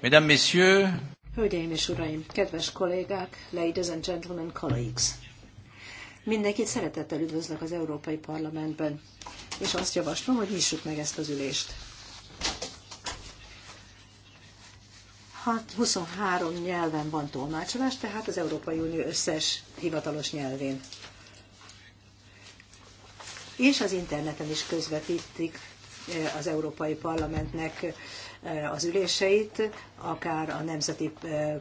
Mesdames, Messieurs, Hölgyeim és Uraim, kedves kollégák, ladies and gentlemen, colleagues! Mindenkit szeretettel üdvözlök az Európai Parlamentben, és azt javaslom, hogy nyissuk meg ezt az ülést. 23 nyelven van tolmácsolás, tehát az Európai Unió összes hivatalos nyelvén. És az interneten is közvetítik eh, az Európai Parlamentnek Eh, az üléseit, akár a nemzeti eh,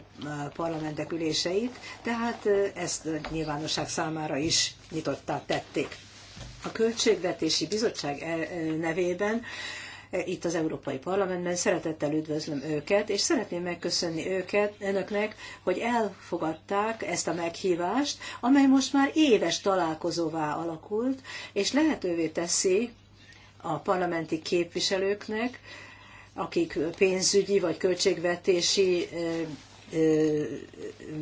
parlamentek üléseit, tehát eh, ezt nyilvánosság számára is nyitottá tették. A Költségvetési Bizottság nevében itt az Európai Parlamentben. Szeretettel üdvözlöm őket, és szeretném megköszönni őket, önöknek, hogy elfogadták ezt a meghívást, amely most már éves találkozóvá alakult, és lehetővé teszi a parlamenti képviselőknek, akik pénzügyi vagy költségvetési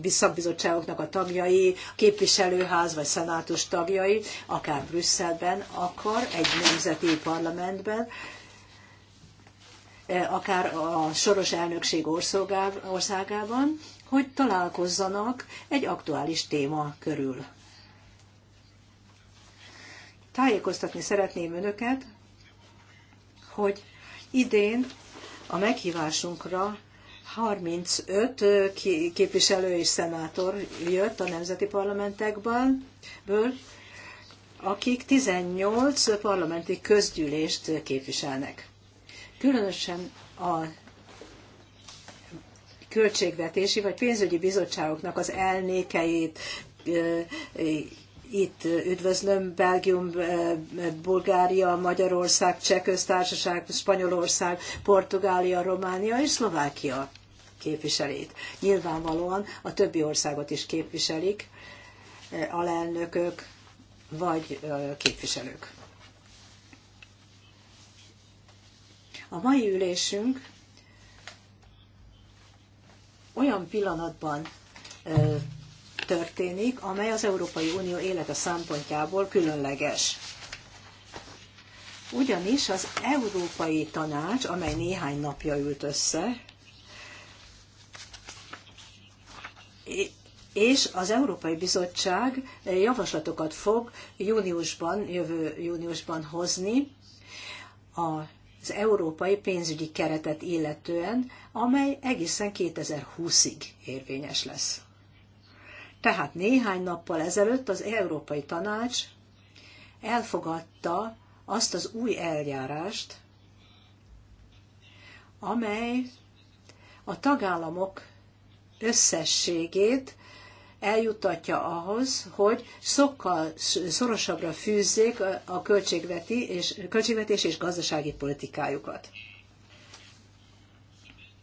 visszabizottságoknak a tagjai, képviselőház vagy szenátus tagjai, akár Brüsszelben, akar egy nemzeti parlamentben, akár a soros elnökség országában, hogy találkozzanak egy aktuális téma körül. Tájékoztatni szeretném önöket, hogy idén a meghívásunkra 35 képviselő és szenátor jött a nemzeti parlamentekből, akik 18 parlamenti közgyűlést képviselnek. Különösen a költségvetési vagy pénzügyi bizottságoknak az elnékeit itt üdvözlöm Belgium, Bulgária, Magyarország, Cseh köztársaság, Spanyolország, Portugália, Románia és Szlovákia képviselét. Nyilvánvalóan a többi országot is képviselik, alelnökök vagy képviselők. A mai ülésünk olyan pillanatban történik, amely az Európai Unió élete szempontjából különleges. Ugyanis az Európai Tanács, amely néhány napja ült össze, és az Európai Bizottság javaslatokat fog júniusban, jövő júniusban hozni az európai pénzügyi keretet illetően, amely egészen 2020-ig érvényes lesz. Tehát néhány nappal ezelőtt az Európai Tanács elfogadta azt az új eljárást, amely a tagállamok összességét eljuttatja ahhoz, hogy sokkal szorosabbra fűzzék a költségveti és, költségvetés és gazdasági politikájukat.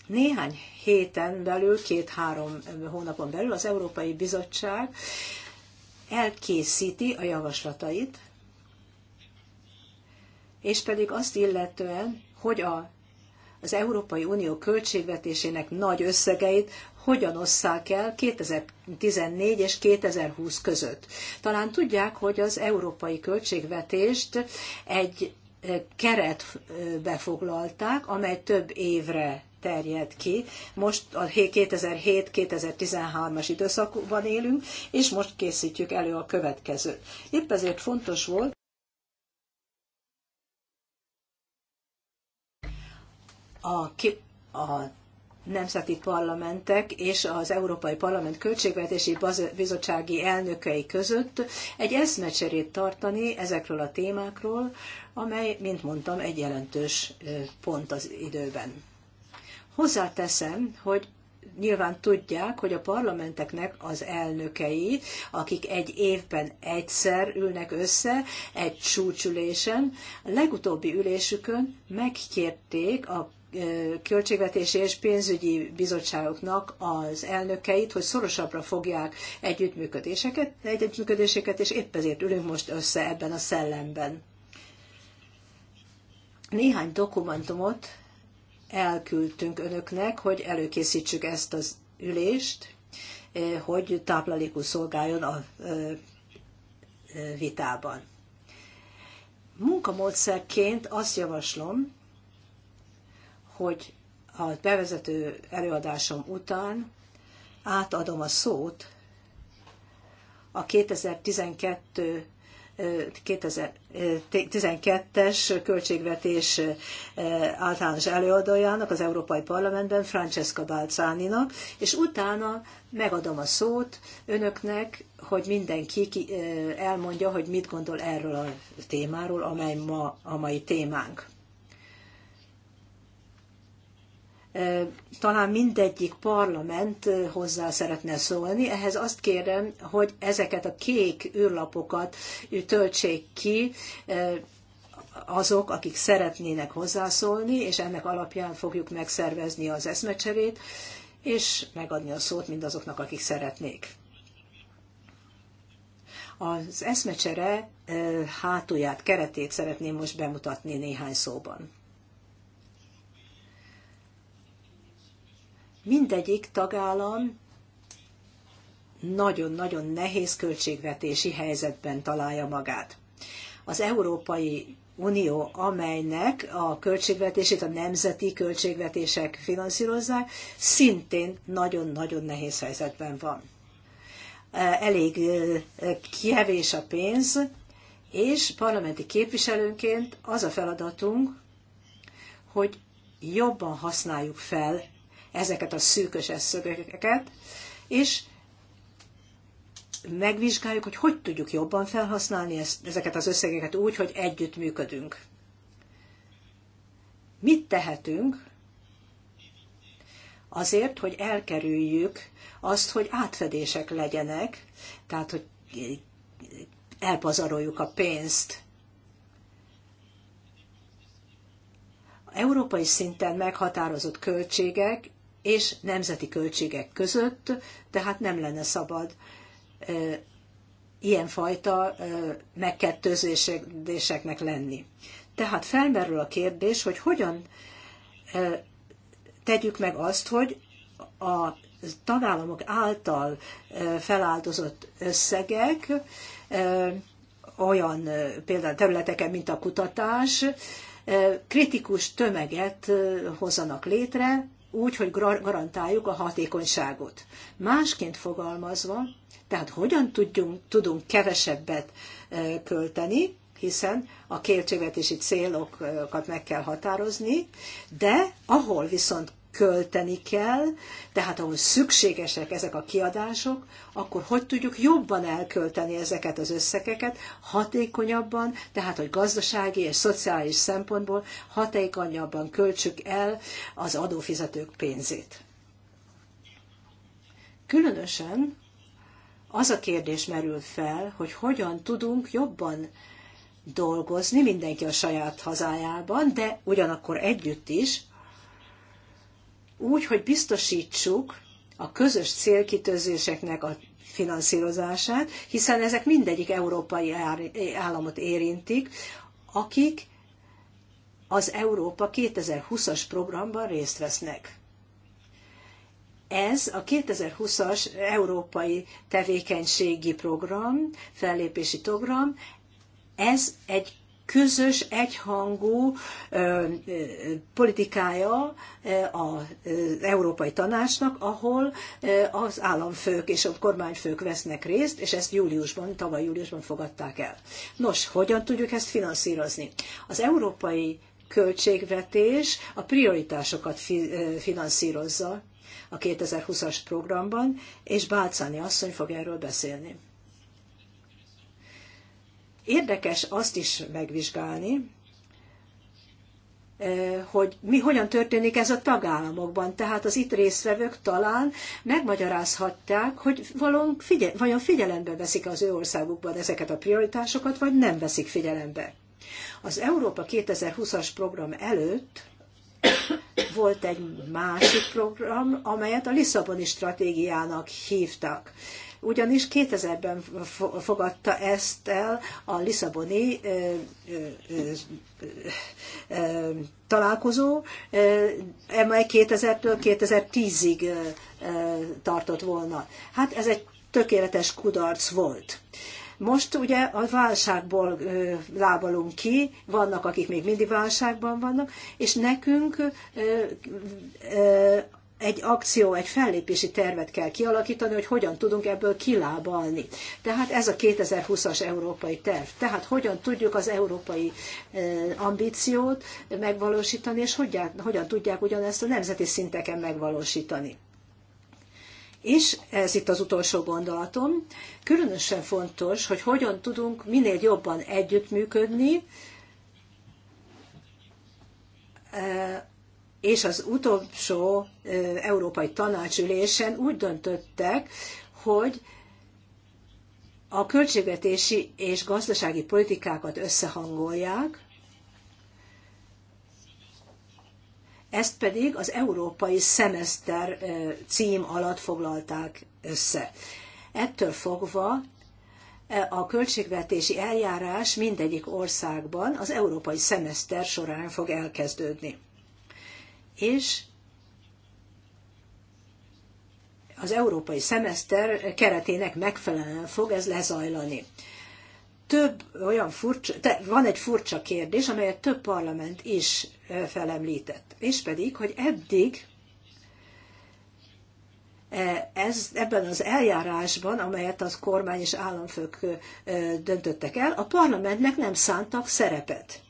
Néhány héten belül, két-három hónapon belül az Európai Bizottság elkészíti a javaslatait, és pedig azt illetően, hogy a, az Európai Unió költségvetésének nagy összegeit hogyan osszák el 2014 és 2020 között. Talán tudják, hogy az európai költségvetést egy eh, keretbe foglalták, amely több évre terjed ki. Most a 2007-2013-as időszakban élünk, és most készítjük elő a következőt. Épp ezért fontos volt, a, ki, a nemzeti parlamentek és az Európai Parlament Költségvetési Bizottsági elnökei között egy eszmecserét tartani ezekről a témákról, amely, mint mondtam, egy jelentős pont az időben. Hozzáteszem, hogy nyilván tudják, hogy a parlamenteknek az elnökei, akik egy évben egyszer ülnek össze egy csúcsülésen, a legutóbbi ülésükön megkérték a költségvetési és pénzügyi bizottságoknak az elnökeit, hogy szorosabbra fogják együttműködéseket, együttműködéseket, és épp ezért ülünk most össze ebben a szellemben. Néhány dokumentumot elküldtünk önöknek, hogy előkészítsük ezt az ülést, eh, hogy táplálékú szolgáljon a eh, eh, vitában. Munkamódszerként azt javaslom, hogy a bevezető előadásom után átadom a szót a 2012 2012-es költségvetés általános előadójának az Európai Parlamentben, Francesca Balzáninak, és utána megadom a szót önöknek, hogy mindenki elmondja, hogy mit gondol erről a témáról, amely ma a mai témánk. talán mindegyik parlament hozzá szeretne szólni. Ehhez azt kérem, hogy ezeket a kék űrlapokat töltsék ki azok, akik szeretnének hozzászólni, és ennek alapján fogjuk megszervezni az eszmecserét, és megadni a szót mindazoknak, akik szeretnék. Az eszmecsere hátulját, keretét szeretném most bemutatni néhány szóban. Mindegyik tagállam nagyon-nagyon nehéz költségvetési helyzetben találja magát. Az Európai Unió, amelynek a költségvetését a nemzeti költségvetések finanszírozzák, szintén nagyon-nagyon nehéz helyzetben van. Elég kevés a pénz, és parlamenti képviselőnként az a feladatunk, hogy jobban használjuk fel ezeket a szűkös eszögeket, és megvizsgáljuk, hogy hogy tudjuk jobban felhasználni ezeket az összegeket úgy, hogy együtt működünk. Mit tehetünk azért, hogy elkerüljük azt, hogy átfedések legyenek, tehát, hogy elpazaroljuk a pénzt. Európai szinten meghatározott költségek és nemzeti költségek között, tehát nem lenne szabad ilyenfajta megkettőzéseknek lenni. Tehát felmerül a kérdés, hogy hogyan tegyük meg azt, hogy a tagállamok által feláldozott összegek olyan például területeken, mint a kutatás, kritikus tömeget hozanak létre, úgy, hogy garantáljuk a hatékonyságot. Másként fogalmazva, tehát hogyan tudjunk, tudunk kevesebbet e, költeni, hiszen a költségvetési célokat meg kell határozni, de ahol viszont költeni kell, tehát ahol szükségesek ezek a kiadások, akkor hogy tudjuk jobban elkölteni ezeket az összegeket, hatékonyabban, tehát hogy gazdasági és szociális szempontból hatékonyabban költsük el az adófizetők pénzét. Különösen az a kérdés merül fel, hogy hogyan tudunk jobban dolgozni, mindenki a saját hazájában, de ugyanakkor együtt is, úgy, hogy biztosítsuk a közös célkitőzéseknek a finanszírozását, hiszen ezek mindegyik európai államot érintik, akik az Európa 2020-as programban részt vesznek. Ez a 2020-as európai tevékenységi program, fellépési program, ez egy közös, egyhangú politikája az Európai Tanácsnak, ahol az államfők és a kormányfők vesznek részt, és ezt júliusban, tavaly júliusban fogadták el. Nos, hogyan tudjuk ezt finanszírozni? Az európai költségvetés a prioritásokat finanszírozza a 2020-as programban, és Bálcáni asszony fog erről beszélni. Érdekes azt is megvizsgálni, eh, hogy mi hogyan történik ez a tagállamokban. Tehát az itt résztvevők talán megmagyarázhatják, hogy valon figye, vajon figyelembe veszik az ő országukban ezeket a prioritásokat, vagy nem veszik figyelembe. Az Európa 2020-as program előtt volt egy másik program, amelyet a Lisszaboni stratégiának hívtak ugyanis 2000-ben fogadta ezt el a Lisszaboni találkozó, amely 2000-től 2010-ig tartott volna. Hát ez egy tökéletes kudarc volt. Most ugye a válságból lábalunk ki, vannak, akik még mindig válságban vannak, és nekünk egy akció, egy fellépési tervet kell kialakítani, hogy hogyan tudunk ebből kilábalni. Tehát ez a 2020-as európai terv. Tehát hogyan tudjuk az európai eh, ambíciót megvalósítani, és hogyan, hogyan tudják ugyanezt a nemzeti szinteken megvalósítani. És ez itt az utolsó gondolatom, különösen fontos, hogy hogyan tudunk minél jobban együttműködni, eh, és az utolsó európai tanácsülésen úgy döntöttek, hogy a költségvetési és gazdasági politikákat összehangolják, ezt pedig az európai szemeszter cím alatt foglalták össze. Ettől fogva a költségvetési eljárás mindegyik országban az európai szemeszter során fog elkezdődni és az európai szemeszter keretének megfelelően fog ez lezajlani. Több olyan furcsa, de van egy furcsa kérdés, amelyet több parlament is felemlített, és pedig, hogy eddig ez, ebben az eljárásban, amelyet az kormány és államfők döntöttek el, a parlamentnek nem szántak szerepet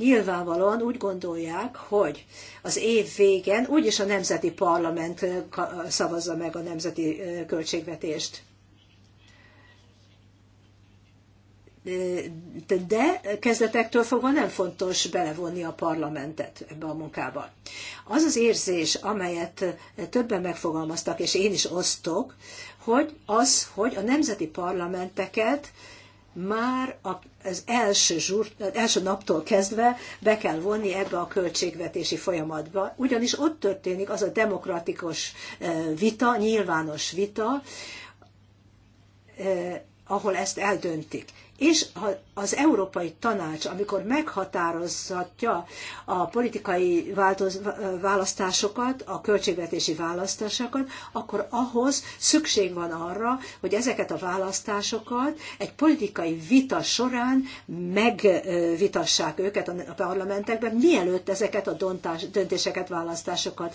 nyilvánvalóan úgy gondolják, hogy az év végén úgyis a nemzeti parlament szavazza meg a nemzeti költségvetést. de kezdetektől fogva nem fontos belevonni a parlamentet ebbe a munkába. Az az érzés, amelyet többen megfogalmaztak, és én is osztok, hogy az, hogy a nemzeti parlamenteket már az első, zsúr, első naptól kezdve be kell vonni ebbe a költségvetési folyamatba, ugyanis ott történik az a demokratikus vita, nyilvános vita, ahol ezt eldöntik. És az Európai Tanács, amikor meghatározhatja a politikai változ, választásokat, a költségvetési választásokat, akkor ahhoz szükség van arra, hogy ezeket a választásokat egy politikai vita során megvitassák őket a parlamentekben, mielőtt ezeket a döntéseket, választásokat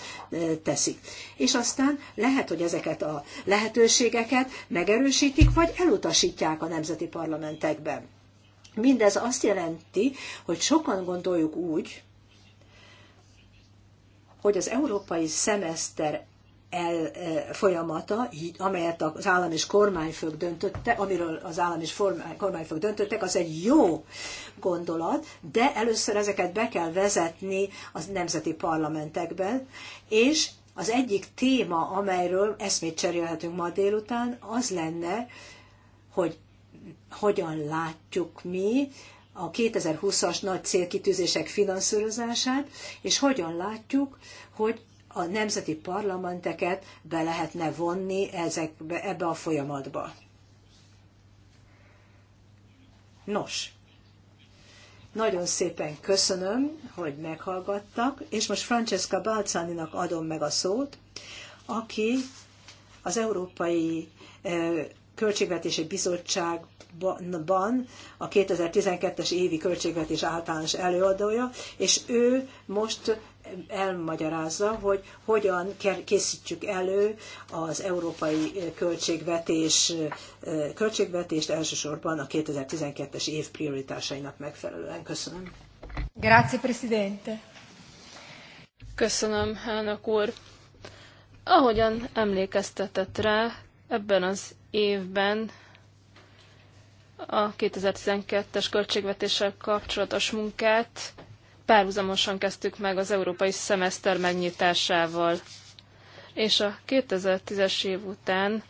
teszik. És aztán lehet, hogy ezeket a lehetőségeket megerősítik, vagy elutasítják a nemzeti parlamentek években. Mindez azt jelenti, hogy sokan gondoljuk úgy, hogy az európai szemeszter el, e, folyamata, amelyet az állam és kormányfők döntötte, amiről az állam és kormányfők döntöttek, az egy jó gondolat, de először ezeket be kell vezetni az nemzeti parlamentekben, és az egyik téma, amelyről eszmét cserélhetünk ma délután, az lenne, hogy hogyan látjuk mi a 2020-as nagy célkitűzések finanszírozását, és hogyan látjuk, hogy a nemzeti parlamenteket be lehetne vonni ezekbe, ebbe a folyamatba. Nos, nagyon szépen köszönöm, hogy meghallgattak, és most Francesca Balcáninak adom meg a szót, aki az Európai eh, Költségvetési Bizottság ban a 2012-es évi költségvetés általános előadója, és ő most elmagyarázza, hogy hogyan készítjük elő az európai költségvetés, költségvetést elsősorban a 2012-es év prioritásainak megfelelően. Köszönöm. Grazie, Presidente. Köszönöm, elnök úr. Ahogyan emlékeztetett rá, ebben az évben a 2012-es költségvetéssel kapcsolatos munkát párhuzamosan kezdtük meg az európai szemeszter megnyitásával. És a 2010-es év után,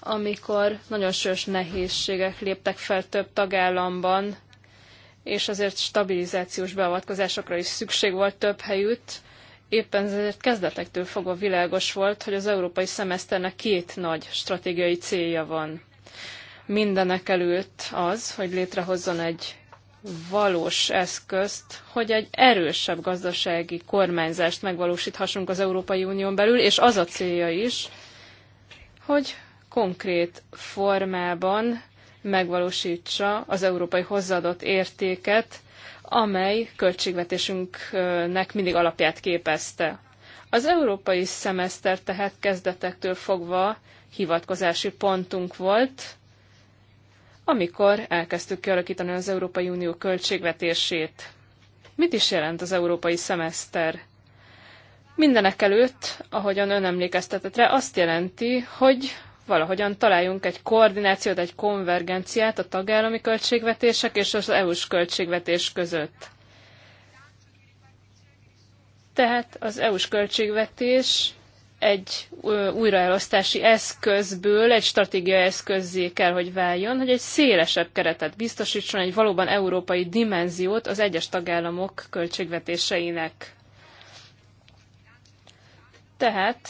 amikor nagyon sős nehézségek léptek fel több tagállamban, és azért stabilizációs beavatkozásokra is szükség volt több helyütt, éppen ezért kezdetektől fogva világos volt, hogy az európai szemeszternek két nagy stratégiai célja van mindenek előtt az, hogy létrehozzon egy valós eszközt, hogy egy erősebb gazdasági kormányzást megvalósíthassunk az Európai Unión belül, és az a célja is, hogy konkrét formában megvalósítsa az európai hozzáadott értéket, amely költségvetésünknek mindig alapját képezte. Az európai szemeszter tehát kezdetektől fogva hivatkozási pontunk volt, amikor elkezdtük kialakítani az Európai Unió költségvetését. Mit is jelent az európai szemeszter? Mindenek előtt, ahogyan ön emlékeztetett rá, azt jelenti, hogy valahogyan találjunk egy koordinációt, egy konvergenciát a tagállami költségvetések és az EU-s költségvetés között. Tehát az EU-s költségvetés egy újraelosztási eszközből egy stratégiai eszközzé kell, hogy váljon, hogy egy szélesebb keretet biztosítson, egy valóban európai dimenziót az egyes tagállamok költségvetéseinek. Tehát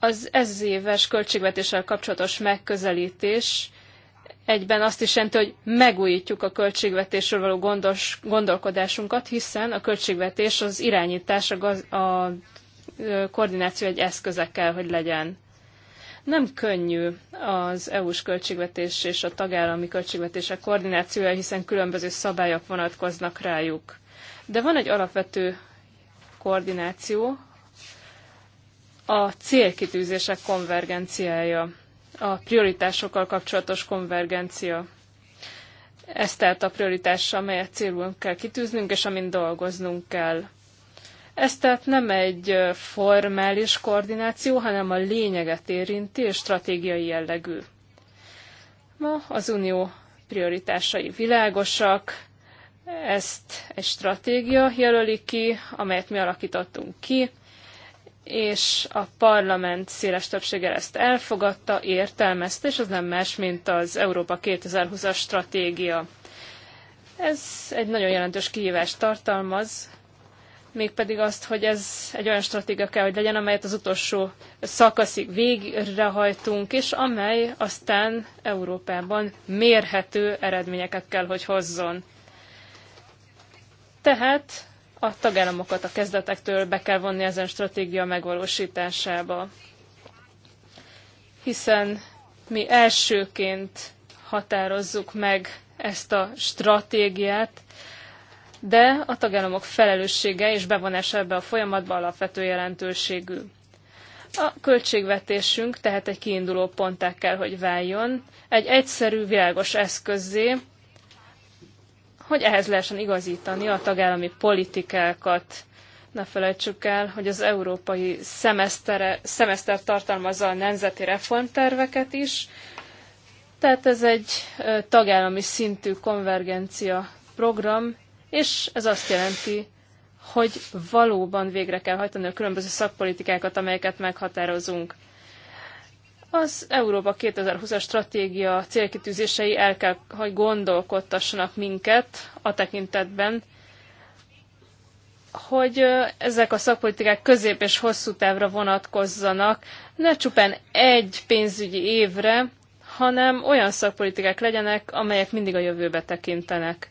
az ez éves költségvetéssel kapcsolatos megközelítés egyben azt is jelenti, hogy megújítjuk a költségvetésről való gondos, gondolkodásunkat, hiszen a költségvetés az irányítás a, gaz, a koordináció egy eszköze kell, hogy legyen. Nem könnyű az EU-s költségvetés és a tagállami költségvetések koordinációja, hiszen különböző szabályok vonatkoznak rájuk. De van egy alapvető koordináció, a célkitűzések konvergenciája, a prioritásokkal kapcsolatos konvergencia. Ez tehát a prioritás, amelyet célunk kell kitűznünk, és amin dolgoznunk kell. Ez tehát nem egy formális koordináció, hanem a lényeget érinti és stratégiai jellegű. Ma az unió prioritásai világosak, ezt egy stratégia jelöli ki, amelyet mi alakítottunk ki, és a parlament széles többsége ezt elfogadta, értelmezte, és az nem más, mint az Európa 2020-as stratégia. Ez egy nagyon jelentős kihívást tartalmaz, mégpedig azt, hogy ez egy olyan stratégia kell, hogy legyen, amelyet az utolsó szakaszig végrehajtunk, és amely aztán Európában mérhető eredményeket kell, hogy hozzon. Tehát a tagállamokat a kezdetektől be kell vonni ezen stratégia megvalósításába. Hiszen mi elsőként határozzuk meg ezt a stratégiát, de a tagállamok felelőssége és bevonása ebbe a folyamatba alapvető jelentőségű. A költségvetésünk tehát egy kiinduló ponttá kell, hogy váljon, egy egyszerű, világos eszközzé, hogy ehhez lehessen igazítani a tagállami politikákat. Ne felejtsük el, hogy az európai szemeszter, tartalmazza a nemzeti reformterveket is, tehát ez egy tagállami szintű konvergencia program, és ez azt jelenti, hogy valóban végre kell hajtani a különböző szakpolitikákat, amelyeket meghatározunk. Az Európa 2020-as stratégia célkitűzései el kell, hogy gondolkodtassanak minket a tekintetben, hogy ezek a szakpolitikák közép és hosszú távra vonatkozzanak, ne csupán egy pénzügyi évre, hanem olyan szakpolitikák legyenek, amelyek mindig a jövőbe tekintenek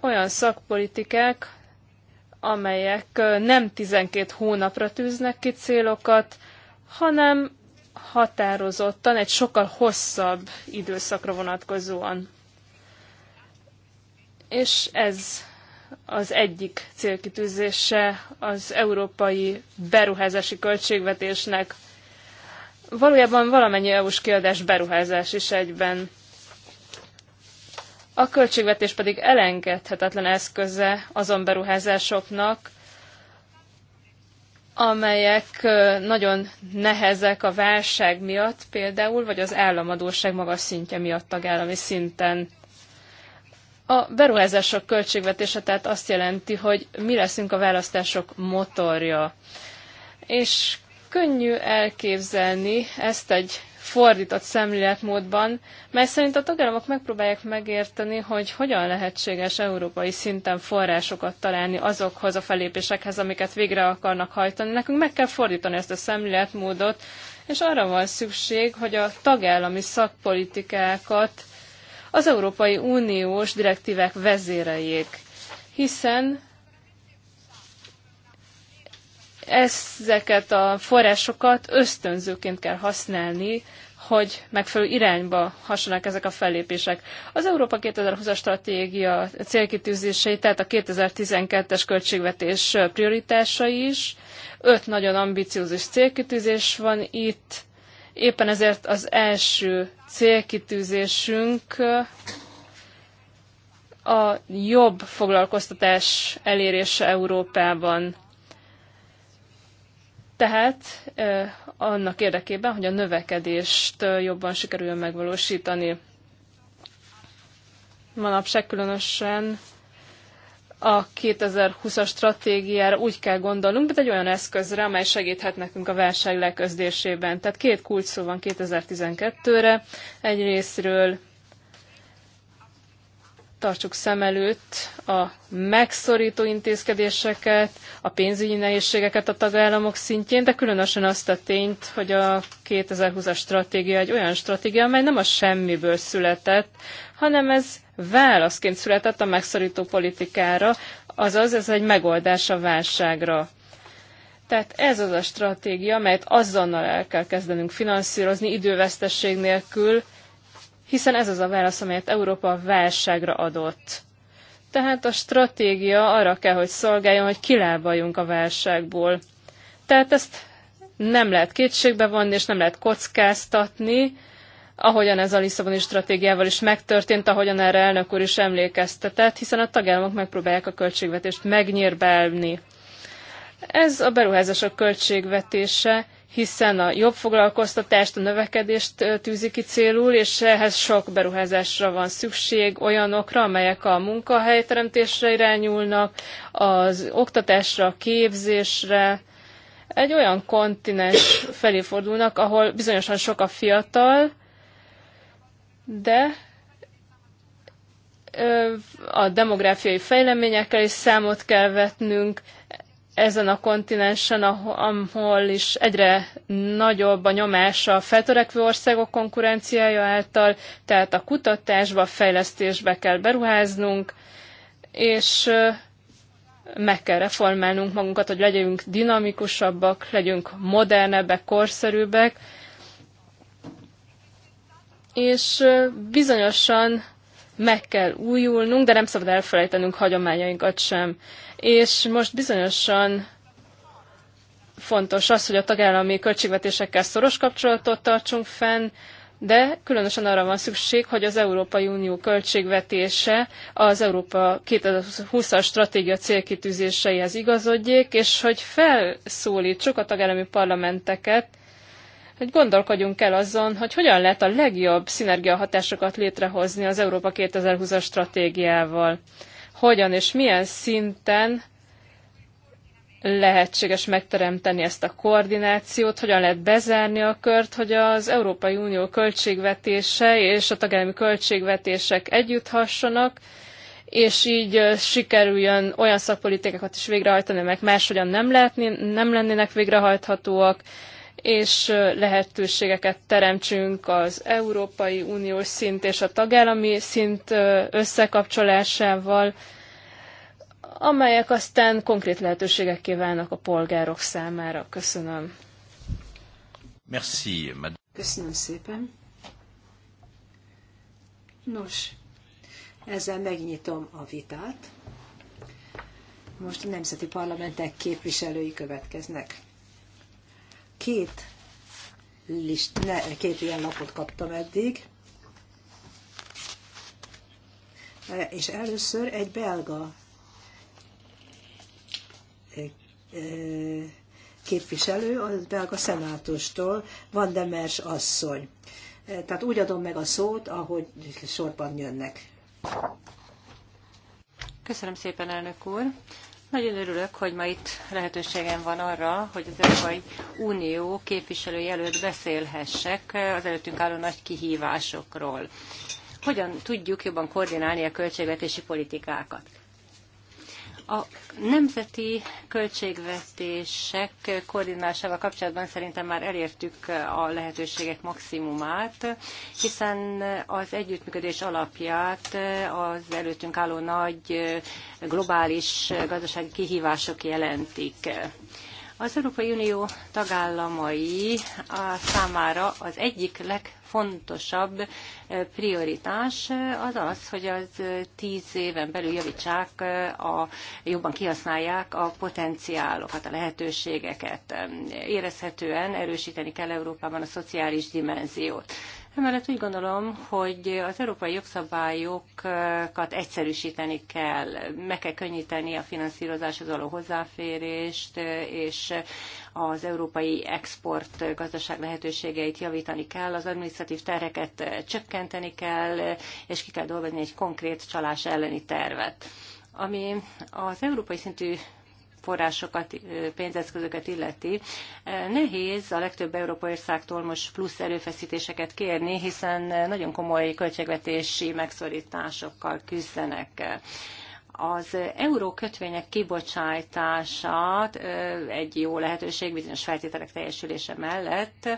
olyan szakpolitikák, amelyek nem 12 hónapra tűznek ki célokat, hanem határozottan egy sokkal hosszabb időszakra vonatkozóan. És ez az egyik célkitűzése az európai beruházási költségvetésnek. Valójában valamennyi EU-s kiadás beruházás is egyben. A költségvetés pedig elengedhetetlen eszköze azon beruházásoknak, amelyek nagyon nehezek a válság miatt például, vagy az államadóság magas szintje miatt tagállami szinten. A beruházások költségvetése tehát azt jelenti, hogy mi leszünk a választások motorja. És könnyű elképzelni ezt egy fordított szemléletmódban, mely szerint a tagállamok megpróbálják megérteni, hogy hogyan lehetséges európai szinten forrásokat találni azokhoz a felépésekhez, amiket végre akarnak hajtani. Nekünk meg kell fordítani ezt a szemléletmódot, és arra van szükség, hogy a tagállami szakpolitikákat az Európai Uniós direktívek vezéreljék, hiszen ezeket a forrásokat ösztönzőként kell használni, hogy megfelelő irányba hasonlnak ezek a fellépések. Az Európa 2020-as stratégia célkitűzései, tehát a 2012-es költségvetés prioritásai is. Öt nagyon ambiciózus célkitűzés van itt. Éppen ezért az első célkitűzésünk a jobb foglalkoztatás elérése Európában tehát annak érdekében, hogy a növekedést jobban sikerüljön megvalósítani. Manapság különösen a 2020-as stratégiára úgy kell gondolnunk, mint egy olyan eszközre, amely segíthet nekünk a válság leközdésében. Tehát két kulcs szó van 2012-re, Egyrésztről tartsuk szem előtt a megszorító intézkedéseket, a pénzügyi nehézségeket a tagállamok szintjén, de különösen azt a tényt, hogy a 2020-as stratégia egy olyan stratégia, amely nem a semmiből született, hanem ez válaszként született a megszorító politikára, azaz ez egy megoldás a válságra. Tehát ez az a stratégia, amelyet azonnal el kell kezdenünk finanszírozni, idővesztesség nélkül, hiszen ez az a válasz, amelyet Európa a válságra adott. Tehát a stratégia arra kell, hogy szolgáljon, hogy kilábaljunk a válságból. Tehát ezt nem lehet kétségbe vonni, és nem lehet kockáztatni, ahogyan ez a Lisszaboni stratégiával is megtörtént, ahogyan erre elnök úr is emlékeztetett, hiszen a tagállamok megpróbálják a költségvetést megnyírbálni. Ez a beruházások költségvetése hiszen a jobb foglalkoztatást, a növekedést tűzi ki célul, és ehhez sok beruházásra van szükség, olyanokra, amelyek a munkahelyteremtésre irányulnak, az oktatásra, a képzésre, egy olyan kontinens felé fordulnak, ahol bizonyosan sok a fiatal, de a demográfiai fejleményekkel is számot kell vetnünk, ezen a kontinensen, ahol is egyre nagyobb a nyomás a feltörekvő országok konkurenciája által, tehát a kutatásba, a fejlesztésbe kell beruháznunk, és meg kell reformálnunk magunkat, hogy legyünk dinamikusabbak, legyünk modernebbek, korszerűbbek, és bizonyosan meg kell újulnunk, de nem szabad elfelejtenünk hagyományainkat sem. És most bizonyosan fontos az, hogy a tagállami költségvetésekkel szoros kapcsolatot tartsunk fenn, de különösen arra van szükség, hogy az Európai Unió költségvetése az Európa 2020-as stratégia célkitűzéseihez igazodjék, és hogy felszólítsuk a tagállami parlamenteket hogy gondolkodjunk el azon, hogy hogyan lehet a legjobb szinergiahatásokat létrehozni az Európa 2020-as stratégiával. Hogyan és milyen szinten lehetséges megteremteni ezt a koordinációt, hogyan lehet bezárni a kört, hogy az Európai Unió költségvetése és a tagállami költségvetések együtthassanak, és így sikerüljön olyan szakpolitikákat is végrehajtani, amelyek máshogyan nem, lehetni, nem lennének végrehajthatóak, és lehetőségeket teremtsünk az Európai Uniós szint és a tagállami szint összekapcsolásával, amelyek aztán konkrét lehetőségekké válnak a polgárok számára. Köszönöm. Merci, Köszönöm szépen. Nos, ezzel megnyitom a vitát. Most a nemzeti parlamentek képviselői következnek. Két, list, ne, két ilyen lapot kaptam eddig, e, és először egy belga e, e, képviselő, a belga szenátustól, Van de Mers asszony. Tehát úgy adom meg a szót, ahogy sorban jönnek. Köszönöm szépen, elnök úr. Nagyon örülök, hogy ma itt lehetőségem van arra, hogy az Európai Unió képviselői előtt beszélhessek az előttünk álló nagy kihívásokról. Hogyan tudjuk jobban koordinálni a költségvetési politikákat? A nemzeti költségvetések koordinálásával kapcsolatban szerintem már elértük a lehetőségek maximumát, hiszen az együttműködés alapját az előttünk álló nagy globális gazdasági kihívások jelentik. Az Európai Unió tagállamai számára az egyik leg legfontosabb eh, prioritás eh, az az, hogy az eh, tíz éven belül javítsák, a, jobban kihasználják a potenciálokat, a lehetőségeket. Érezhetően erősíteni kell Európában a szociális dimenziót. Emellett úgy gondolom, hogy az európai jogszabályokat egyszerűsíteni kell, meg kell könnyíteni a finanszírozáshoz való hozzáférést, és az európai export gazdaság lehetőségeit javítani kell, az administratív terheket csökkenteni kell, és ki kell dolgozni egy konkrét csalás elleni tervet. Ami az európai szintű forrásokat, pénzeszközöket illeti. Nehéz a legtöbb európai országtól most plusz erőfeszítéseket kérni, hiszen nagyon komoly költségvetési megszorításokkal küzdenek az euró kötvények kibocsátását egy jó lehetőség bizonyos feltételek teljesülése mellett,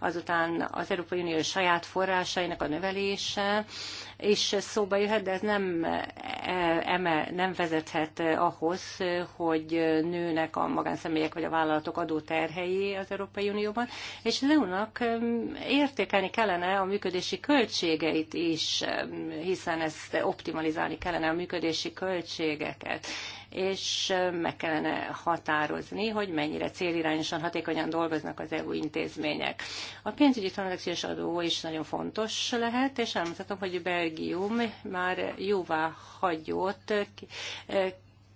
azután az Európai Unió saját forrásainak a növelése, és szóba jöhet, de ez nem, e, eme, nem vezethet ahhoz, hogy nőnek a magánszemélyek vagy a vállalatok adóterhei az Európai Unióban, és az EU-nak értékelni kellene a működési költségeit is, hiszen ezt optimalizálni kellene a működési költségeit, költségeket, és meg kellene határozni, hogy mennyire célirányosan, hatékonyan dolgoznak az EU intézmények. A pénzügyi tranzakciós adó is nagyon fontos lehet, és elmondhatom, hogy Belgium már jóvá hagyott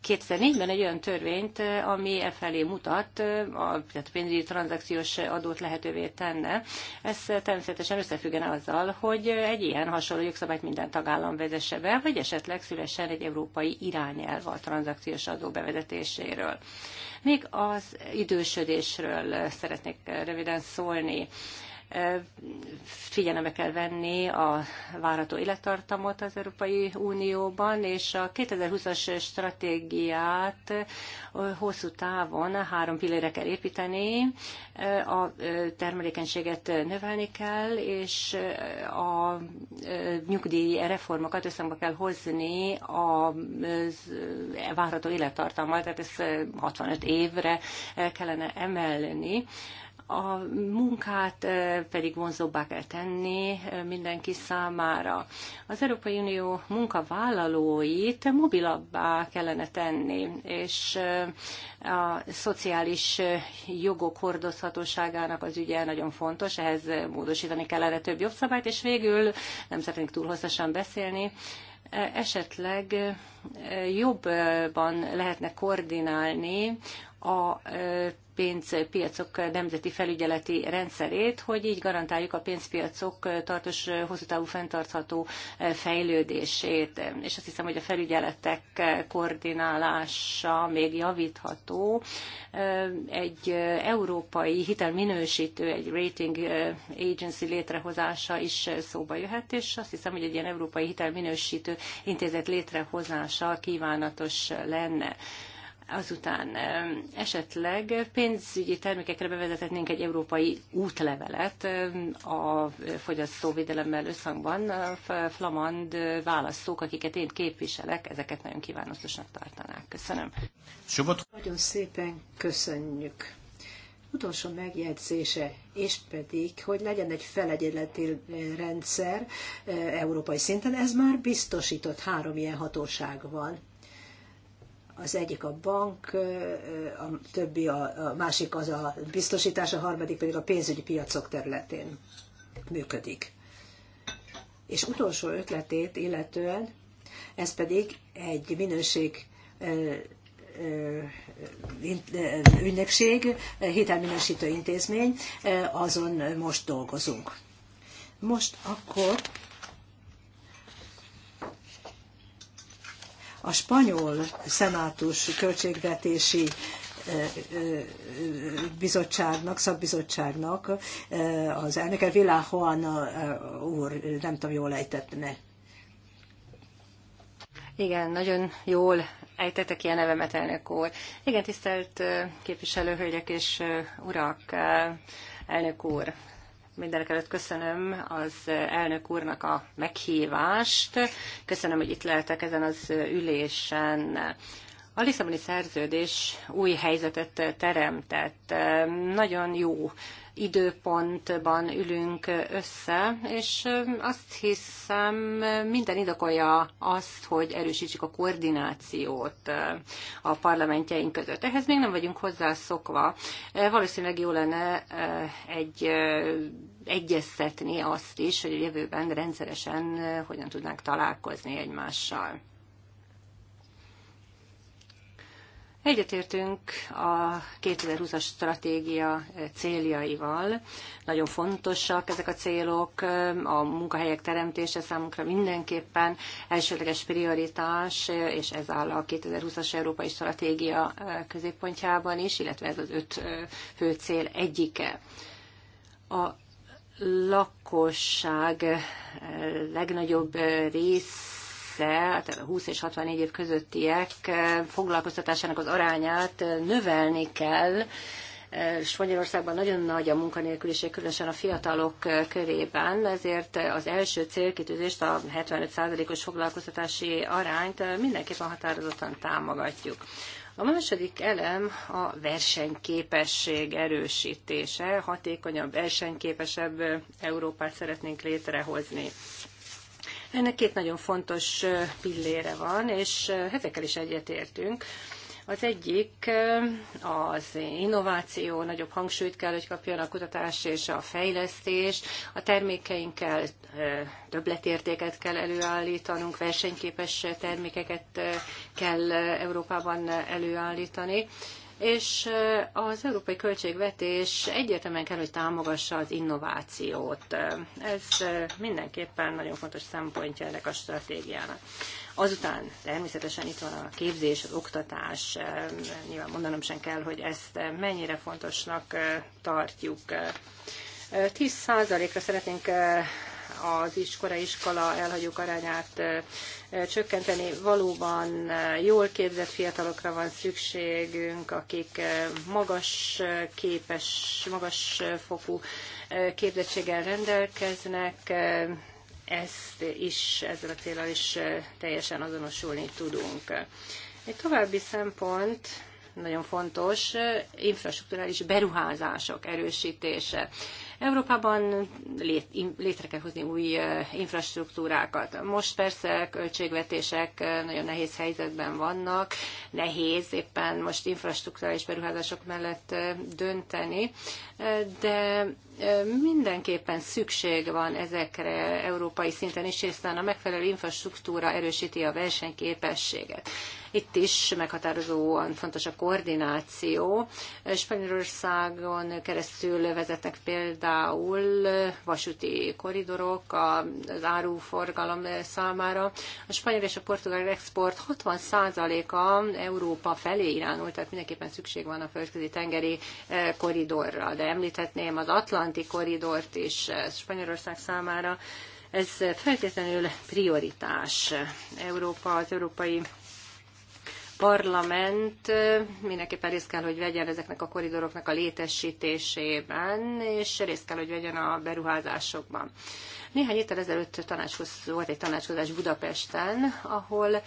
2004-ben egy olyan törvényt, eh, ami e felé mutat, eh, a pénzügyi tranzakciós adót lehetővé tenne. Ez eh, természetesen összefüggene azzal, hogy egy ilyen hasonló jogszabályt minden tagállam vezesse be, vagy esetleg szülessen egy európai irányelv a tranzakciós adó bevezetéséről. Még az idősödésről szeretnék röviden szólni figyelembe kell venni a várható élettartamot az Európai Unióban, és a 2020-as stratégiát hosszú távon három pillére kell építeni, a termelékenységet növelni kell, és a nyugdíj reformokat összhangba kell hozni a várható élettartammal, tehát ezt 65 évre kellene emelni. A munkát pedig vonzóbbá kell tenni mindenki számára. Az Európai Unió munkavállalóit mobilabbá kellene tenni, és a szociális jogok hordozhatóságának az ügye nagyon fontos, ehhez módosítani kellene több jogszabályt és végül nem szeretnénk túl hosszasan beszélni, esetleg jobban lehetne koordinálni a pénzpiacok nemzeti felügyeleti rendszerét, hogy így garantáljuk a pénzpiacok tartós, hosszú távú fenntartható eh, fejlődését. És azt hiszem, hogy a felügyeletek koordinálása még javítható. Eh, egy eh, európai hitelminősítő, egy rating agency létrehozása is szóba jöhet, és azt hiszem, hogy egy ilyen európai hitelminősítő intézet létrehozása kívánatos lenne. Azután esetleg pénzügyi termékekre bevezethetnénk egy európai útlevelet a fogyasztóvédelemmel összhangban. A flamand választók, akiket én képviselek, ezeket nagyon kívánatosnak tartanák. Köszönöm. Sobot. Nagyon szépen köszönjük. Utolsó megjegyzése, és pedig, hogy legyen egy felegyeleti rendszer eh, európai szinten, ez már biztosított, három ilyen hatóság van az egyik a bank, a többi a, a másik az a biztosítás, a harmadik pedig a pénzügyi piacok területén működik. És utolsó ötletét illetően, ez pedig egy minőség ügynökség, hitelminősítő intézmény, azon most dolgozunk. Most akkor A spanyol szenátus költségvetési eh, eh, bizottságnak, szakbizottságnak eh, az elnöke Vilá Juan úr, nem tudom, jól ejtetne. Igen, nagyon jól ejtette ki a nevemet, elnök úr. Igen, tisztelt képviselőhölgyek és urak, elnök úr, Mindenek előtt köszönöm az elnök úrnak a meghívást. Köszönöm, hogy itt lehetek ezen az ülésen. A Lisszaboni szerződés új helyzetet teremtett. Nagyon jó időpontban ülünk össze, és azt hiszem minden idokolja azt, hogy erősítsük a koordinációt a parlamentjeink között. Ehhez még nem vagyunk hozzászokva. Valószínűleg jó lenne egy egyeztetni azt is, hogy a jövőben rendszeresen hogyan tudnánk találkozni egymással. Egyetértünk a 2020-as stratégia céljaival. Nagyon fontosak ezek a célok. A munkahelyek teremtése számunkra mindenképpen elsődleges prioritás, és ez áll a 2020-as európai stratégia középpontjában is, illetve ez az öt fő cél egyike. A lakosság legnagyobb rész össze, a 20 és 64 év közöttiek eh, foglalkoztatásának az arányát eh, növelni kell, eh, Spanyolországban nagyon nagy a munkanélküliség, különösen a fiatalok körében, ezért az első célkitűzést, a 75%-os foglalkoztatási arányt mindenképpen határozottan támogatjuk. A második elem a versenyképesség erősítése, hatékonyabb, versenyképesebb Európát szeretnénk létrehozni. Ennek két nagyon fontos pillére van, és ezekkel is egyetértünk. Az egyik az innováció, nagyobb hangsúlyt kell, hogy kapjon a kutatás és a fejlesztés. A termékeinkkel többletértéket kell előállítanunk, versenyképes termékeket kell Európában előállítani és az európai költségvetés egyértelműen kell, hogy támogassa az innovációt. Ez mindenképpen nagyon fontos szempontja ennek a stratégiának. Azután természetesen itt van a képzés, az oktatás, nyilván mondanom sem kell, hogy ezt mennyire fontosnak tartjuk. 10%-ra szeretnénk az iskola iskola elhagyók arányát csökkenteni. Valóban jól képzett fiatalokra van szükségünk, akik magas képes, magas fokú képzettséggel rendelkeznek, ezt is, ezzel a célral is teljesen azonosulni tudunk. Egy további szempont, nagyon fontos, infrastruktúrális beruházások erősítése. Európában létre kell hozni új infrastruktúrákat. Most persze költségvetések nagyon nehéz helyzetben vannak, nehéz éppen most infrastruktúrális beruházások mellett dönteni, de mindenképpen szükség van ezekre európai szinten is, hiszen a megfelelő infrastruktúra erősíti a versenyképességet. Itt is meghatározóan fontos a koordináció. Spanyolországon keresztül vezetnek például vasúti koridorok az áruforgalom számára. A spanyol és a portugál export 60%-a Európa felé irányul, tehát mindenképpen szükség van a földközi tengeri eh, koridorra. De említhetném az Atlant atlanti koridort is eh, Spanyolország számára. Ez feltétlenül prioritás. Európa, az európai parlament mindenképpen részt kell, hogy vegyen ezeknek a koridoroknak a létesítésében, és részt kell, hogy vegyen a beruházásokban. Néhány héttel ezelőtt tanácshoz, volt egy tanácskozás Budapesten, ahol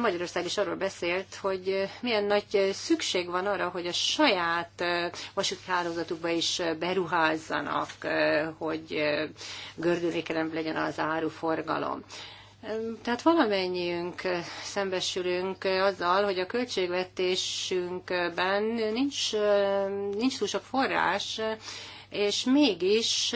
Magyarország is arról beszélt, hogy milyen nagy szükség van arra, hogy a saját vasúti hálózatukba is beruházzanak, hogy gördülékenem legyen az áruforgalom. Tehát valamennyiünk szembesülünk azzal, hogy a költségvetésünkben nincs, nincs túl sok forrás, és mégis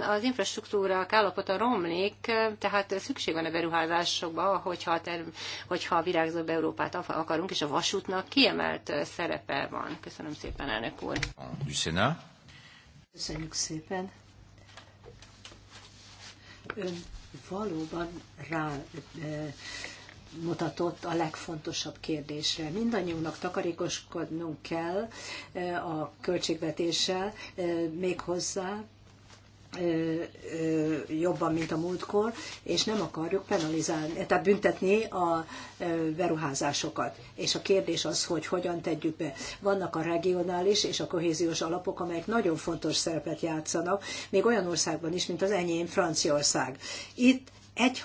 az infrastruktúra állapota romlik, tehát szükség van a beruházásokba, hogyha, ter, hogyha virágzóbb Európát akarunk, és a vasútnak kiemelt szerepe van. Köszönöm szépen, elnök úr. Köszönjük szépen. Ön valóban rá mutatott a legfontosabb kérdésre. Mindannyiunknak takarékoskodnunk kell a költségvetéssel méghozzá jobban, mint a múltkor, és nem akarjuk penalizálni, tehát büntetni a beruházásokat. És a kérdés az, hogy hogyan tegyük be. Vannak a regionális és a kohéziós alapok, amelyek nagyon fontos szerepet játszanak, még olyan országban is, mint az enyém Franciaország. Itt egy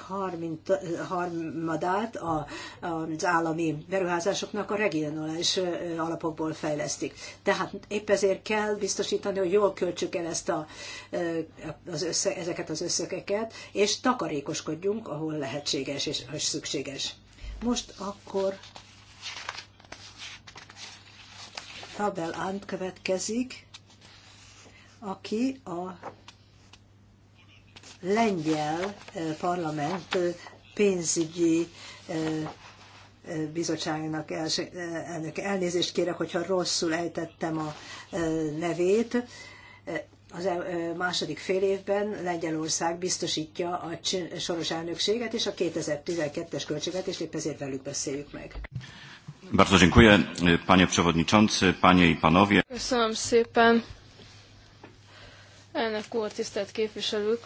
harmadát a, az állami beruházásoknak a regionális alapokból fejlesztik. Tehát épp ezért kell biztosítani, hogy jól költsük el ezt a, az össze, ezeket az összegeket, és takarékoskodjunk, ahol lehetséges és, és szükséges. Most akkor Fabel Ant következik, aki a lengyel eh, parlament eh, pénzügyi eh, bizottságnak elnöke. Elnézést kérek, hogyha rosszul ejtettem a nevét. Az második fél évben Lengyelország biztosítja a soros elnökséget és a 2012-es és épp ezért velük beszéljük meg. Bardzo dziękuję, panie przewodniczący, panie i panowie. Köszönöm szépen, Elnök úr, tisztelt képviselők!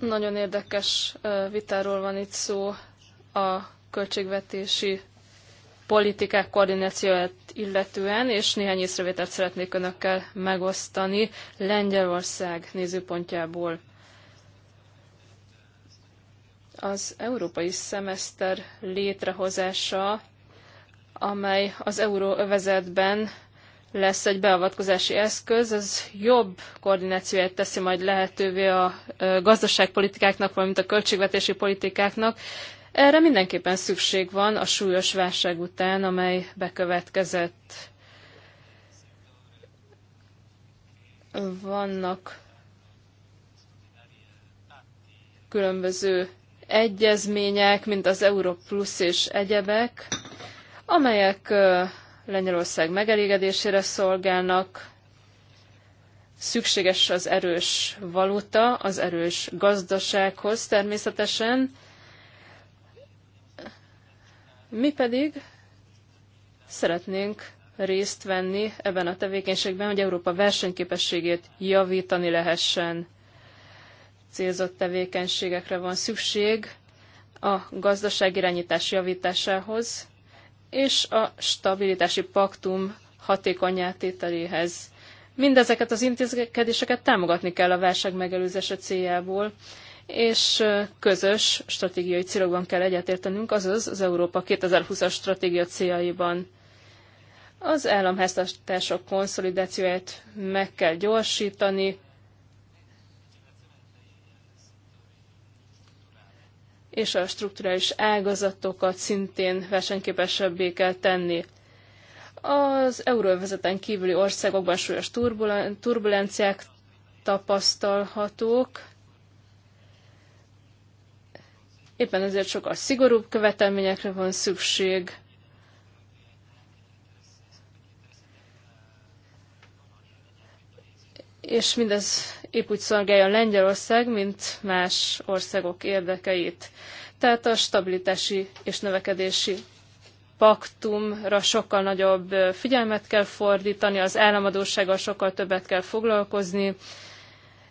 Nagyon érdekes vitáról van itt szó a költségvetési politikák koordinációját illetően, és néhány észrevételt szeretnék önökkel megosztani Lengyelország nézőpontjából. Az európai szemeszter létrehozása, amely az euróövezetben lesz egy beavatkozási eszköz, ez jobb koordinációját teszi majd lehetővé a gazdaságpolitikáknak, valamint a költségvetési politikáknak. Erre mindenképpen szükség van a súlyos válság után, amely bekövetkezett. Vannak különböző egyezmények, mint az Euro Plus és egyebek, amelyek Lengyelország megelégedésére szolgálnak. Szükséges az erős valuta, az erős gazdasághoz természetesen. Mi pedig szeretnénk részt venni ebben a tevékenységben, hogy Európa versenyképességét javítani lehessen. Célzott tevékenységekre van szükség a gazdaságirányítás javításához, és a stabilitási paktum hatékony tételéhez. Mindezeket az intézkedéseket támogatni kell a válság megelőzése céljából, és közös stratégiai célokban kell egyetértenünk, azaz az Európa 2020-as stratégia céljaiban. Az államháztartások konszolidációját meg kell gyorsítani, és a strukturális ágazatokat szintén versenyképesebbé kell tenni. Az euróvezeten kívüli országokban súlyos turbulenciák tapasztalhatók, éppen ezért sokkal szigorúbb követelményekre van szükség, és mindez épp úgy szolgálja Lengyelország, mint más országok érdekeit. Tehát a stabilitási és növekedési paktumra sokkal nagyobb figyelmet kell fordítani, az államadósággal sokkal többet kell foglalkozni,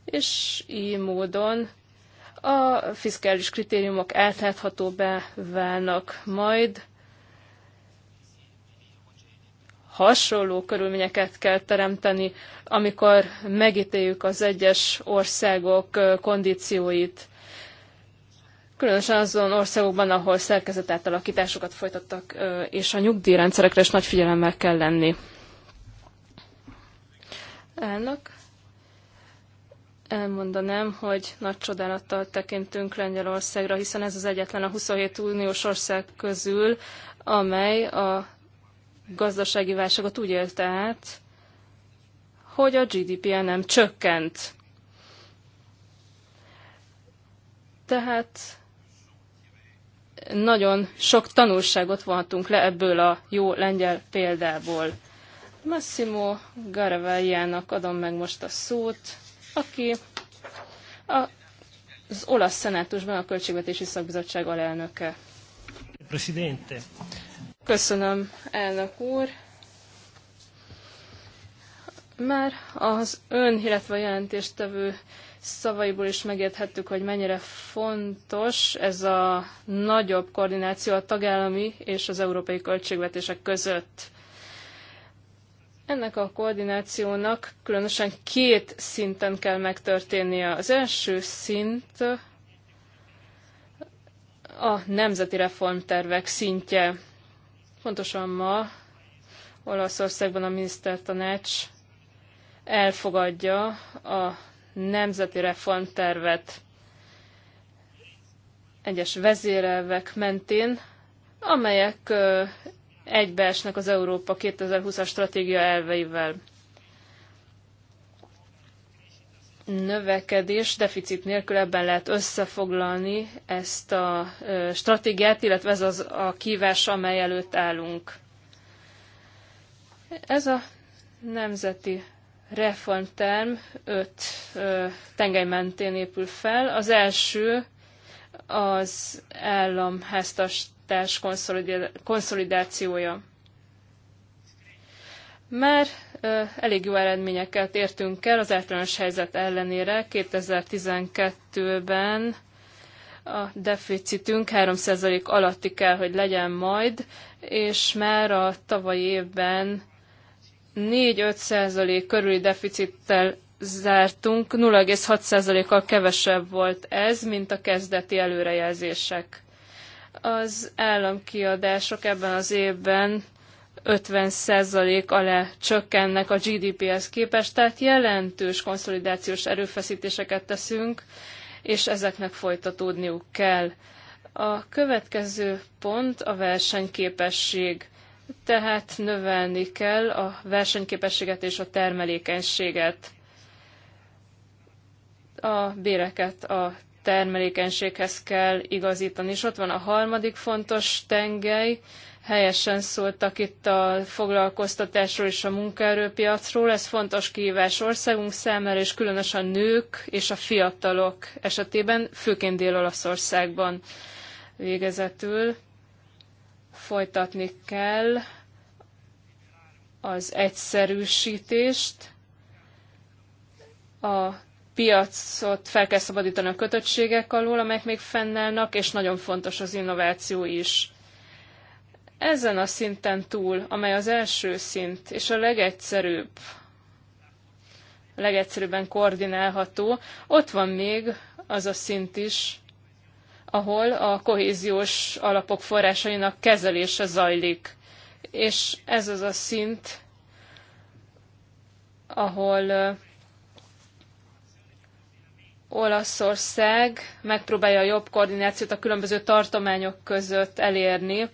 és így módon a fiskális kritériumok átláthatóbbá válnak majd, hasonló körülményeket kell teremteni, amikor megítéljük az egyes országok kondícióit. Különösen azon országokban, ahol szerkezetátalakításokat folytattak, és a nyugdíjrendszerekre is nagy figyelemmel kell lenni. Elnök, elmondanám, hogy nagy csodálattal tekintünk Lengyelországra, hiszen ez az egyetlen a 27 uniós ország közül, amely a gazdasági válságot úgy élte át, hogy a gdp -e nem csökkent. Tehát nagyon sok tanulságot vonhatunk le ebből a jó lengyel példából. Massimo Garavelliának adom meg most a szót, aki a, az olasz szenátusban a Költségvetési Szakbizottság alelnöke. Presidente, Köszönöm, elnök úr. Már az ön, illetve a jelentéstevő szavaiból is megérthettük, hogy mennyire fontos ez a nagyobb koordináció a tagállami és az európai költségvetések között. Ennek a koordinációnak különösen két szinten kell megtörténnie. Az első szint a nemzeti reformtervek szintje. Pontosan ma Olaszországban a minisztertanács elfogadja a nemzeti reformtervet egyes vezérelvek mentén, amelyek egybeesnek az Európa 2020-as stratégia elveivel. növekedés deficit nélkül ebben lehet összefoglalni ezt a stratégiát, illetve ez az a kívás, amely előtt állunk. Ez a nemzeti reformterm öt tengely mentén épül fel. Az első az államháztartás konszolidációja. Már elég jó eredményeket értünk el az általános helyzet ellenére. 2012-ben a deficitünk 3% alatti kell, hogy legyen majd, és már a tavalyi évben 4-5% körüli deficittel zártunk, 0,6%-kal kevesebb volt ez, mint a kezdeti előrejelzések. Az államkiadások ebben az évben 50% alá csökkennek a GDP-hez képest, tehát jelentős konszolidációs erőfeszítéseket teszünk, és ezeknek folytatódniuk kell. A következő pont a versenyképesség. Tehát növelni kell a versenyképességet és a termelékenységet. A béreket a termelékenységhez kell igazítani. És ott van a harmadik fontos tengely, helyesen szóltak itt a foglalkoztatásról és a munkaerőpiacról. Ez fontos kihívás országunk számára, és különösen a nők és a fiatalok esetében, főként Dél-Olaszországban végezetül folytatni kell az egyszerűsítést, a piacot fel kell szabadítani a kötöttségek alól, amelyek még fennállnak, és nagyon fontos az innováció is ezen a szinten túl, amely az első szint és a legegyszerűbb, legegyszerűbben koordinálható, ott van még az a szint is, ahol a kohéziós alapok forrásainak kezelése zajlik. És ez az a szint, ahol Olaszország megpróbálja a jobb koordinációt a különböző tartományok között elérni,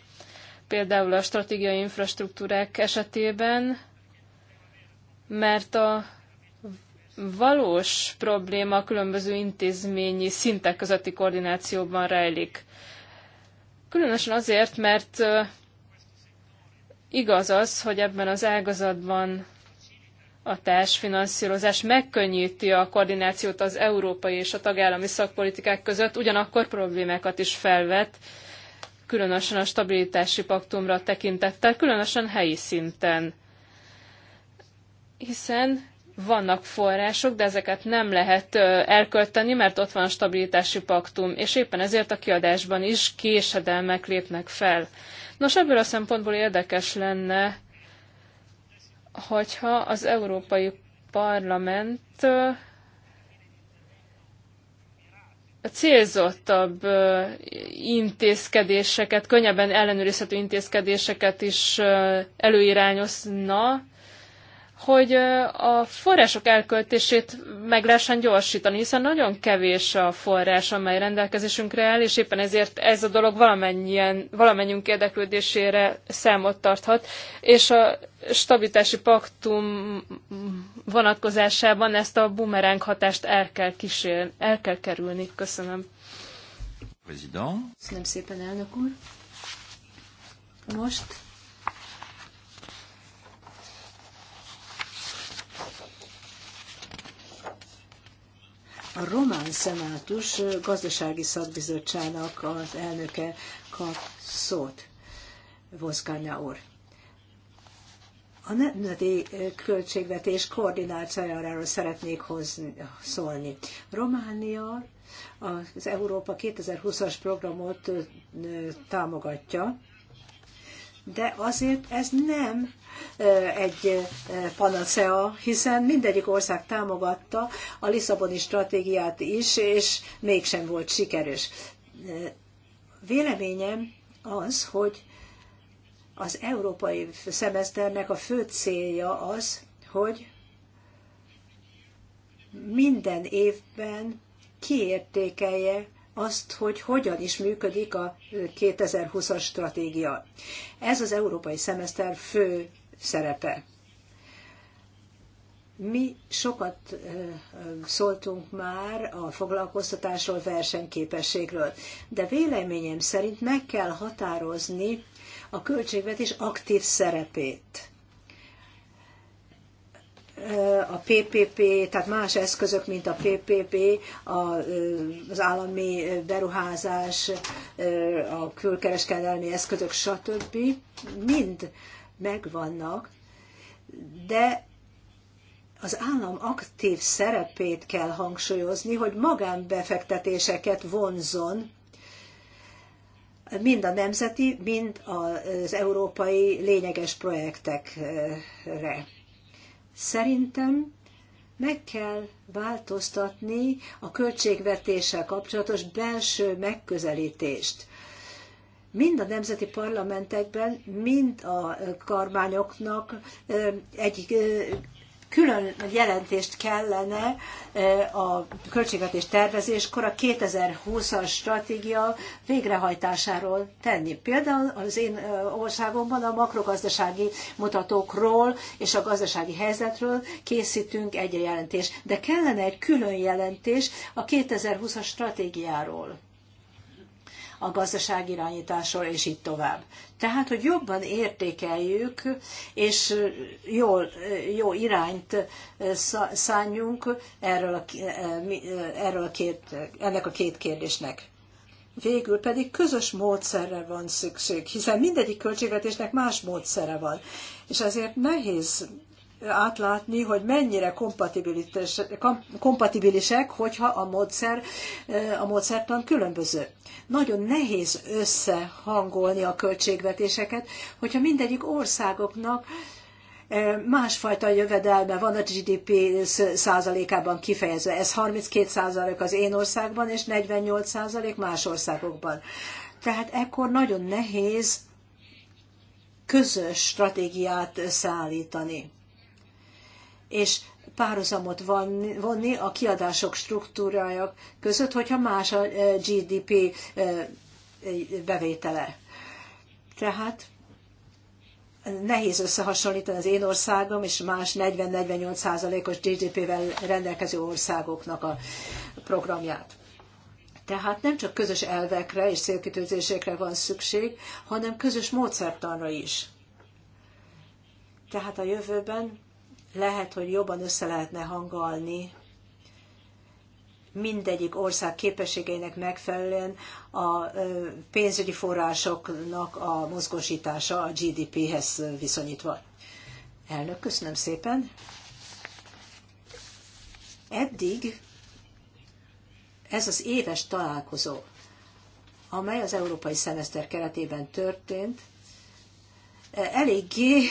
például a stratégiai infrastruktúrák esetében, mert a valós probléma a különböző intézményi szintek közötti koordinációban rejlik. Különösen azért, mert igaz az, hogy ebben az ágazatban a társfinanszírozás megkönnyíti a koordinációt az európai és a tagállami szakpolitikák között, ugyanakkor problémákat is felvet, különösen a stabilitási paktumra tekintettel, különösen helyi szinten. Hiszen vannak források, de ezeket nem lehet elkölteni, mert ott van a stabilitási paktum, és éppen ezért a kiadásban is késedelmek lépnek fel. Nos, ebből a szempontból érdekes lenne, hogyha az Európai Parlament a célzottabb intézkedéseket, könnyebben ellenőrizhető intézkedéseket is előirányozna, hogy a források elköltését meg lehessen gyorsítani, hiszen nagyon kevés a forrás, amely rendelkezésünkre áll, és éppen ezért ez a dolog valamennyien, valamennyünk érdeklődésére számot tarthat, és a stabilitási paktum vonatkozásában ezt a bumeránk hatást el kell, kísérni, el kell kerülni. Köszönöm. Köszönöm szépen, elnök úr. Most A román szenátus gazdasági szakbizottságának az elnöke kap szót, Voszkánya úr. A nemzeti költségvetés koordinációjáról szeretnék hozni, szólni. Románia az Európa 2020-as programot támogatja, de azért ez nem egy panacea, hiszen mindegyik ország támogatta a Lisszaboni stratégiát is, és mégsem volt sikeres. Véleményem az, hogy az európai szemeszternek a fő célja az, hogy minden évben kiértékelje azt, hogy hogyan is működik a 2020-as stratégia. Ez az európai szemeszter fő szerepe. Mi sokat szóltunk már a foglalkoztatásról, versenyképességről, de véleményem szerint meg kell határozni a költségvetés aktív szerepét a PPP, tehát más eszközök, mint a PPP, az állami beruházás, a külkereskedelmi eszközök, stb. mind megvannak, de az állam aktív szerepét kell hangsúlyozni, hogy magánbefektetéseket vonzon, mind a nemzeti, mind az európai lényeges projektekre Szerintem meg kell változtatni a költségvetéssel kapcsolatos belső megközelítést. Mind a nemzeti parlamentekben, mind a kormányoknak egy külön jelentést kellene eh, a költségvetés tervezéskor a 2020-as stratégia végrehajtásáról tenni. Például az én eh, országomban a makrogazdasági mutatókról és a gazdasági helyzetről készítünk egy jelentést, de kellene egy külön jelentés a 2020-as stratégiáról a irányításról, és így tovább. Tehát, hogy jobban értékeljük, és jól, jó irányt szálljunk erről a, e, e, erről a két, ennek a két kérdésnek. Végül pedig közös módszerre van szükség, hiszen mindegyik költségvetésnek más módszere van, és azért nehéz átlátni, hogy mennyire kompatibilisek, hogyha a, módszer, a módszertan különböző. Nagyon nehéz összehangolni a költségvetéseket, hogyha mindegyik országoknak másfajta jövedelme van a GDP százalékában kifejezve. Ez 32 százalék az én országban, és 48 százalék más országokban. Tehát ekkor nagyon nehéz közös stratégiát összeállítani és párhuzamot vonni a kiadások struktúrája között, hogyha más a e, GDP e, bevétele. Tehát nehéz összehasonlítani az én országom és más 40-48 százalékos GDP-vel rendelkező országoknak a programját. Tehát nem csak közös elvekre és célkitűzésekre van szükség, hanem közös módszertanra is. Tehát a jövőben lehet, hogy jobban össze lehetne hangolni mindegyik ország képességeinek megfelelően a pénzügyi forrásoknak a mozgósítása a GDP-hez viszonyítva. Elnök, köszönöm szépen. Eddig ez az éves találkozó, amely az európai szemeszter keretében történt, eléggé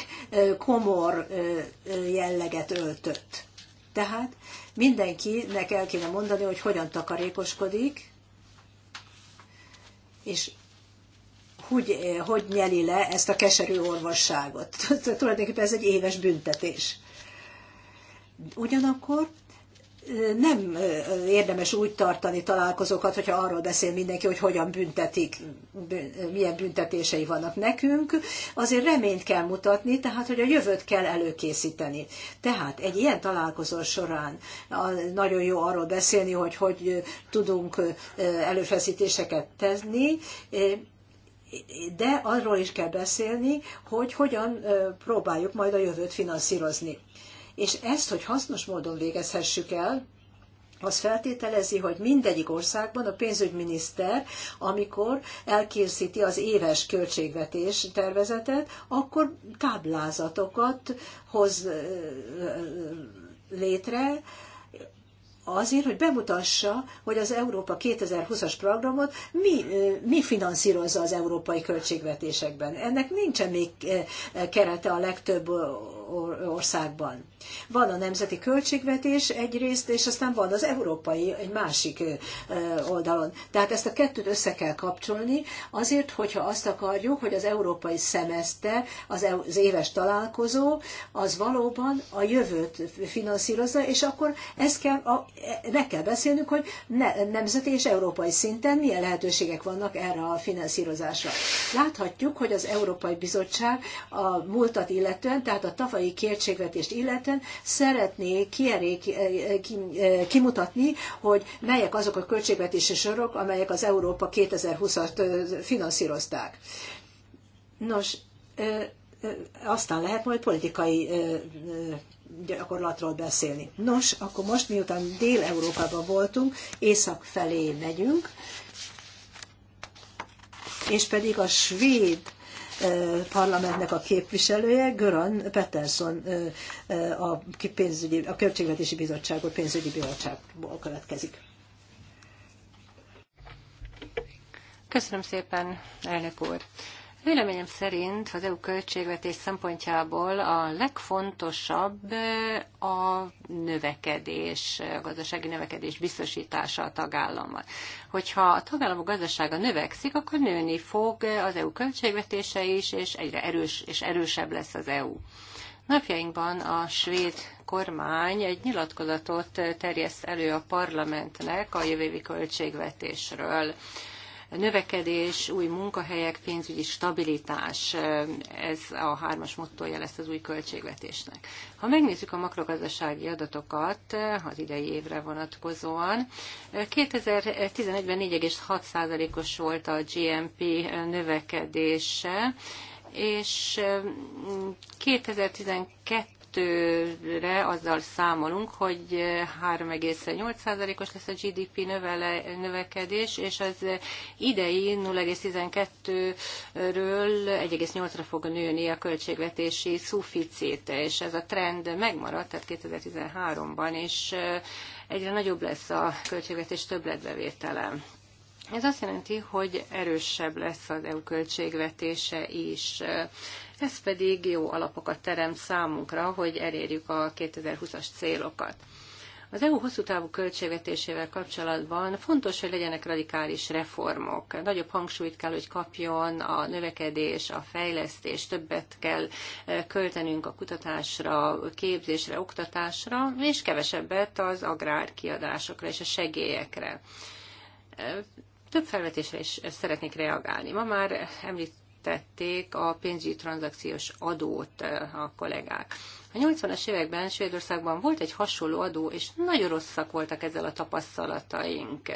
komor jelleget öltött. Tehát mindenkinek el kéne mondani, hogy hogyan takarékoskodik, és hogy, hogy nyeli le ezt a keserű orvosságot. Tulajdonképpen ez egy éves büntetés. Ugyanakkor nem érdemes úgy tartani találkozókat, hogyha arról beszél mindenki, hogy hogyan büntetik, milyen büntetései vannak nekünk, azért reményt kell mutatni, tehát hogy a jövőt kell előkészíteni. Tehát egy ilyen találkozó során nagyon jó arról beszélni, hogy hogy tudunk előfeszítéseket tenni, de arról is kell beszélni, hogy hogyan próbáljuk majd a jövőt finanszírozni és ezt, hogy hasznos módon végezhessük el, az feltételezi, hogy mindegyik országban a pénzügyminiszter, amikor elkészíti az éves költségvetés tervezetet, akkor táblázatokat hoz létre, azért, hogy bemutassa, hogy az Európa 2020-as programot mi, mi finanszírozza az európai költségvetésekben. Ennek nincsen még kerete a legtöbb országban. Van a nemzeti költségvetés egyrészt, és aztán van az európai egy másik oldalon. Tehát ezt a kettőt össze kell kapcsolni, azért, hogyha azt akarjuk, hogy az európai szemeszter, az e-, éves találkozó, az valóban a jövőt finanszírozza, és akkor ezt kell, a, meg kell beszélnünk, hogy nemzeti és európai szinten milyen lehetőségek vannak erre a finanszírozásra. Láthatjuk, hogy az Európai Bizottság a múltat illetően, tehát a tavaly európai költségvetést illetően szeretné eh, eh, kimutatni, hogy melyek azok a költségvetési sorok, amelyek az Európa 2020-at eh, finanszírozták. Nos, aztán lehet majd politikai gyakorlatról beszélni. Nos, akkor most miután Dél-Európában voltunk, észak felé megyünk, és pedig a svéd parlamentnek a képviselője, Göran Peterson a, pénzügyi, a Költségvetési Bizottságot pénzügyi bizottságból következik. Köszönöm szépen, elnök úr. Véleményem szerint az EU költségvetés szempontjából a legfontosabb eh, a növekedés, a gazdasági növekedés biztosítása a tagállamban. Hogyha a tagállamok gazdasága növekszik, akkor nőni fog az EU költségvetése is, és egyre erős és erősebb lesz az EU. Napjainkban a svéd kormány egy nyilatkozatot terjeszt elő a parlamentnek a jövő költségvetésről növekedés, új munkahelyek, pénzügyi stabilitás, ez a hármas mottoja lesz az új költségvetésnek. Ha megnézzük a makrogazdasági adatokat az idei évre vonatkozóan, 2011-ben 4,6%-os volt a GMP növekedése, és 2012 mm, 2022-re azzal számolunk, hogy 3,8%-os lesz a GDP növele, növekedés, és az idei 0,12-ről 1,8-ra fog nőni a költségvetési szuficit, és ez a trend megmaradt, tehát 2013-ban is egyre nagyobb lesz a költségvetés többletbevétele. Ez azt jelenti, hogy erősebb lesz az EU költségvetése is. Ez pedig jó alapokat teremt számunkra, hogy elérjük a 2020-as célokat. Az EU hosszú távú költségvetésével kapcsolatban fontos, hogy legyenek radikális reformok. Nagyobb hangsúlyt kell, hogy kapjon a növekedés, a fejlesztés, többet kell e, költenünk a kutatásra, képzésre, oktatásra, és kevesebbet az agrárkiadásokra és a segélyekre. E, több felvetésre is szeretnék reagálni. Ma már említ, tették a pénzügyi tranzakciós adót eh, a kollégák. A 80-as években Svédországban volt egy hasonló adó, és nagyon rosszak voltak ezzel a tapasztalataink.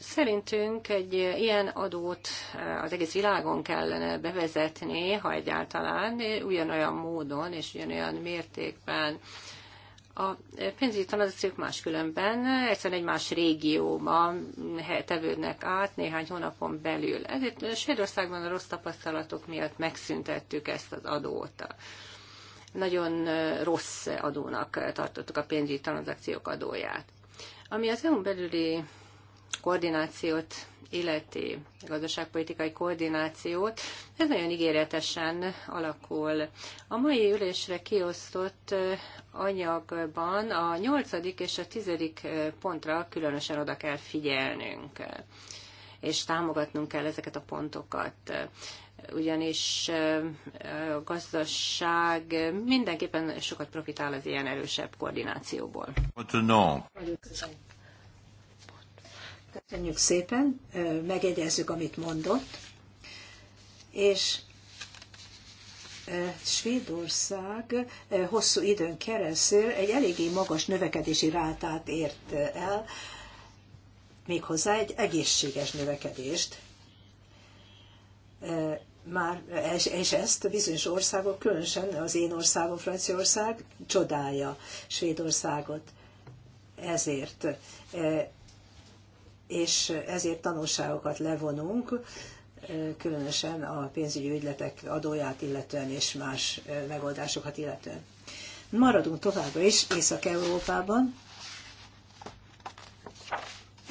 Szerintünk egy ilyen adót eh, az egész világon kellene bevezetni, ha egyáltalán, eh, ugyanolyan módon és ugyanolyan mértékben. A pénzügyi tanácsok máskülönben egyszerűen egy más régióban tevődnek át néhány hónapon belül. Ezért Svédországban a rossz tapasztalatok miatt megszüntettük ezt az adót nagyon rossz adónak tartottuk a pénzügyi tranzakciók adóját. Ami az EU-n belüli koordinációt illeti, gazdaságpolitikai koordinációt, ez nagyon ígéretesen alakul. A mai ülésre kiosztott anyagban a nyolcadik és a tizedik pontra különösen oda kell figyelnünk, és támogatnunk kell ezeket a pontokat ugyanis a gazdaság mindenképpen sokat profitál az ilyen erősebb koordinációból. Köszönöm. Köszönjük szépen, megegyezzük, amit mondott. És Svédország hosszú időn keresztül egy eléggé magas növekedési rátát ért el, méghozzá egy egészséges növekedést. Már, és ezt a bizonyos országok, különösen az én országom, Franciaország csodálja Svédországot ezért és ezért tanulságokat levonunk, különösen a pénzügyi ügyletek adóját illetően és más megoldásokat illetően. Maradunk továbbra is Észak-Európában,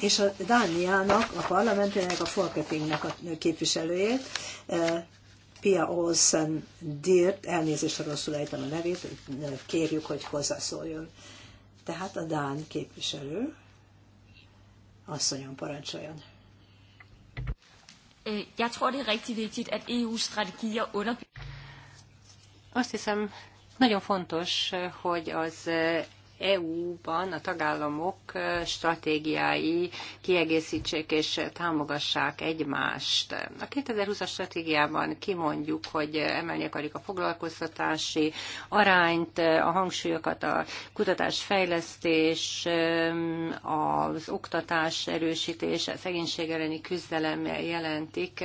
és a Dániának, a parlamentének, a Folketingnek a képviselőjét, Pia Olsen Dirt, elnézést, ha rosszul ejtem a nevét, kérjük, hogy hozzászóljon. Tehát a Dán képviselő. Asszonyom, parancsoljon. Øh, jeg tror, det er rigtig vigtigt, at EU's strategier under... Azt hiszem, nagyon fontos, hogy az EU-ban a tagállamok stratégiái kiegészítsék és támogassák egymást. A 2020-as stratégiában kimondjuk, hogy emelni akarjuk a foglalkoztatási arányt, a hangsúlyokat a kutatás, fejlesztés, az oktatás erősítése, a szegénység elleni küzdelem jelentik.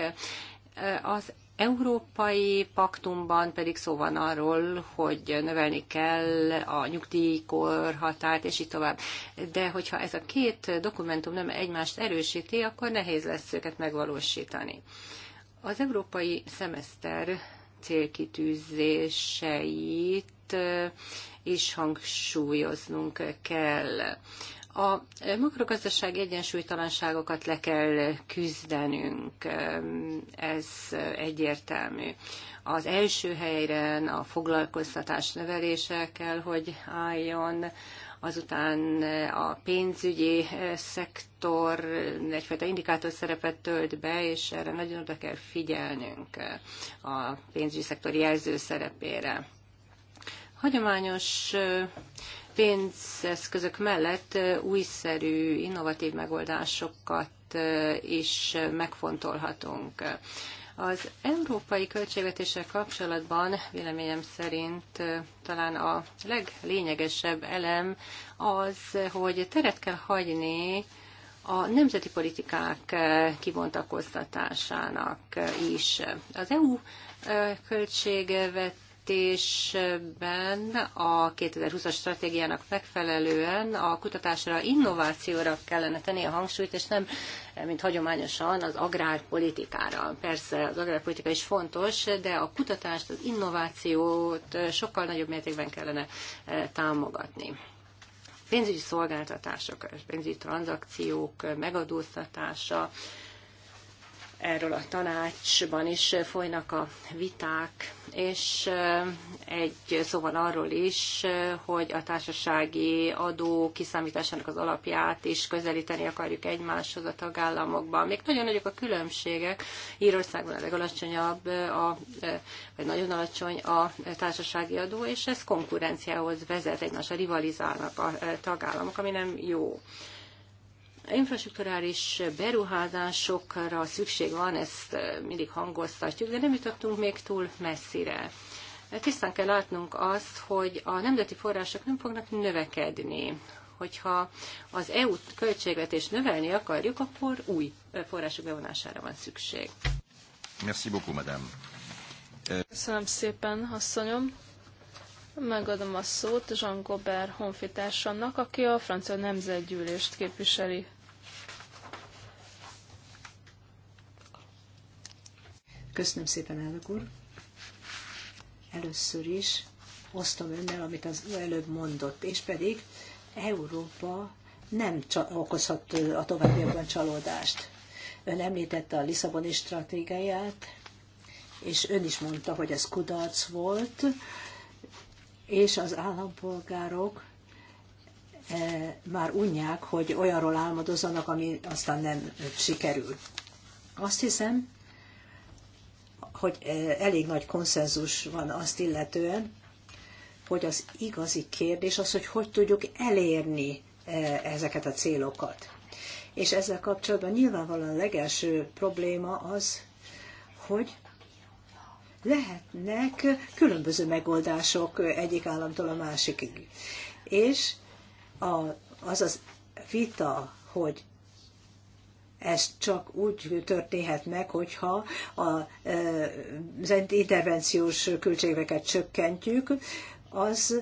Az európai paktumban pedig szó van arról, hogy növelni kell a nyugdíjkorhatárt, és így tovább. De hogyha ez a két dokumentum nem egymást erősíti, akkor nehéz lesz őket megvalósítani. Az európai szemeszter célkitűzéseit is hangsúlyoznunk kell. A makrogazdasági egyensúlytalanságokat le kell küzdenünk, ez egyértelmű. Az első helyre a foglalkoztatás növelése kell, hogy álljon, azután a pénzügyi szektor egyfajta indikátor szerepet tölt be, és erre nagyon oda kell figyelnünk a pénzügyi szektor jelző szerepére. Hagyományos pénzeszközök mellett újszerű, innovatív megoldásokat is megfontolhatunk. Az európai költségvetéssel kapcsolatban véleményem szerint talán a leglényegesebb elem az, hogy teret kell hagyni a nemzeti politikák kibontakoztatásának is. Az EU költségvetés jelentésben a 2020-as stratégiának megfelelően a kutatásra, innovációra kellene tenni a hangsúlyt, és nem, mint hagyományosan, az agrárpolitikára. Persze az agrárpolitika is fontos, de a kutatást, az innovációt sokkal nagyobb mértékben kellene eh, támogatni pénzügyi szolgáltatások, pénzügyi tranzakciók megadóztatása, erről a tanácsban is folynak a viták, és egy szóval arról is, hogy a társasági adó kiszámításának az alapját is közelíteni akarjuk egymáshoz a tagállamokban. Még nagyon nagyok a különbségek. Írországban a legalacsonyabb, a, vagy nagyon alacsony a társasági adó, és ez konkurenciához vezet, a rivalizálnak a tagállamok, ami nem jó infrastruktúrális beruházásokra szükség van, ezt eh, mindig hangoztatjuk, de nem jutottunk még túl messzire. Tisztán kell látnunk azt, hogy a nemzeti források nem fognak növekedni. Hogyha az EU költségvetés növelni akarjuk, akkor új eh, források bevonására van szükség. Merci beaucoup, madame. Köszönöm szépen, asszonyom. Megadom a szót Jean Gobert honfitársamnak, aki a francia nemzetgyűlést képviseli. Köszönöm szépen, elnök úr. Először is osztom önnel, amit az előbb mondott, és pedig Európa nem okozhat a továbbiakban csalódást. Ön említette a Lisszaboni stratégiáját, és ön is mondta, hogy ez kudarc volt, és az állampolgárok e, már unják, hogy olyanról álmodozzanak, ami aztán nem sikerül. Azt hiszem, hogy e, elég nagy konszenzus van azt illetően, hogy az igazi kérdés az, hogy hogy tudjuk elérni e, ezeket a célokat. És ezzel kapcsolatban nyilvánvalóan a legelső probléma az, hogy lehetnek különböző megoldások egyik államtól a másikig. És a, az az vita, hogy ez csak úgy történhet meg, hogyha e, az intervenciós költségeket csökkentjük, az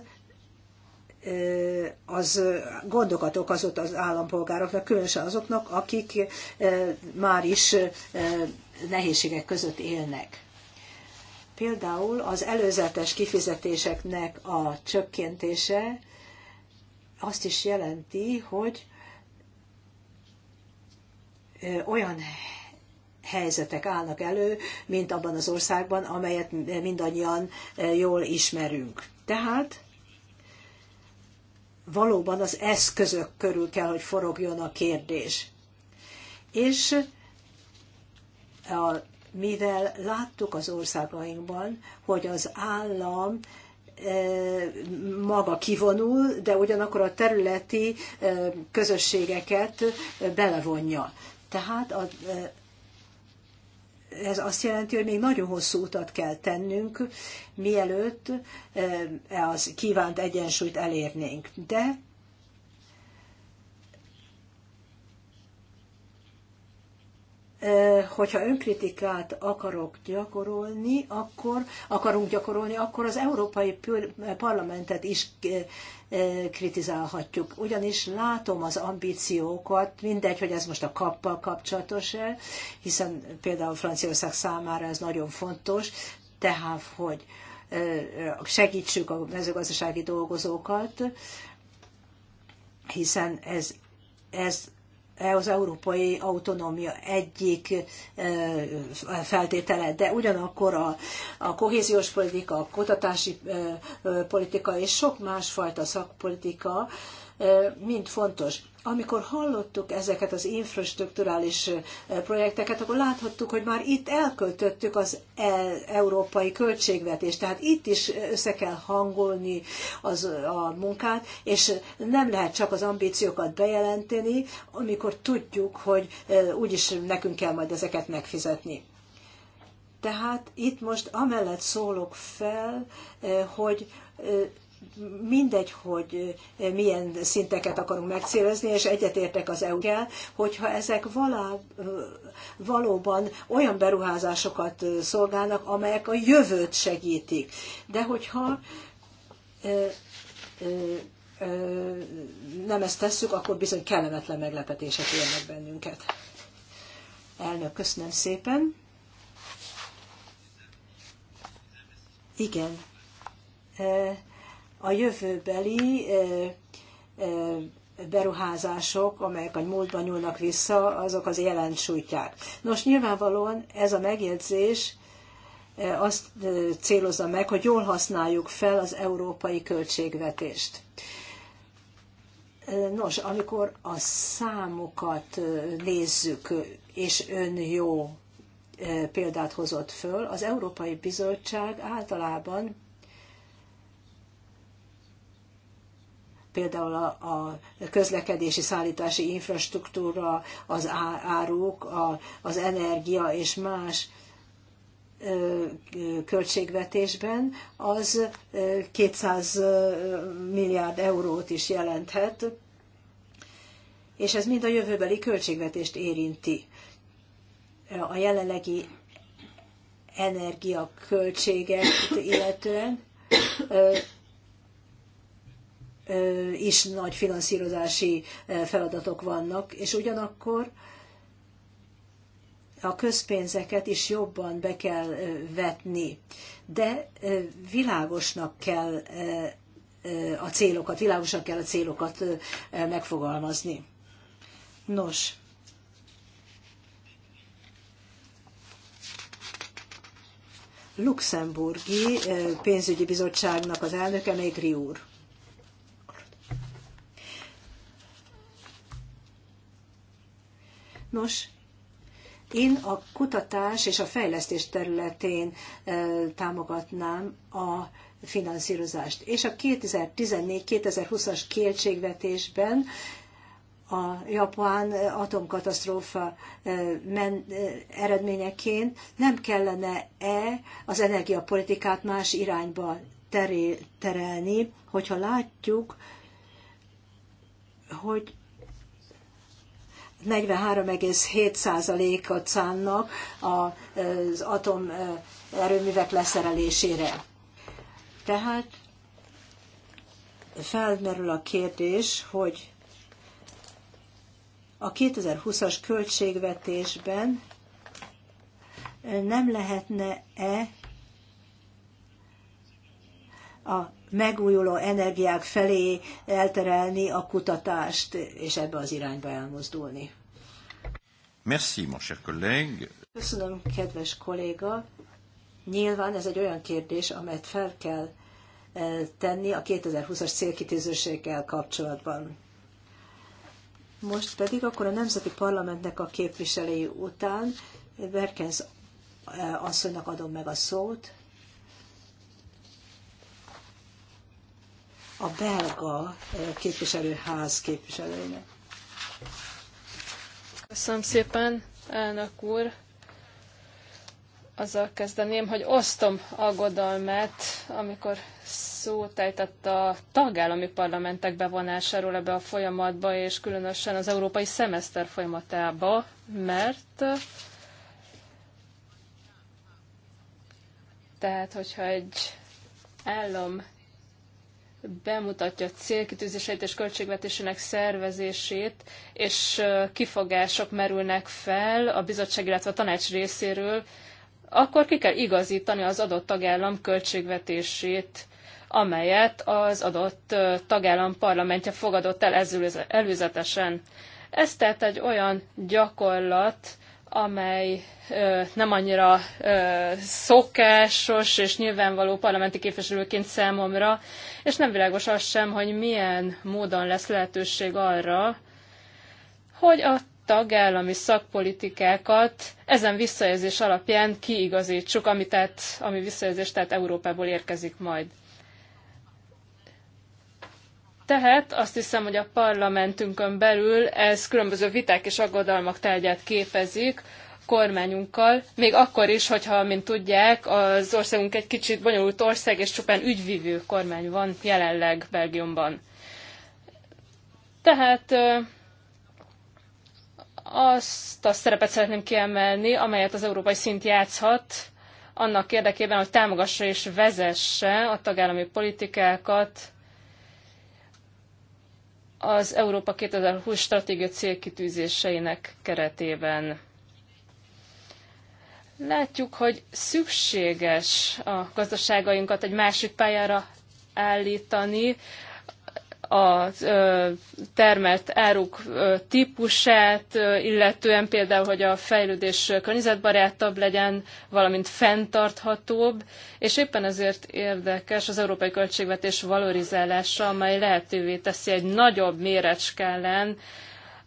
e, az gondokat okozott az állampolgároknak, különösen azoknak, akik e, már is nehézségek között élnek. Például az előzetes kifizetéseknek a csökkentése azt is jelenti, hogy olyan helyzetek állnak elő, mint abban az országban, amelyet mindannyian jól ismerünk. Tehát valóban az eszközök körül kell, hogy forogjon a kérdés. És a mivel láttuk az országainkban, hogy az állam e, maga kivonul, de ugyanakkor a területi e, közösségeket belevonja. Tehát a, e, ez azt jelenti, hogy még nagyon hosszú utat kell tennünk, mielőtt az kívánt egyensúlyt elérnénk. De hogyha önkritikát akarok gyakorolni, akkor akarunk gyakorolni, akkor az Európai Parlamentet is kritizálhatjuk. Ugyanis látom az ambíciókat, mindegy, hogy ez most a kappal kapcsolatos-e, hiszen például Franciaország számára ez nagyon fontos, tehát, hogy segítsük a mezőgazdasági dolgozókat, hiszen ez, ez E, az európai autonómia egyik e, feltétele, de ugyanakkor a, a kohéziós politika, a kutatási e, politika és sok másfajta szakpolitika mind fontos amikor hallottuk ezeket az infrastruktúrális eh, projekteket, akkor láthattuk, hogy már itt elköltöttük az európai költségvetést. Tehát itt is össze kell hangolni az, a munkát, és nem lehet csak az ambíciókat bejelenteni, amikor tudjuk, hogy eh, úgyis nekünk kell majd ezeket megfizetni. Tehát itt most amellett szólok fel, eh, hogy mindegy, hogy milyen szinteket akarunk megcélozni, és egyetértek az EU-kel, hogyha ezek valá, valóban olyan beruházásokat szolgálnak, amelyek a jövőt segítik. De hogyha nem ezt tesszük, akkor bizony kellemetlen meglepetések élnek bennünket. Elnök, köszönöm szépen. Igen a jövőbeli beruházások, amelyek a múltban nyúlnak vissza, azok az jelent sújtják. Nos, nyilvánvalóan ez a megjegyzés azt célozza meg, hogy jól használjuk fel az európai költségvetést. Nos, amikor a számokat nézzük, és ön jó példát hozott föl, az Európai Bizottság általában például a, a közlekedési szállítási infrastruktúra, az áruk, a, az energia és más költségvetésben, az 200 milliárd eurót is jelenthet, és ez mind a jövőbeli költségvetést érinti. A jelenlegi energiaköltséget illetően is nagy finanszírozási feladatok vannak, és ugyanakkor a közpénzeket is jobban be kell vetni. De világosnak kell a célokat, világosan kell a célokat megfogalmazni. Nos, luxemburgi pénzügyi bizottságnak az elnöke még Riúr. Nos, én a kutatás és a fejlesztés területén támogatnám a finanszírozást. És a 2014-2020-as kétségvetésben a japán atomkatasztrófa men, eredményeként nem kellene-e az energiapolitikát más irányba terelni, hogyha látjuk, hogy 43,7%-ot szánnak az erőművek leszerelésére. Tehát felmerül a kérdés, hogy a 2020-as költségvetésben nem lehetne-e a megújuló energiák felé elterelni a kutatást, és ebbe az irányba elmozdulni. Merci, mon cher collègue. Köszönöm, kedves kolléga. Nyilván ez egy olyan kérdés, amelyet fel kell e, tenni a 2020-as célkitűzőséggel kapcsolatban. Most pedig akkor a Nemzeti Parlamentnek a képviselői után Berkens e, asszonynak adom meg a szót, a belga képviselőház képviselőjének. Köszönöm szépen, elnök úr. Azzal kezdeném, hogy osztom aggodalmát, amikor szót ejtett a tagállami parlamentek bevonásáról ebbe a folyamatba, és különösen az európai szemeszter folyamatába, mert tehát, hogyha egy állam bemutatja a célkitűzéseit és költségvetésének szervezését, és kifogások merülnek fel a bizottság, illetve a tanács részéről, akkor ki kell igazítani az adott tagállam költségvetését, amelyet az adott tagállam parlamentje fogadott el előzetesen. Ez tehát egy olyan gyakorlat, amely ö, nem annyira ö, szokásos és nyilvánvaló parlamenti képviselőként számomra, és nem világos az sem, hogy milyen módon lesz lehetőség arra, hogy a tagállami szakpolitikákat ezen visszajelzés alapján kiigazítsuk, amit tehát, ami visszajelzés tehát Európából érkezik majd tehet, azt hiszem, hogy a parlamentünkön belül ez különböző viták és aggodalmak tárgyát képezik kormányunkkal, még akkor is, hogyha, mint tudják, az országunk egy kicsit bonyolult ország, és csupán ügyvívő kormány van jelenleg Belgiumban. Tehát azt a szerepet szeretném kiemelni, amelyet az európai szint játszhat, annak érdekében, hogy támogassa és vezesse a tagállami politikákat, az Európa 2020 stratégia célkitűzéseinek keretében. Látjuk, hogy szükséges a gazdaságainkat egy másik pályára állítani, a termelt áruk típusát, illetően például, hogy a fejlődés környezetbarátabb legyen, valamint fenntarthatóbb, és éppen ezért érdekes az európai költségvetés valorizálása, amely lehetővé teszi egy nagyobb méretskálán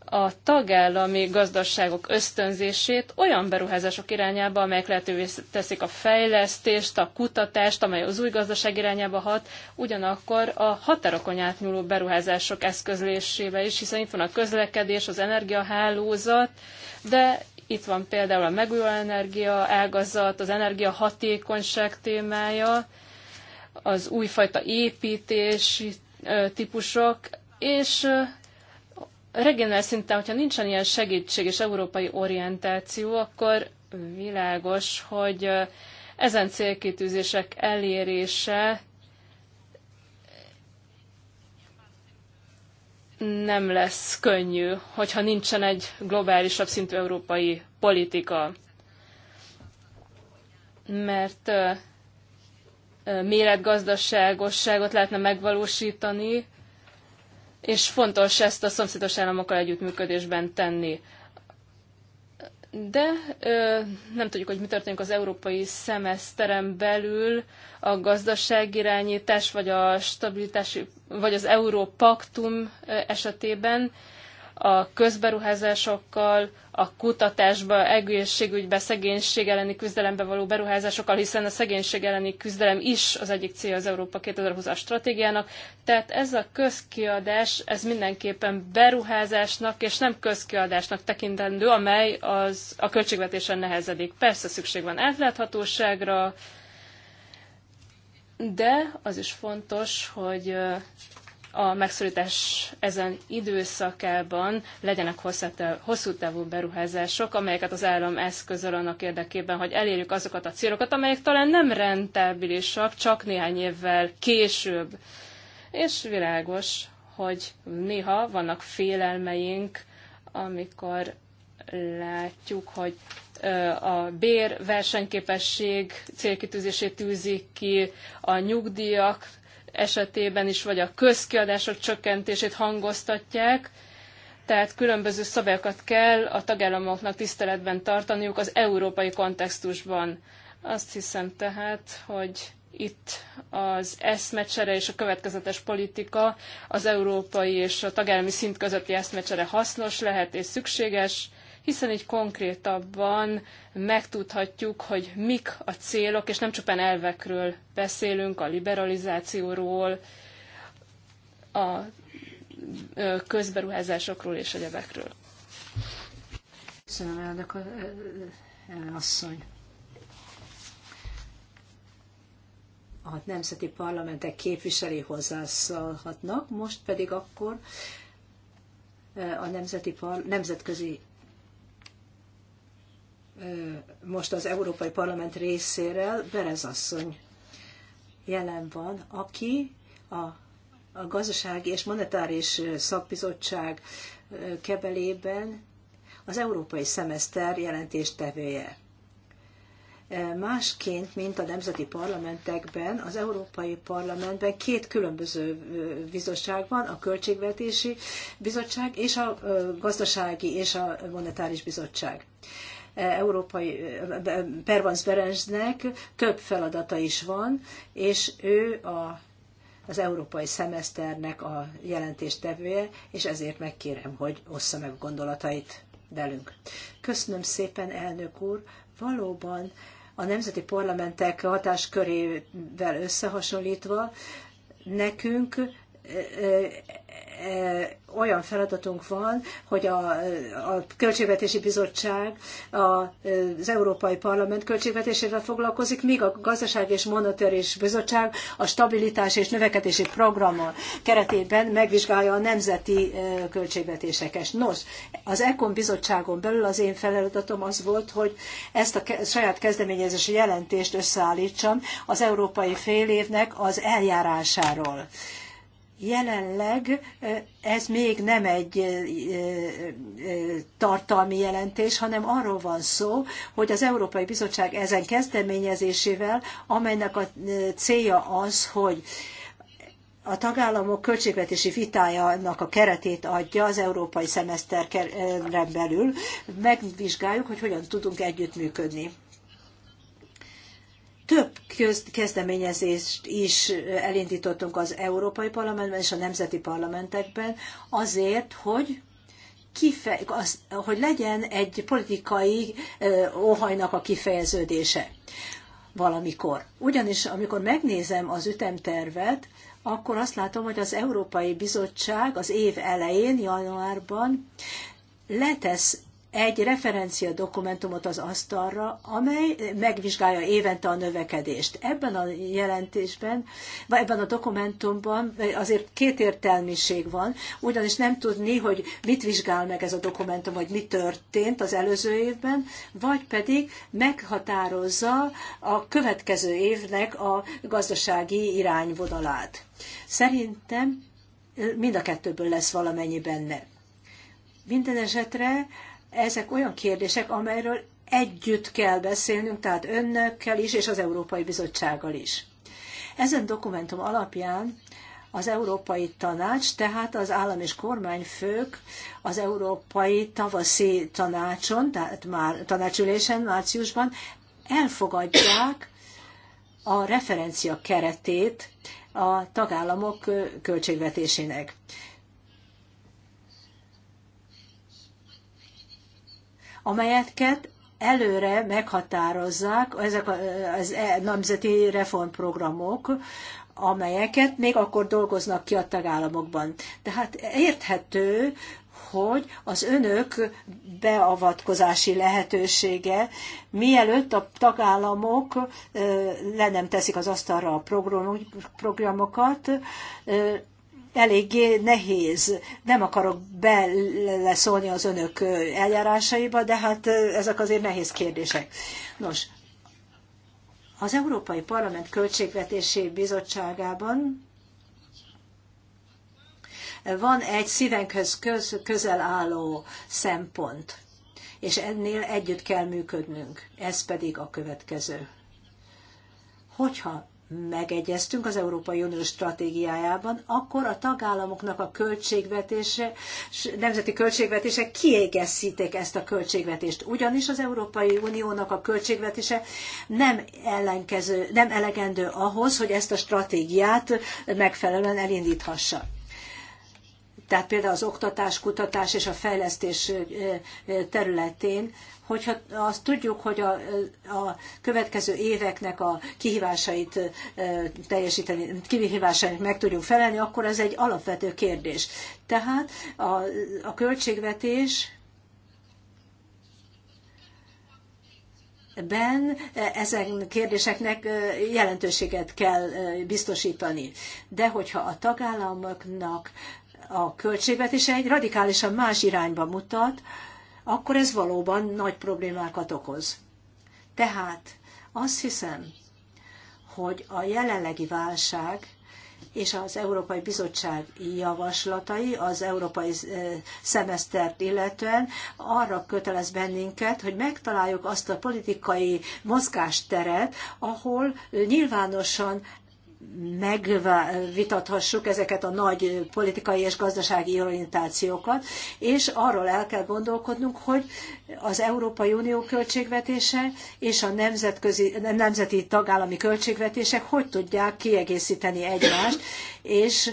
a tagállami gazdaságok ösztönzését olyan beruházások irányába, amelyek lehetővé teszik a fejlesztést, a kutatást, amely az új gazdaság irányába hat, ugyanakkor a határokon átnyúló beruházások eszközlésébe is, hiszen itt van a közlekedés, az energiahálózat, de itt van például a megújuló energia ágazat, az energiahatékonyság témája, az újfajta építési típusok, és regionális szinten, hogyha nincsen ilyen segítség és európai orientáció, akkor világos, hogy ezen célkitűzések elérése nem lesz könnyű, hogyha nincsen egy globálisabb szintű európai politika. Mert méretgazdaságosságot lehetne megvalósítani, és fontos ezt a szomszédos államokkal együttműködésben tenni. De ö, nem tudjuk, hogy mi történik az európai szemeszteren belül, a gazdaságirányítás, vagy a stabilitási, vagy az Európaktum esetében. Ö, a közberuházásokkal, a kutatásba, egészségügybe, szegénység elleni küzdelembe való beruházásokkal, hiszen a szegénység elleni küzdelem is az egyik célja az Európa 2020-as stratégiának. Tehát ez a közkiadás, ez mindenképpen beruházásnak és nem közkiadásnak tekintendő, amely az, a költségvetésen nehezedik. Persze szükség van átláthatóságra, de az is fontos, hogy a megszorítás ezen időszakában legyenek hosszú távú beruházások, amelyeket az állam eszközöl annak érdekében, hogy elérjük azokat a célokat, amelyek talán nem rentábilisak, csak néhány évvel később. És világos, hogy néha vannak félelmeink, amikor látjuk, hogy a bér versenyképesség célkitűzését tűzik ki, a nyugdíjak esetében is, vagy a közkiadások csökkentését hangoztatják, tehát különböző szabályokat kell a tagállamoknak tiszteletben tartaniuk az európai kontextusban. Azt hiszem tehát, hogy itt az eszmecsere és a következetes politika az európai és a tagállami szint közötti eszmecsere hasznos lehet és szükséges hiszen így konkrétabban megtudhatjuk, hogy mik a célok, és nem csupán elvekről beszélünk, a liberalizációról, a közberuházásokról és egyebekről. Köszönöm, elnök asszony. a nemzeti parlamentek képviselői hozzászólhatnak, most pedig akkor a nemzeti par- nemzetközi most az Európai Parlament részéről Berez asszony jelen van, aki a, a Gazdasági és Monetáris Szakbizottság kebelében az Európai Szemeszter jelentéstevője. Másként, mint a nemzeti parlamentekben, az Európai Parlamentben két különböző bizottság van, a Költségvetési Bizottság és a Gazdasági és a Monetáris Bizottság európai Pervans Berensnek több feladata is van, és ő a, az európai szemeszternek a jelentéstevője, és ezért megkérem, hogy ossza meg gondolatait velünk. Köszönöm szépen, elnök úr, valóban a nemzeti parlamentek hatáskörével összehasonlítva nekünk Eh, olyan feladatunk van, hogy a, a Költségvetési Bizottság az Európai Parlament költségvetésével foglalkozik, míg a Gazdaság és Monetáris Bizottság a stabilitás és növekedési program keretében megvizsgálja a nemzeti eh, költségvetéseket. Nos, az ECOM bizottságon belül az én feladatom az volt, hogy ezt a saját kezdeményezési jelentést összeállítsam az európai félévnek az eljárásáról. Jelenleg ez még nem egy tartalmi jelentés, hanem arról van szó, hogy az Európai Bizottság ezen kezdeményezésével, amelynek a célja az, hogy a tagállamok költségvetési vitájának a keretét adja az európai szemeszterre belül, megvizsgáljuk, hogy hogyan tudunk együttműködni több kezdeményezést is elindítottunk az Európai Parlamentben és a nemzeti parlamentekben azért, hogy kife az, hogy legyen egy politikai óhajnak a kifejeződése valamikor. Ugyanis amikor megnézem az ütemtervet, akkor azt látom, hogy az Európai Bizottság az év elején, januárban letesz egy referencia dokumentumot az asztalra, amely megvizsgálja évente a növekedést. Ebben a jelentésben, vagy ebben a dokumentumban azért értelmiség van, ugyanis nem tudni, hogy mit vizsgál meg ez a dokumentum, vagy mi történt az előző évben, vagy pedig meghatározza a következő évnek a gazdasági irányvonalát. Szerintem mind a kettőből lesz valamennyi benne. Minden esetre ezek olyan kérdések, amelyről együtt kell beszélnünk, tehát önnökkel is, és az Európai Bizottsággal is. Ezen dokumentum alapján az Európai Tanács, tehát az állam és kormányfők az Európai Tavaszi Tanácson, tehát már tanácsülésen márciusban elfogadják a referencia keretét a tagállamok költségvetésének. amelyeket előre meghatározzák ezek az e, nemzeti reformprogramok, amelyeket még akkor dolgoznak ki a tagállamokban. Tehát érthető, hogy az önök beavatkozási lehetősége, mielőtt a tagállamok le nem teszik az asztalra a programokat, eléggé nehéz. Nem akarok beleszólni az önök eljárásaiba, de hát ezek azért nehéz kérdések. Nos, az Európai Parlament Költségvetési Bizottságában van egy szívenkhöz köz, közel álló szempont, és ennél együtt kell működnünk. Ez pedig a következő. Hogyha megegyeztünk az Európai Unió stratégiájában, akkor a tagállamoknak a költségvetése, nemzeti költségvetése kiegészítik ezt a költségvetést. Ugyanis az Európai Uniónak a költségvetése nem, ellenkező, nem elegendő ahhoz, hogy ezt a stratégiát megfelelően elindíthassa tehát például az oktatás, kutatás és a fejlesztés területén, hogyha azt tudjuk, hogy a, a következő éveknek a kihívásait teljesíteni, kihívásait meg tudjuk felelni, akkor ez egy alapvető kérdés. Tehát a, a költségvetés ben ezen kérdéseknek jelentőséget kell biztosítani. De hogyha a tagállamoknak a költségvetése egy radikálisan más irányba mutat, akkor ez valóban nagy problémákat okoz. Tehát azt hiszem, hogy a jelenlegi válság és az Európai Bizottság javaslatai az európai eh, szemesztert illetően arra kötelez bennünket, hogy megtaláljuk azt a politikai mozgásteret, ahol nyilvánosan megvitathassuk ezeket a nagy politikai és gazdasági orientációkat, és arról el kell gondolkodnunk, hogy az Európai Unió költségvetése és a nemzetközi, nemzeti tagállami költségvetések hogy tudják kiegészíteni egymást, és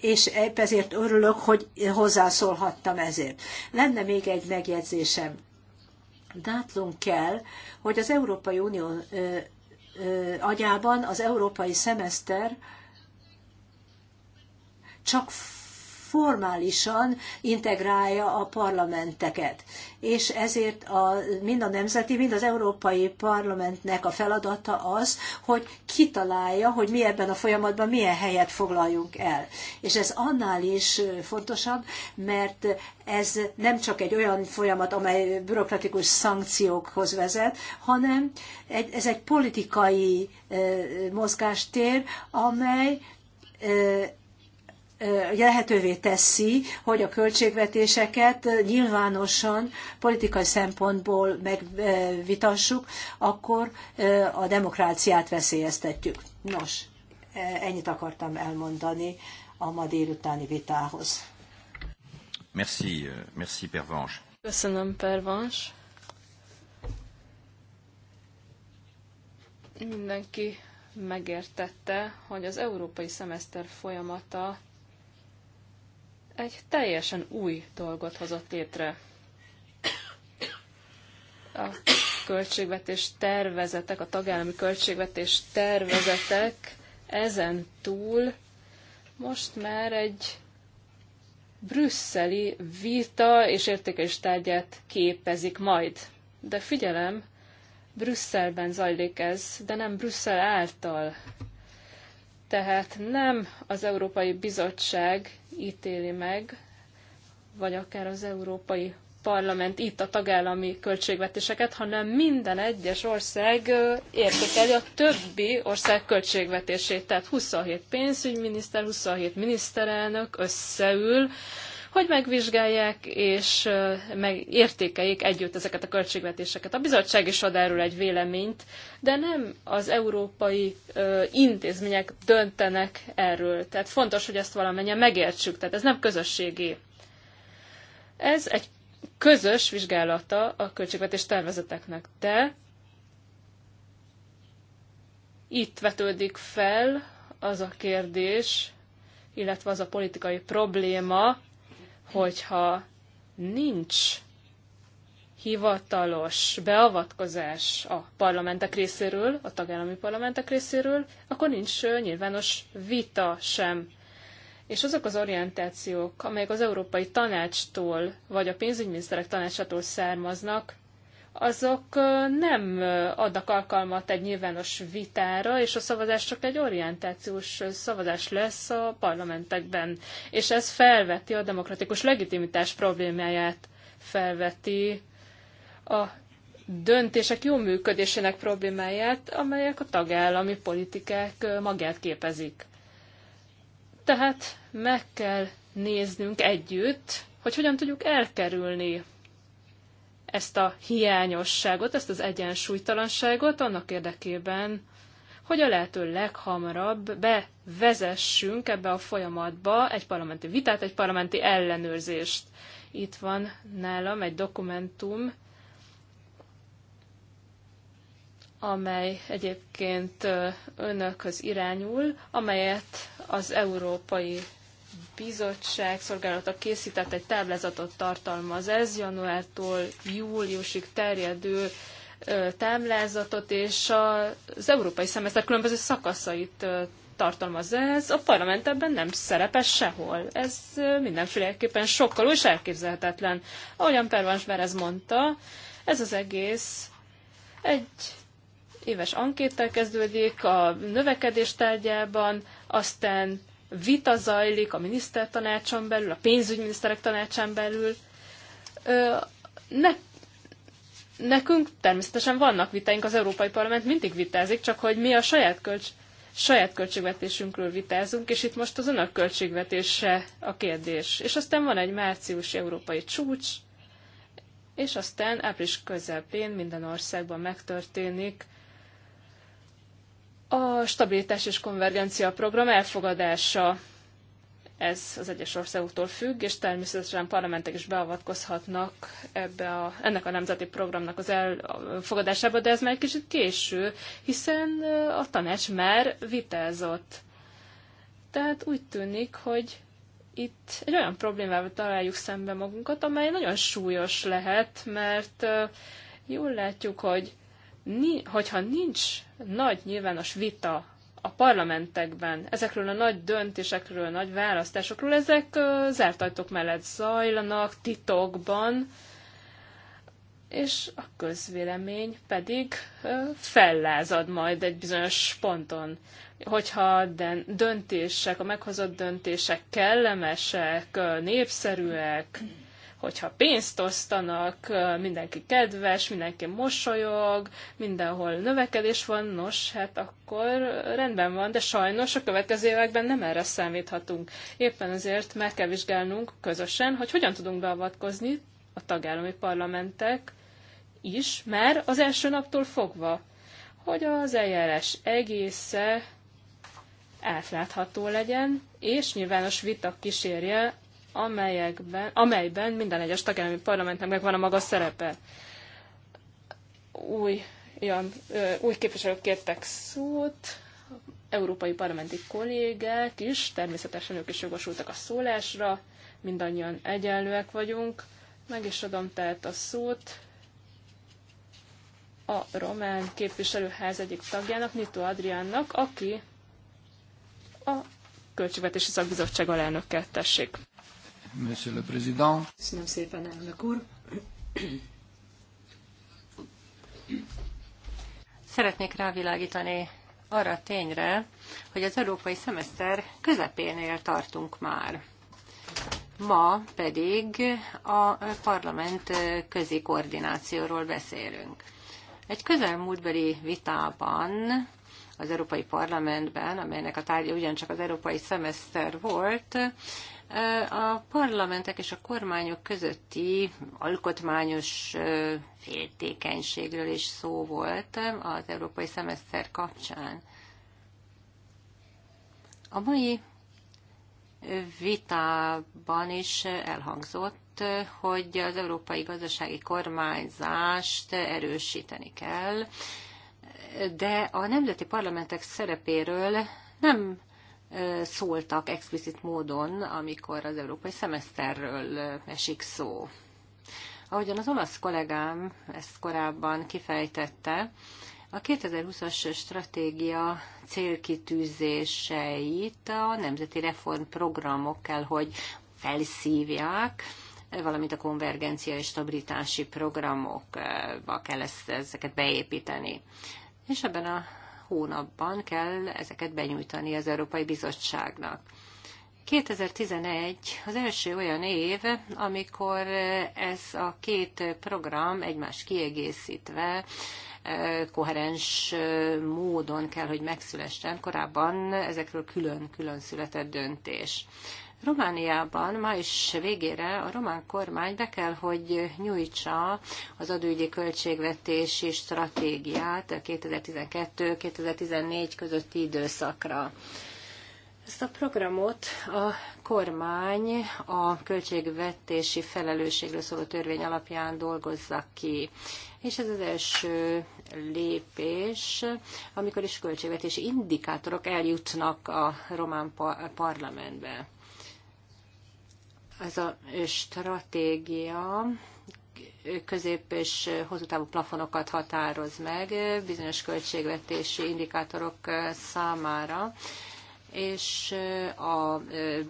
és ezért örülök, hogy hozzászólhattam ezért. Lenne még egy megjegyzésem látnunk kell, hogy az Európai Unió agyában az európai szemeszter csak formálisan integrálja a parlamenteket. És ezért a, mind a nemzeti, mind az európai parlamentnek a feladata az, hogy kitalálja, hogy mi ebben a folyamatban milyen helyet foglaljunk el. És ez annál is fontosabb, mert ez nem csak egy olyan folyamat, amely bürokratikus szankciókhoz vezet, hanem ez egy politikai mozgástér, amely lehetővé teszi, hogy a költségvetéseket nyilvánosan politikai szempontból megvitassuk, akkor a demokráciát veszélyeztetjük. Nos, ennyit akartam elmondani a ma délutáni vitához. Merci, euh, merci Pervans. Köszönöm, Pervans. Mindenki megértette, hogy az európai szemeszter folyamata egy teljesen új dolgot hozott létre. A költségvetés tervezetek, a tagállami költségvetés tervezetek ezen túl most már egy brüsszeli vita és értékelés tárgyát képezik majd. De figyelem, Brüsszelben zajlik ez, de nem Brüsszel által. Tehát nem az Európai Bizottság ítéli meg, vagy akár az Európai Parlament itt a tagállami költségvetéseket, hanem minden egyes ország értékeli a többi ország költségvetését. Tehát 27 pénzügyminiszter, 27 miniszterelnök összeül, hogy megvizsgálják és megértékeljék együtt ezeket a költségvetéseket. A bizottság is ad erről egy véleményt, de nem az európai intézmények döntenek erről. Tehát fontos, hogy ezt valamennyien megértsük, tehát ez nem közösségé. Ez egy közös vizsgálata a költségvetés tervezeteknek, de itt vetődik fel az a kérdés, illetve az a politikai probléma, hogyha nincs hivatalos beavatkozás a parlamentek részéről, a tagállami parlamentek részéről, akkor nincs nyilvános vita sem. És azok az orientációk, amelyek az Európai Tanácstól vagy a pénzügyminiszterek tanácsától származnak, azok nem adnak alkalmat egy nyilvános vitára, és a szavazás csak egy orientációs szavazás lesz a parlamentekben. És ez felveti a demokratikus legitimitás problémáját, felveti a döntések jó működésének problémáját, amelyek a tagállami politikák magát képezik. Tehát meg kell néznünk együtt, hogy hogyan tudjuk elkerülni ezt a hiányosságot, ezt az egyensúlytalanságot annak érdekében, hogy a lehető leghamarabb bevezessünk ebbe a folyamatba egy parlamenti vitát, egy parlamenti ellenőrzést. Itt van nálam egy dokumentum, amely egyébként önökhöz irányul, amelyet az Európai bizottság szolgálata készített egy táblázatot tartalmaz ez januártól júliusig terjedő táblázatot, és az európai szemeszter különböző szakaszait tartalmaz ez. A parlament ebben nem szerepel sehol. Ez mindenféleképpen sokkal és elképzelhetetlen. Ahogyan Pervans ez mondta, ez az egész egy éves ankéttel kezdődik a növekedés tárgyában, aztán vita zajlik a minisztertanácson belül, a pénzügyminiszterek tanácsán belül. Ne, nekünk természetesen vannak vitáink, az Európai Parlament mindig vitázik, csak hogy mi a saját kölcs, saját költségvetésünkről vitázunk, és itt most az önök költségvetése a kérdés. És aztán van egy márciusi európai csúcs, és aztán április közepén minden országban megtörténik a stabilitás és konvergencia program elfogadása ez az egyes országoktól függ, és természetesen parlamentek is beavatkozhatnak ebbe a, ennek a nemzeti programnak az elfogadásába, de ez már egy kicsit késő, hiszen a tanács már vitázott. Tehát úgy tűnik, hogy itt egy olyan problémával találjuk szembe magunkat, amely nagyon súlyos lehet, mert jól látjuk, hogy hogyha nincs nagy nyilvános vita a parlamentekben ezekről a nagy döntésekről, a nagy választásokról, ezek zárt ajtók mellett zajlanak, titokban, és a közvélemény pedig fellázad majd egy bizonyos ponton. Hogyha a döntések, a meghozott döntések kellemesek, népszerűek, hogyha pénzt osztanak, mindenki kedves, mindenki mosolyog, mindenhol növekedés van, nos, hát akkor rendben van, de sajnos a következő években nem erre számíthatunk. Éppen ezért meg kell vizsgálnunk közösen, hogy hogyan tudunk beavatkozni a tagállami parlamentek is, már az első naptól fogva, hogy az eljárás egésze átlátható legyen, és nyilvános vita kísérje amelyekben, amelyben minden egyes tagállami parlamentnek megvan a maga szerepe. Új, olyan, új képviselők kértek szót, európai parlamenti kollégák is, természetesen ők is jogosultak a szólásra, mindannyian egyenlőek vagyunk. Meg is adom tehát a szót a román képviselőház egyik tagjának, Nito Adriánnak, aki a Költségvetési Szakbizottság alelnökkel tessék. Monsieur le Président. Köszönöm szépen, elnök úr. Szeretnék rávilágítani arra a tényre, hogy az európai szemeszter közepénél tartunk már. Ma pedig a parlament közi koordinációról beszélünk. Egy közelmúltbeli vitában az Európai Parlamentben, amelynek a tárgya ugyancsak az Európai Szemeszter volt, a parlamentek és a kormányok közötti alkotmányos féltékenységről is szó volt az európai szemeszter kapcsán. A mai vitában is elhangzott, hogy az európai gazdasági kormányzást erősíteni kell, de a nemzeti parlamentek szerepéről nem szóltak explicit módon, amikor az európai szemeszterről esik szó. Ahogyan az olasz kollégám ezt korábban kifejtette, a 2020-as stratégia célkitűzéseit a nemzeti reformprogramok kell, hogy felszívják, valamint a konvergencia és stabilitási programokba kell ezt, ezeket beépíteni. És ebben a hónapban kell ezeket benyújtani az Európai Bizottságnak. 2011 az első olyan év, amikor ez a két program egymás kiegészítve e, koherens e, módon kell, hogy megszülessen. Korábban ezekről külön-külön született döntés. Romániában május végére a román kormány be kell, hogy nyújtsa az adóügyi költségvetési stratégiát 2012-2014 közötti időszakra. Ezt a programot a kormány a költségvetési felelősségről szóló törvény alapján dolgozza ki. És ez az első lépés, amikor is költségvetési indikátorok eljutnak a román parlamentbe. Ez a stratégia közép- és hosszú távú plafonokat határoz meg bizonyos költségvetési indikátorok számára, és a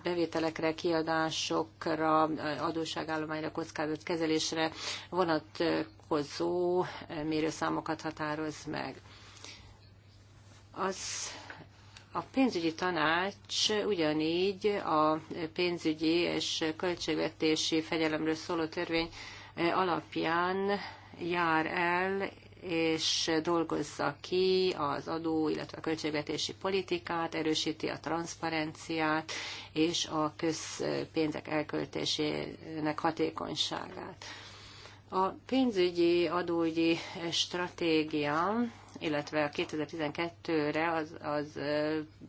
bevételekre, kiadásokra, adósságállományra, kezelésre vonatkozó mérőszámokat határoz meg. Az a pénzügyi tanács ugyanígy a pénzügyi és költségvetési fegyelemről szóló törvény alapján jár el és dolgozza ki az adó, illetve a költségvetési politikát, erősíti a transzparenciát és a közpénzek elköltésének hatékonyságát. A pénzügyi adóügyi stratégia illetve a 2012-re az, az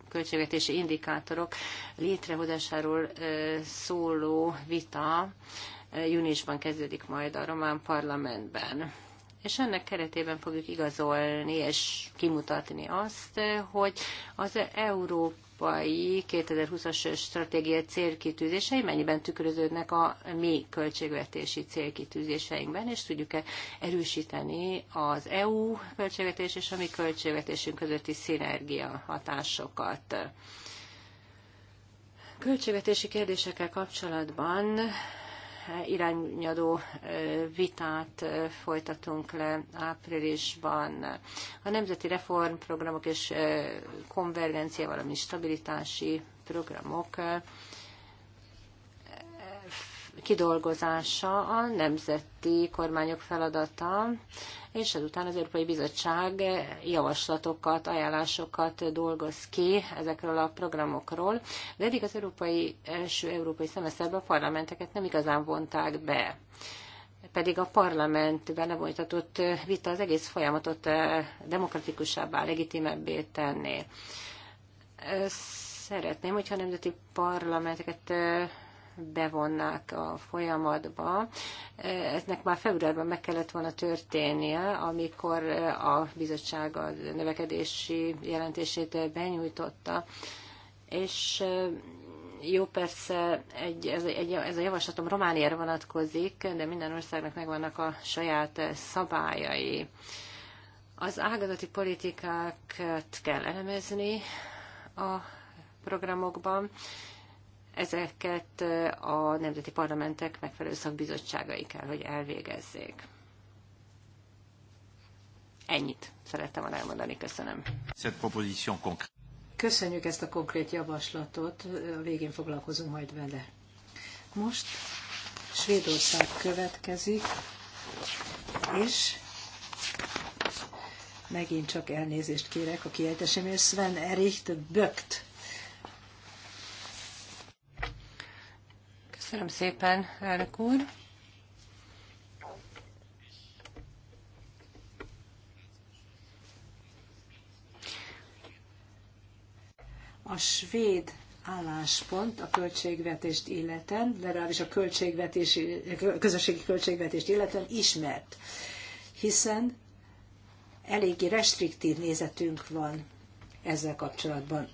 költségvetési indikátorok létrehozásáról szóló vita júniusban kezdődik majd a román parlamentben és ennek keretében fogjuk igazolni és kimutatni azt, hogy az Európa európai 2020-as stratégia célkitűzései mennyiben tükröződnek a mi költségvetési célkitűzéseinkben, és tudjuk-e erősíteni az EU költségvetés és a mi költségvetésünk közötti szinergia hatásokat. Költségvetési kérdésekkel kapcsolatban irányadó vitát folytatunk le áprilisban. A nemzeti reformprogramok és konvergencia, valami stabilitási programok kidolgozása a nemzeti kormányok feladata és ezután az Európai Bizottság javaslatokat, ajánlásokat dolgoz ki ezekről a programokról, de eddig az európai, első európai szemeszterbe a parlamenteket nem igazán vonták be pedig a parlamentben lebonytatott vita az egész folyamatot eh, demokratikusabbá, legitimebbé tenné. Szeretném, hogyha a nemzeti parlamenteket eh, bevonnák a folyamatba. Eznek már februárban meg kellett volna történnie, amikor a bizottság a növekedési jelentését benyújtotta, és eh, jó, persze egy, ez, egy, ez a javaslatom Romániára vonatkozik, de minden országnak megvannak a saját szabályai. Az ágazati politikákat kell elemezni a programokban, ezeket eh, a nemzeti parlamentek megfelelő szakbizottságai kell, hogy elvégezzék. Ennyit szerettem volna elmondani. Köszönöm. Köszönjük ezt a konkrét javaslatot, a végén foglalkozunk majd vele. Most Svédország következik, és megint csak elnézést kérek a kiejtésemért, Sven Ericht bögt. Köszönöm szépen, elnök úr. A svéd álláspont a költségvetést illeten, legalábbis a költségvetési, közösségi költségvetést illeten ismert, hiszen eléggé restriktív nézetünk van ezzel kapcsolatban.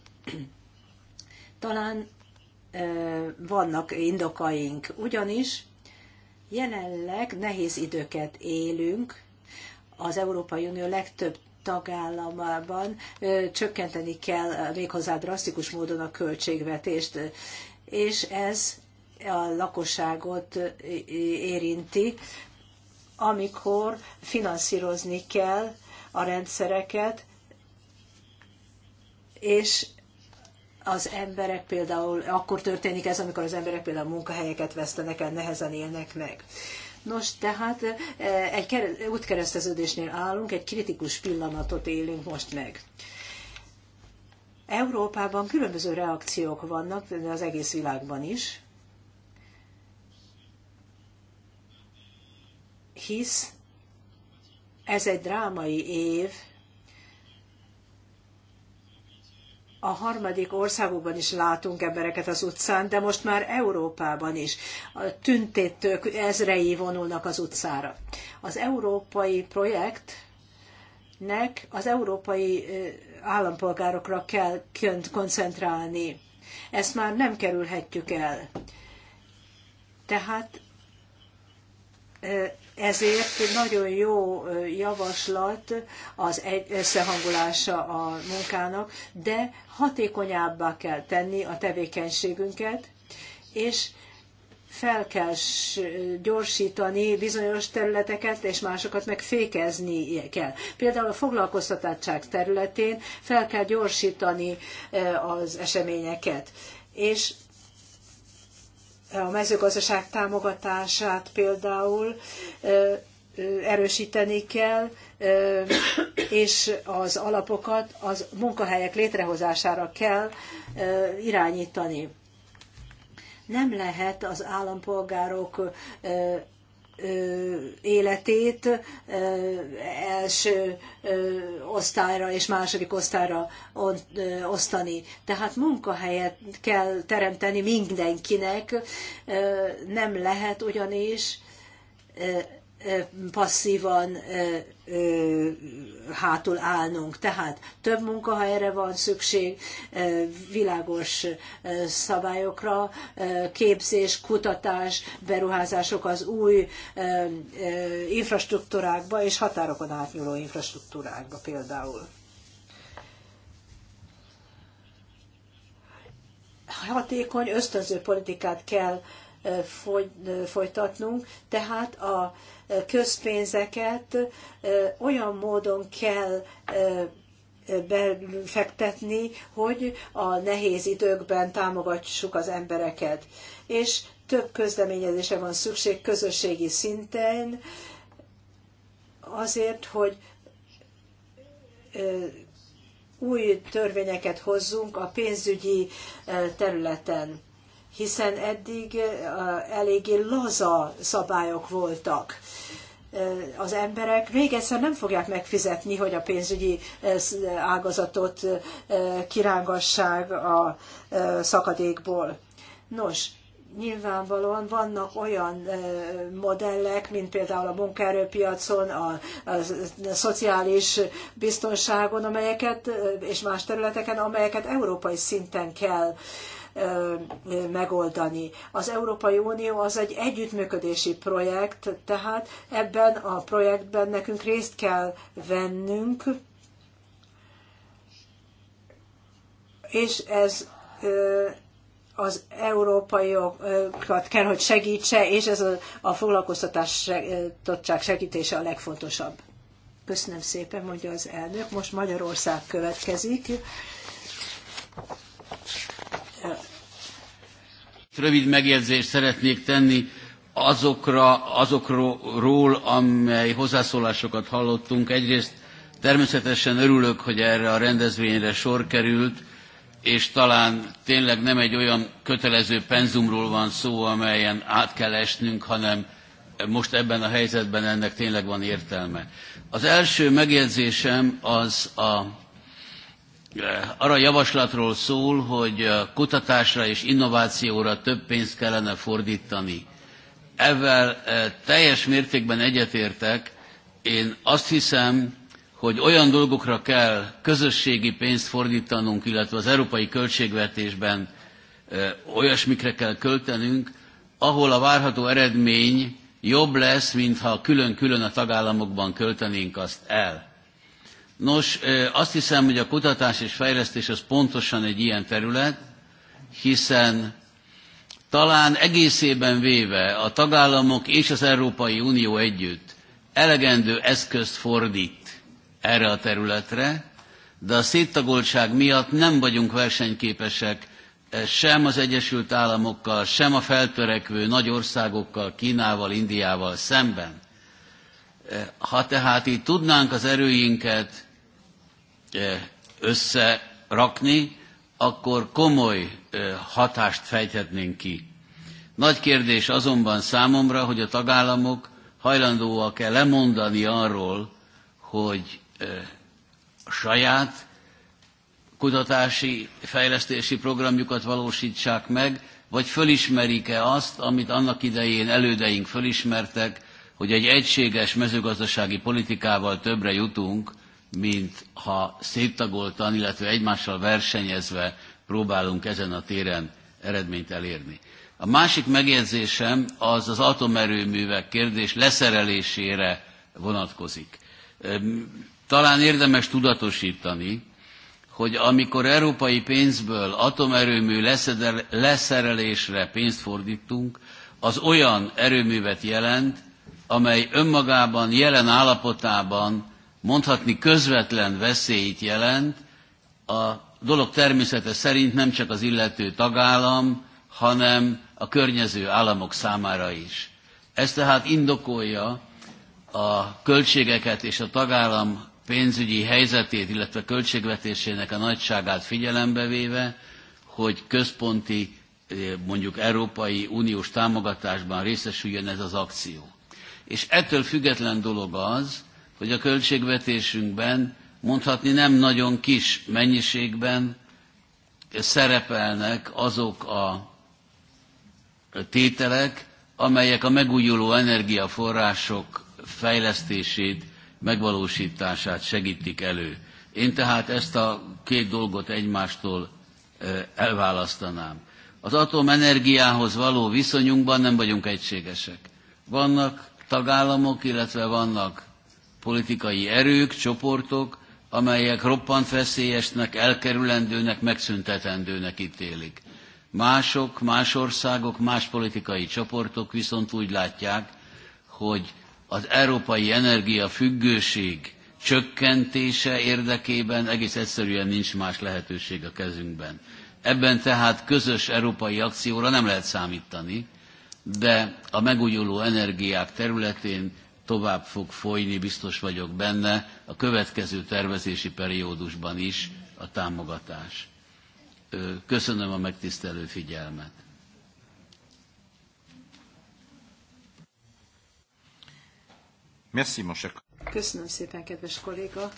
Talán vannak indokaink. Ugyanis jelenleg nehéz időket élünk, az Európai Unió legtöbb tagállamában csökkenteni kell méghozzá drasztikus módon a költségvetést, és ez a lakosságot érinti, amikor finanszírozni kell a rendszereket, és az emberek például, akkor történik ez, amikor az emberek például munkahelyeket vesztenek el, nehezen élnek meg. Nos, tehát e, egy útkereszteződésnél állunk, egy kritikus pillanatot élünk most meg. Európában különböző reakciók vannak, az egész világban is, hisz ez egy drámai év, a harmadik országokban is látunk embereket az utcán, de most már Európában is. A tüntétők ezrei vonulnak az utcára. Az európai projektnek az európai állampolgárokra kell koncentrálni. Ezt már nem kerülhetjük el. Tehát ezért nagyon jó javaslat az egy összehangolása a munkának, de hatékonyabbá kell tenni a tevékenységünket, és fel kell gyorsítani bizonyos területeket, és másokat meg fékezni kell. Például a foglalkoztatottság területén fel kell gyorsítani az eseményeket. És a mezőgazdaság támogatását például erősíteni kell, és az alapokat az munkahelyek létrehozására kell irányítani. Nem lehet az állampolgárok életét első osztályra és második osztályra osztani. Tehát munkahelyet kell teremteni mindenkinek, nem lehet ugyanis passzívan hátul állnunk. Tehát több munkahelyre van szükség, világos szabályokra, képzés, kutatás, beruházások az új infrastruktúrákba és határokon átnyúló infrastruktúrákba például. Hatékony ösztönző politikát kell folytatnunk, tehát a közpénzeket olyan módon kell befektetni, hogy a nehéz időkben támogassuk az embereket. És több közleményezése van szükség közösségi szinten, azért, hogy új törvényeket hozzunk a pénzügyi területen hiszen eddig eh, eléggé laza szabályok voltak. Eh, az emberek még egyszer nem fogják megfizetni, hogy a pénzügyi eh, ágazatot kirángassák a szakadékból. Nos, nyilvánvalóan vannak olyan modellek, mint például a munkaerőpiacon, a, a, a szociális biztonságon, amelyeket, és más területeken, amelyeket európai szinten kell megoldani. Az Európai Unió az egy együttműködési projekt, tehát ebben a projektben nekünk részt kell vennünk, és ez az európaiokat kell, hogy segítse, és ez a, a foglalkoztatottság segítése a legfontosabb. Köszönöm szépen, mondja az elnök. Most Magyarország következik. Rövid megjegyzést szeretnék tenni azokra, azokról, amely hozzászólásokat hallottunk. Egyrészt természetesen örülök, hogy erre a rendezvényre sor került, és talán tényleg nem egy olyan kötelező penzumról van szó, amelyen át kell esnünk, hanem most ebben a helyzetben ennek tényleg van értelme. Az első megjegyzésem az a arra javaslatról szól, hogy kutatásra és innovációra több pénzt kellene fordítani. Ezzel teljes mértékben egyetértek. Én azt hiszem, hogy olyan dolgokra kell közösségi pénzt fordítanunk, illetve az európai költségvetésben olyasmikre kell költenünk, ahol a várható eredmény jobb lesz, mintha külön-külön a tagállamokban költenénk azt el. Nos, azt hiszem, hogy a kutatás és fejlesztés az pontosan egy ilyen terület, hiszen talán egészében véve a tagállamok és az Európai Unió együtt elegendő eszközt fordít erre a területre, de a széttagoltság miatt nem vagyunk versenyképesek sem az Egyesült Államokkal, sem a feltörekvő nagy országokkal, Kínával, Indiával szemben. Ha tehát így tudnánk az erőinket összerakni, akkor komoly hatást fejthetnénk ki. Nagy kérdés azonban számomra, hogy a tagállamok hajlandóak-e lemondani arról, hogy a saját kutatási, fejlesztési programjukat valósítsák meg, vagy fölismerik-e azt, amit annak idején elődeink fölismertek, hogy egy egységes mezőgazdasági politikával többre jutunk, mint ha széttagoltan, illetve egymással versenyezve próbálunk ezen a téren eredményt elérni. A másik megjegyzésem az az atomerőművek kérdés leszerelésére vonatkozik. Talán érdemes tudatosítani, hogy amikor európai pénzből atomerőmű leszerelésre pénzt fordítunk, az olyan erőművet jelent, amely önmagában jelen állapotában mondhatni közvetlen veszélyt jelent, a dolog természete szerint nem csak az illető tagállam, hanem a környező államok számára is. Ez tehát indokolja a költségeket és a tagállam pénzügyi helyzetét, illetve költségvetésének a nagyságát figyelembe véve, hogy központi, mondjuk Európai Uniós támogatásban részesüljön ez az akció. És ettől független dolog az, hogy a költségvetésünkben mondhatni nem nagyon kis mennyiségben szerepelnek azok a tételek, amelyek a megújuló energiaforrások fejlesztését, megvalósítását segítik elő. Én tehát ezt a két dolgot egymástól elválasztanám. Az atomenergiához való viszonyunkban nem vagyunk egységesek. Vannak tagállamok, illetve vannak politikai erők, csoportok, amelyek roppant veszélyesnek, elkerülendőnek, megszüntetendőnek ítélik. Mások, más országok, más politikai csoportok viszont úgy látják, hogy az európai energiafüggőség csökkentése érdekében egész egyszerűen nincs más lehetőség a kezünkben. Ebben tehát közös európai akcióra nem lehet számítani, de a megújuló energiák területén tovább fog folyni, biztos vagyok benne, a következő tervezési periódusban is a támogatás. Köszönöm a megtisztelő figyelmet. Merci, mon Köszönöm szépen, kedves kolléga.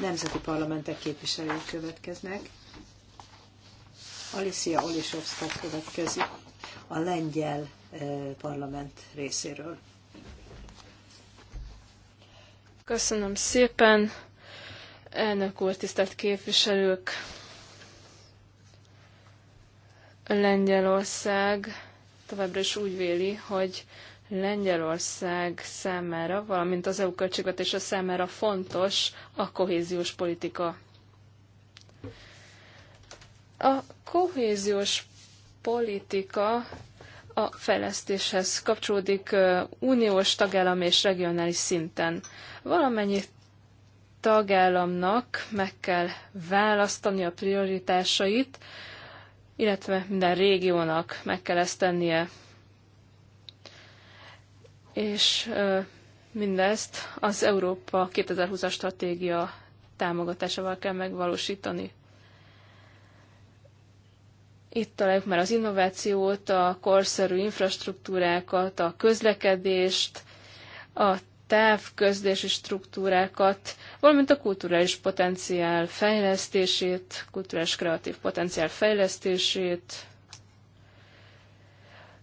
Nemzeti parlamentek képviselői következnek. Alicia Olisovska következik a lengyel parlament részéről. Köszönöm szépen, elnök úr, tisztelt képviselők! Lengyelország továbbra is úgy véli, hogy Lengyelország számára, valamint az EU költségvetése számára fontos a kohéziós politika. A kohéziós politika a fejlesztéshez kapcsolódik uniós, tagállam és regionális szinten. Valamennyi tagállamnak meg kell választani a prioritásait, illetve minden régiónak meg kell ezt tennie. És mindezt az Európa 2020-as stratégia támogatásával kell megvalósítani. Itt találjuk már az innovációt, a korszerű infrastruktúrákat, a közlekedést, a távközlési struktúrákat, valamint a kulturális potenciál fejlesztését, kulturális kreatív potenciál fejlesztését.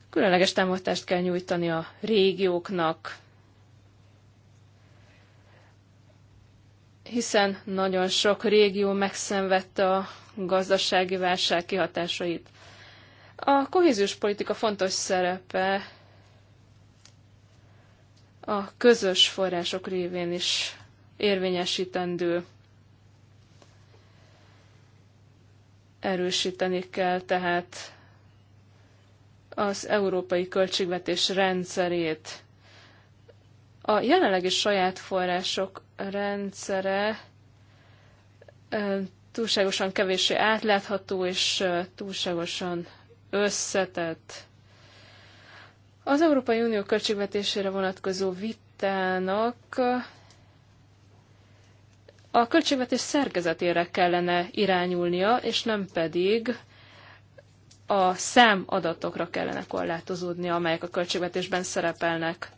Különleges támogatást kell nyújtani a régióknak, hiszen nagyon sok régió megszenvedte a gazdasági válság kihatásait. A kohéziós politika fontos szerepe a közös források révén is érvényesítendő. Erősíteni kell tehát az európai költségvetés rendszerét. A jelenlegi saját források rendszere túlságosan kevéssé átlátható és túlságosan összetett. Az Európai Unió költségvetésére vonatkozó vitának a költségvetés szerkezetére kellene irányulnia, és nem pedig a számadatokra kellene korlátozódnia, amelyek a költségvetésben szerepelnek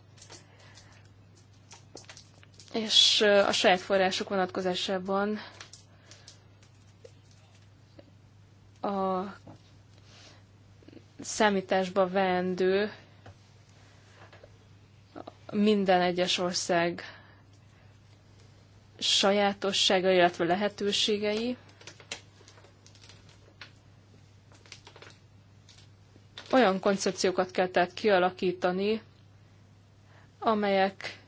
és a saját források vonatkozásában a számításba vendő minden egyes ország sajátossága, illetve lehetőségei. Olyan koncepciókat kell tehát kialakítani, amelyek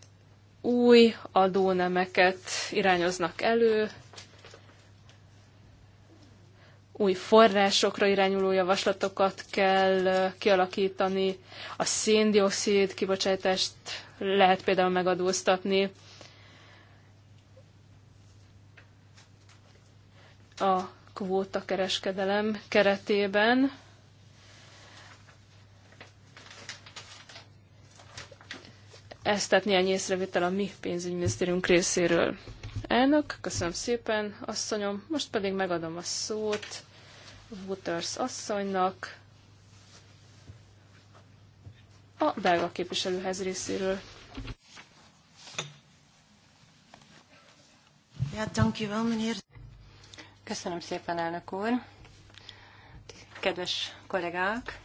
új adónemeket irányoznak elő, új forrásokra irányuló javaslatokat kell kialakítani, a széndiokszid kibocsátást lehet például megadóztatni, a kvótakereskedelem keretében. Ezt tett néhány észrevétel a mi pénzügyminisztériunk részéről. Elnök, köszönöm szépen, asszonyom. Most pedig megadom a szót Waters asszonynak a belga képviselőház részéről. Ja, meneer. Köszönöm szépen, elnök úr. Kedves kollégák,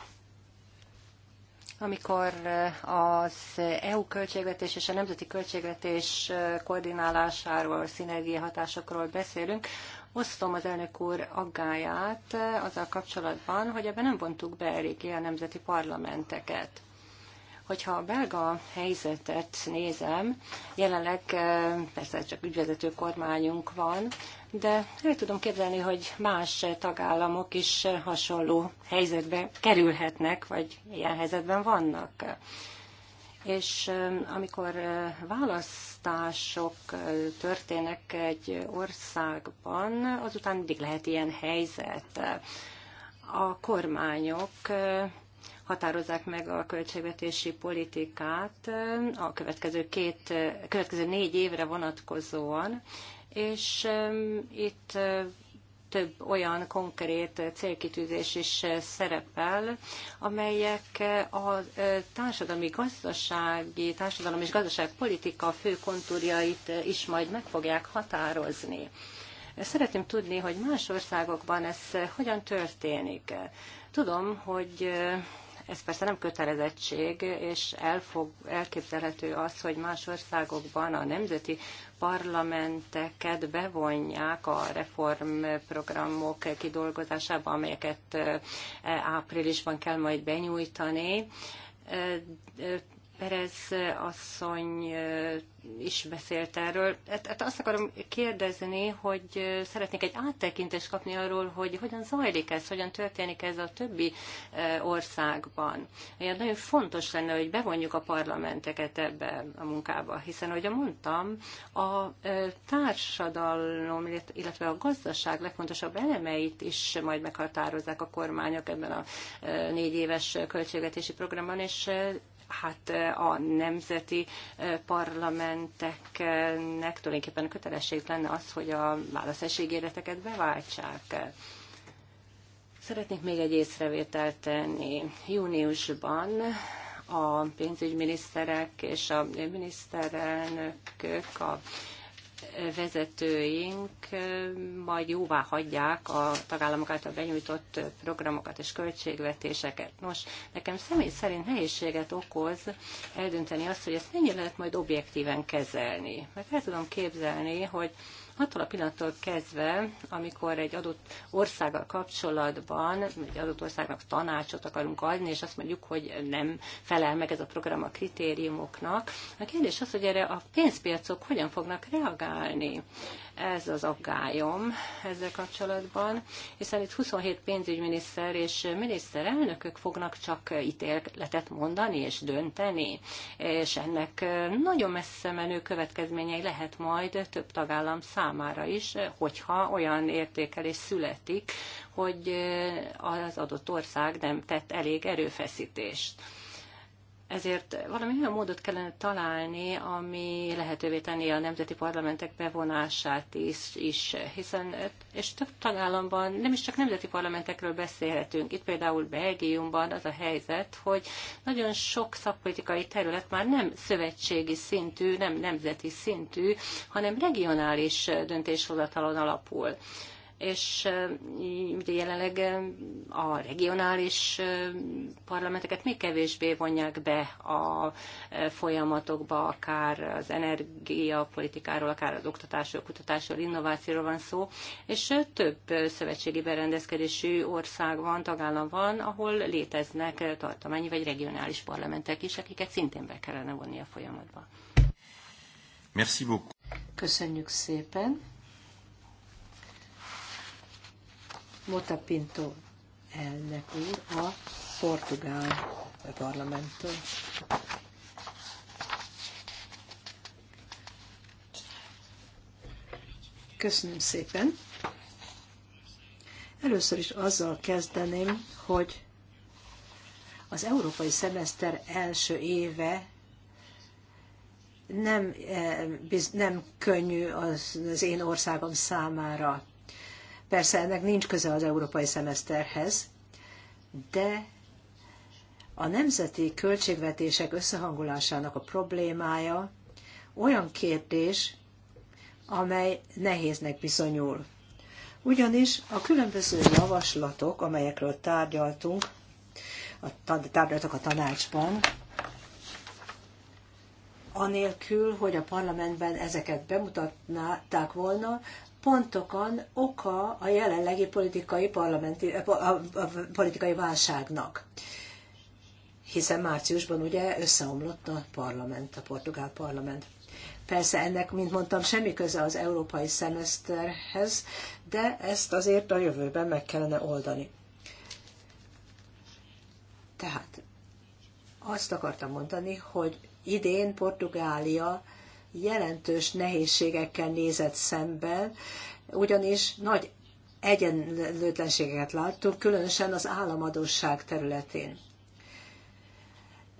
amikor eh, az EU költségvetés és a nemzeti költségvetés eh, koordinálásáról, szinergia hatásokról beszélünk, osztom az elnök úr aggáját eh, azzal kapcsolatban, hogy ebben nem vontuk be eléggé a nemzeti parlamenteket. Hogyha a belga helyzetet nézem, jelenleg persze csak ügyvezető kormányunk van, de el tudom képzelni, hogy más tagállamok is hasonló helyzetbe kerülhetnek, vagy ilyen helyzetben vannak. És amikor választások történnek egy országban, azután mindig lehet ilyen helyzet. A kormányok határozzák meg a költségvetési politikát a következő, két, következő négy évre vonatkozóan, és itt több olyan konkrét célkitűzés is szerepel, amelyek a társadalmi gazdasági, társadalom és gazdaságpolitika fő kontúrjait is majd meg fogják határozni. Szeretném tudni, hogy más országokban ez hogyan történik. Tudom, hogy ez persze nem kötelezettség, és elfog, elképzelhető az, hogy más országokban a nemzeti parlamenteket bevonják a reformprogramok kidolgozásába, amelyeket eh, áprilisban kell majd benyújtani eh, eh, Perez asszony is beszélt erről. Hát, hát azt akarom kérdezni, hogy szeretnék egy áttekintést kapni arról, hogy hogyan zajlik ez, hogyan történik ez a többi országban. Ilyen nagyon fontos lenne, hogy bevonjuk a parlamenteket ebbe a munkába, hiszen, ahogy mondtam, a társadalom, illetve a gazdaság legfontosabb elemeit is majd meghatározzák a kormányok ebben a négy éves költségvetési programban, és hát eh, a nemzeti eh, parlamenteknek tulajdonképpen kötelességük lenne az, hogy a válaszességéreteket beváltsák. Szeretnék még egy észrevételt tenni. Júniusban a pénzügyminiszterek és a miniszterelnökök a vezetőink majd jóvá hagyják a tagállamok által benyújtott programokat és költségvetéseket. Nos, nekem személy szerint nehézséget okoz eldönteni azt, hogy ezt mennyire lehet majd objektíven kezelni. Mert el tudom képzelni, hogy attól a pillanattól kezdve, amikor egy adott országgal kapcsolatban, egy adott országnak tanácsot akarunk adni, és azt mondjuk, hogy nem felel meg ez a program a kritériumoknak. A kérdés az, hogy erre a pénzpiacok hogyan fognak reagálni. Ez az aggályom ezzel kapcsolatban, hiszen itt 27 pénzügyminiszter és miniszterelnökök fognak csak ítéletet mondani és dönteni, és ennek nagyon messze menő következményei lehet majd több tagállam számára számára is, hogyha olyan értékelés születik, hogy az adott ország nem tett elég erőfeszítést. Ezért valami olyan módot kellene találni, ami lehetővé tenni a nemzeti parlamentek bevonását is, is hiszen és több tagállamban nem is csak nemzeti parlamentekről beszélhetünk. Itt például Belgiumban az a helyzet, hogy nagyon sok szakpolitikai terület már nem szövetségi szintű, nem nemzeti szintű, hanem regionális döntéshozatalon alapul és ugye jelenleg a regionális parlamenteket még kevésbé vonják be a folyamatokba, akár az energiapolitikáról, akár az oktatásról, kutatásról, innovációról van szó, és több szövetségi berendezkedésű ország van, tagállam van, ahol léteznek tartományi vagy regionális parlamentek is, akiket szintén be kellene vonni a folyamatba. Merci beaucoup. Köszönjük szépen. Mota Pinto elnök úr a portugál parlamenttől. Köszönöm szépen. Először is azzal kezdeném, hogy az európai szemeszter első éve nem, eh, nem könnyű az, az én országom számára. Persze ennek nincs köze az európai szemeszterhez, de a nemzeti költségvetések összehangolásának a problémája olyan kérdés, amely nehéznek bizonyul. Ugyanis a különböző javaslatok, amelyekről tárgyaltunk, a, tárgyaltak a tanácsban, anélkül, hogy a parlamentben ezeket bemutatták volna, pontokon oka a jelenlegi politikai, parlamenti, eh, a politikai válságnak. Hiszen márciusban ugye összeomlott a parlament, a portugál parlament. Persze ennek, mint mondtam, semmi köze az európai szemeszterhez, de ezt azért a jövőben meg kellene oldani. Tehát azt akartam mondani, hogy idén Portugália jelentős nehézségekkel nézett szemben, ugyanis nagy egyenlőtlenségeket láttunk, különösen az államadóság területén.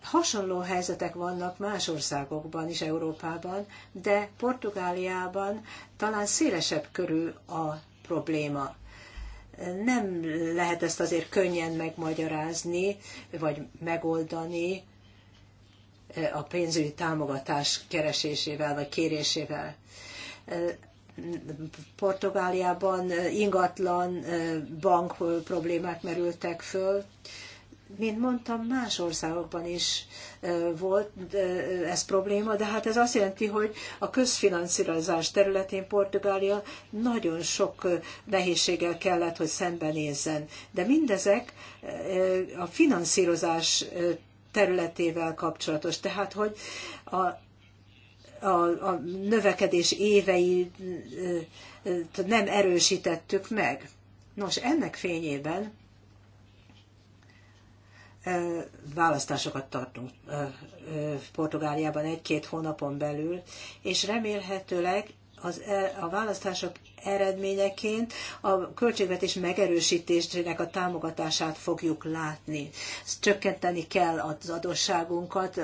Hasonló helyzetek vannak más országokban is Európában, de Portugáliában talán szélesebb körül a probléma. Nem lehet ezt azért könnyen megmagyarázni, vagy megoldani, a pénzügyi támogatás keresésével vagy kérésével. Portugáliában ingatlan bank problémák merültek föl. Mint mondtam, más országokban is volt ez probléma, de hát ez azt jelenti, hogy a közfinanszírozás területén Portugália nagyon sok nehézséggel kellett, hogy szembenézzen. De mindezek a finanszírozás területével kapcsolatos. Tehát, hogy a, a, a növekedés évei nem erősítettük meg. Nos, ennek fényében választásokat tartunk Portugáliában egy-két hónapon belül, és remélhetőleg az, e, a választások eredményeként a költségvetés megerősítésének a támogatását fogjuk látni. Csökkenteni kell az adósságunkat,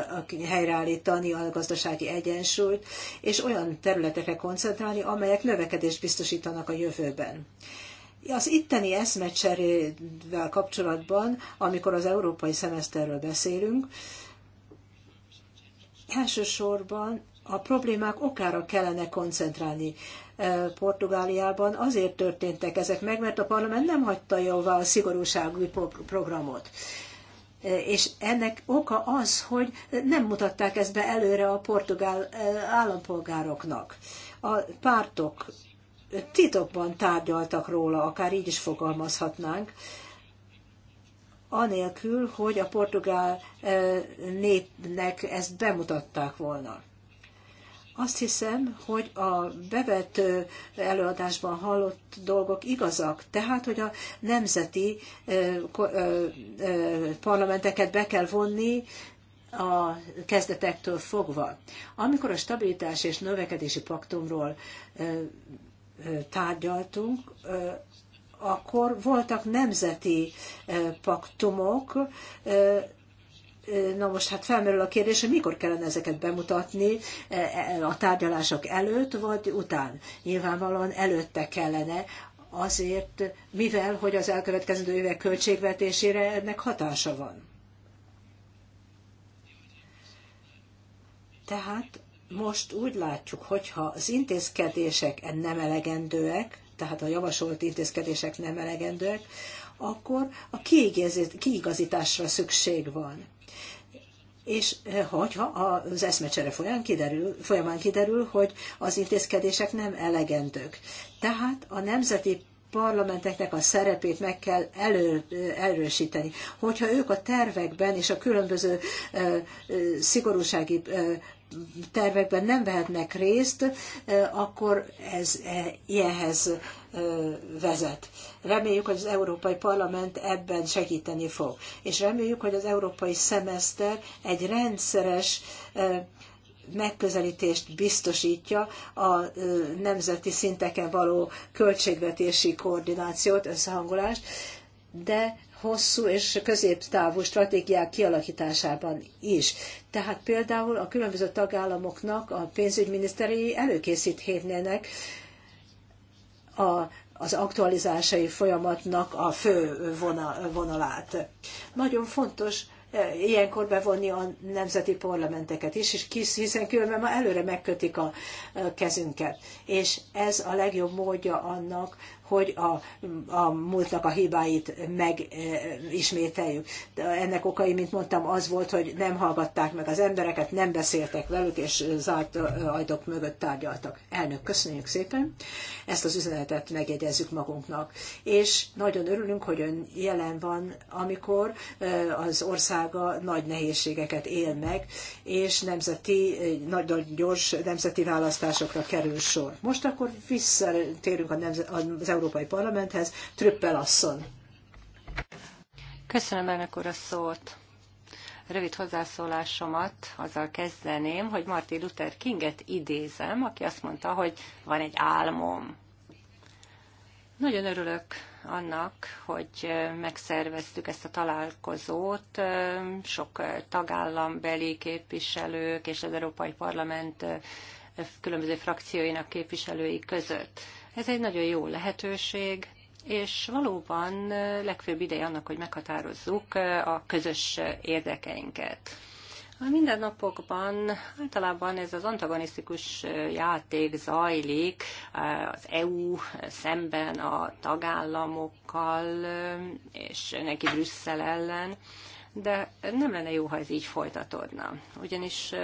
helyreállítani a gazdasági egyensúlyt, és olyan területekre koncentrálni, amelyek növekedést biztosítanak a jövőben. Az itteni eszmecserével kapcsolatban, amikor az európai szemeszterről beszélünk, elsősorban a problémák okára kellene koncentrálni. Portugáliában azért történtek ezek meg, mert a parlament nem hagyta jóvá a szigorúságú programot. És ennek oka az, hogy nem mutatták ezt be előre a portugál állampolgároknak. A pártok titokban tárgyaltak róla, akár így is fogalmazhatnánk, anélkül, hogy a portugál népnek ezt bemutatták volna. Azt hiszem, hogy a bevett előadásban hallott dolgok igazak, tehát, hogy a nemzeti parlamenteket be kell vonni, a kezdetektől fogva. Amikor a stabilitás és növekedési paktumról tárgyaltunk, akkor voltak nemzeti paktumok, Na most hát felmerül a kérdés, hogy mikor kellene ezeket bemutatni, e, e, a tárgyalások előtt vagy után. Nyilvánvalóan előtte kellene, azért, mivel hogy az elkövetkezendő évek költségvetésére ennek hatása van. Tehát most úgy látjuk, hogyha az intézkedések nem elegendőek, tehát a javasolt intézkedések nem elegendőek, akkor a kiigazításra szükség van és eh, hogyha az eszmecsere folyamán kiderül, folyamán kiderül, hogy az intézkedések nem elegendők. Tehát a nemzeti parlamenteknek a szerepét meg kell elő, eh, erősíteni. Hogyha ők a tervekben és a különböző ö, eh, ö, szigorúsági ö, tervekben nem vehetnek részt, eh, akkor ez eh, ilyenhez eh, vezet. Reméljük, hogy az Európai Parlament ebben segíteni fog. És reméljük, hogy az Európai Szemeszter egy rendszeres megközelítést biztosítja a nemzeti szinteken való költségvetési koordinációt, összehangolást, de hosszú és középtávú stratégiák kialakításában is. Tehát például a különböző tagállamoknak a pénzügyminiszterei előkészíthetnének a, az aktualizásai folyamatnak a fő vonalát. Nagyon fontos eh, ilyenkor bevonni a nemzeti parlamenteket is, és kis, hiszen különben már előre megkötik a eh, kezünket. És ez a legjobb módja annak, hogy a, a múltnak a hibáit megismételjük. E, ennek okai, mint mondtam, az volt, hogy nem hallgatták meg az embereket, nem beszéltek velük, és zárt ajtók mögött tárgyaltak. Elnök, köszönjük szépen. Ezt az üzenetet megjegyezzük magunknak. És nagyon örülünk, hogy ön jelen van, amikor az országa nagy nehézségeket él meg, és nemzeti, nagyon gyors nemzeti választásokra kerül sor. Most akkor visszatérünk a nemzet, az Európai Parlamenthez. Trüppel asszony. Köszönöm elnök úr a szót. Rövid hozzászólásomat azzal kezdeném, hogy Martin Luther Kinget idézem, aki azt mondta, hogy van egy álmom. Nagyon örülök annak, hogy megszerveztük ezt a találkozót. Sok tagállambeli képviselők és az Európai Parlament különböző frakcióinak képviselői között. Ez egy nagyon jó lehetőség, és valóban eh, legfőbb ideje annak, hogy meghatározzuk eh, a közös érdekeinket. A mindennapokban általában ez az antagonisztikus eh, játék zajlik az EU szemben a tagállamokkal és neki Brüsszel ellen, de nem lenne jó, ha ez így folytatódna. Ugyanis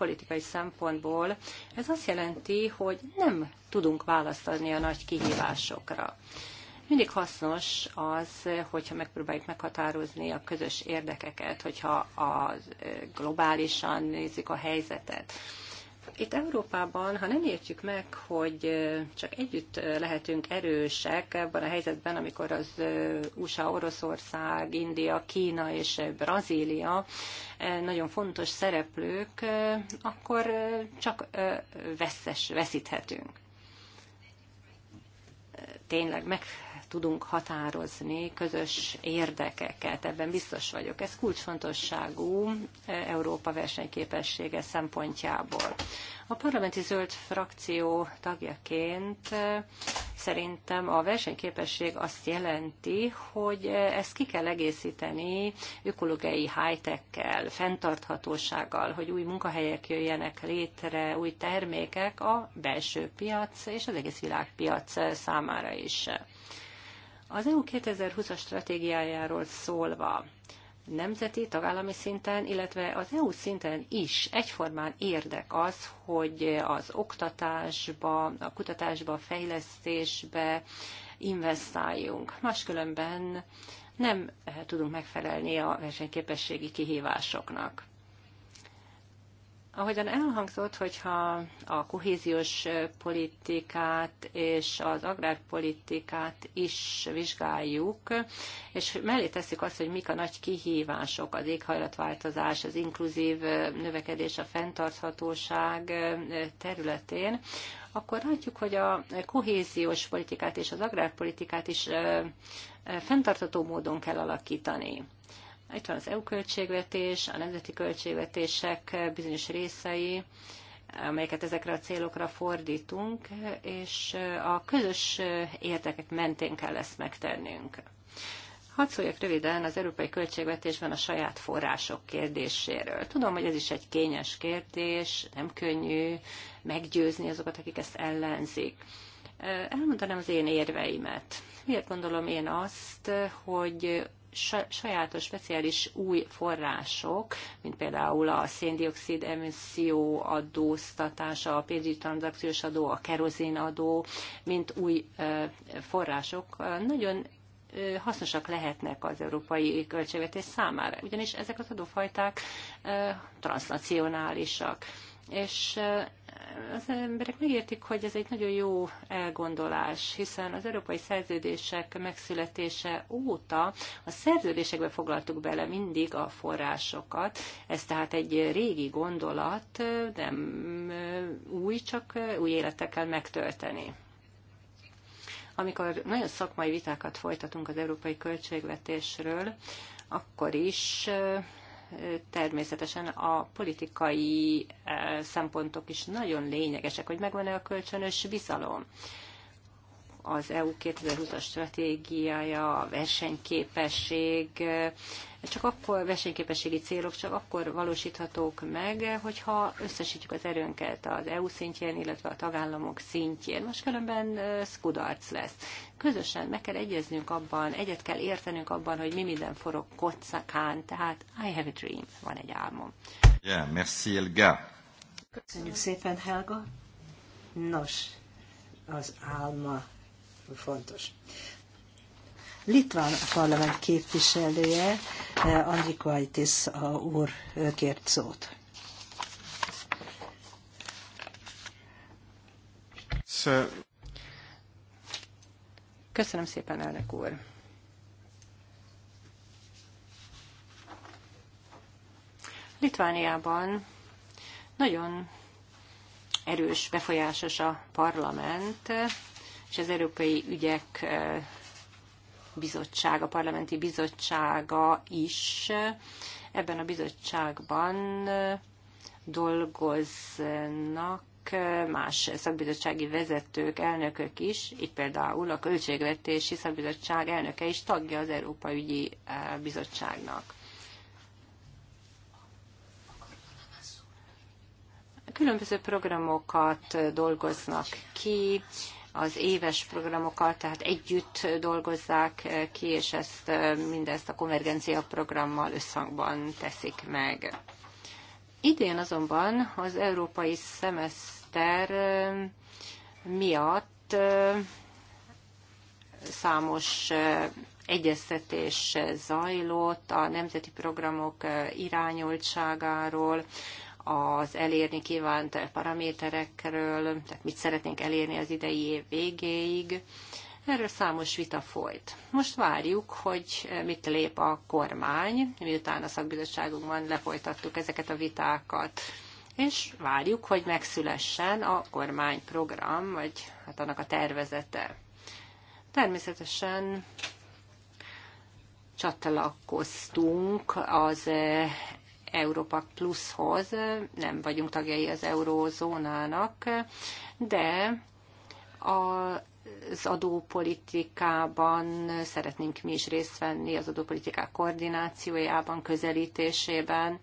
politikai szempontból ez azt jelenti, hogy nem tudunk választ adni a nagy kihívásokra. Mindig hasznos az, hogyha megpróbáljuk meghatározni a közös érdekeket, hogyha a, e, globálisan nézzük a helyzetet itt Európában, ha nem értjük meg, hogy csak együtt lehetünk erősek ebben a helyzetben, amikor az USA, Oroszország, India, Kína és Brazília nagyon fontos szereplők, akkor csak veszes, veszíthetünk. Tényleg meg tudunk határozni közös érdekeket, ebben biztos vagyok. Ez kulcsfontosságú eh, Európa versenyképessége szempontjából. A parlamenti zöld frakció tagjaként eh, szerintem a versenyképesség azt jelenti, hogy eh, ezt ki kell egészíteni ökológiai high-tech-kel, fenntarthatósággal, hogy új munkahelyek jöjjenek létre, új termékek a belső piac és az egész világpiac számára is. Az EU 2020-as stratégiájáról szólva, nemzeti, tagállami szinten, illetve az EU szinten is egyformán érdek az, hogy az oktatásba, a kutatásba, a fejlesztésbe investáljunk. Máskülönben nem eh, tudunk megfelelni a versenyképességi kihívásoknak. Ahogyan elhangzott, hogyha a kohéziós politikát és az agrárpolitikát is vizsgáljuk, és mellé tesszük azt, hogy mik a nagy kihívások, az éghajlatváltozás, az inkluzív növekedés, a fenntarthatóság területén, akkor látjuk, hogy a kohéziós politikát és az agrárpolitikát is fenntartható módon kell alakítani. Itt van az EU költségvetés, a nemzeti költségvetések bizonyos részei, amelyeket ezekre a célokra fordítunk, és a közös érdekek mentén kell ezt megtennünk. Hadd szóljak röviden az európai költségvetésben a saját források kérdéséről. Tudom, hogy ez is egy kényes kérdés, nem könnyű meggyőzni azokat, akik ezt ellenzik. Elmondanám az én érveimet. Miért gondolom én azt, hogy sajátos, speciális új források, mint például a széndiokszid emisszió adóztatása, a pénzügyi tranzakciós adó, a kerozin adó, mint új források nagyon hasznosak lehetnek az európai költségvetés számára, ugyanis ezek az adófajták transnacionálisak és az emberek megértik, hogy ez egy nagyon jó elgondolás, hiszen az európai szerződések megszületése óta a szerződésekbe foglaltuk bele mindig a forrásokat. Ez tehát egy régi gondolat, nem új, csak új életekkel megtölteni amikor nagyon szakmai vitákat folytatunk az európai költségvetésről, akkor is természetesen a politikai e, szempontok is nagyon lényegesek, hogy megvan-e a kölcsönös bizalom. Az EU 2020-as stratégiája, a versenyképesség, csak akkor versenyképességi célok csak akkor valósíthatók meg, hogyha összesítjük az erőnket az EU szintjén, illetve a tagállamok szintjén. Most különben ez lesz. Közösen meg kell egyeznünk abban, egyet kell értenünk abban, hogy mi minden forog kockán, tehát I have a dream, van egy álmom. Yeah, merci Elga. Köszönjük szépen, Helga. Nos, az álma fontos. Litván parlament képviselője, eh, a úr eh, kért szót. Köszönöm szépen, elnök úr. Litvániában nagyon erős, befolyásos a parlament, és az európai ügyek eh, bizottság, a parlamenti bizottsága is. Ebben a bizottságban dolgoznak más szakbizottsági vezetők, elnökök is, itt például a Költségvetési Szakbizottság elnöke is tagja az Európa Ügyi eh, Bizottságnak. Különböző programokat dolgoznak ki, az éves programokat, tehát együtt dolgozzák eh, ki, és ezt eh, mindezt a konvergencia programmal összhangban teszik meg. Idén azonban az európai szemeszter eh, miatt számos egyeztetés zajlott a nemzeti programok irányultságáról, az elérni kívánt paraméterekről, tehát mit szeretnénk elérni az idei év végéig. Erről számos vita folyt. Most várjuk, hogy mit lép a kormány, miután a szakbizottságunkban lefolytattuk ezeket a vitákat, és várjuk, hogy megszülessen a kormányprogram, vagy hát annak a tervezete. Természetesen csatlakoztunk az Európa pluszhoz, nem vagyunk tagjai az eurózónának, de a az adópolitikában szeretnénk mi is részt venni, az adópolitikák koordinációjában, közelítésében,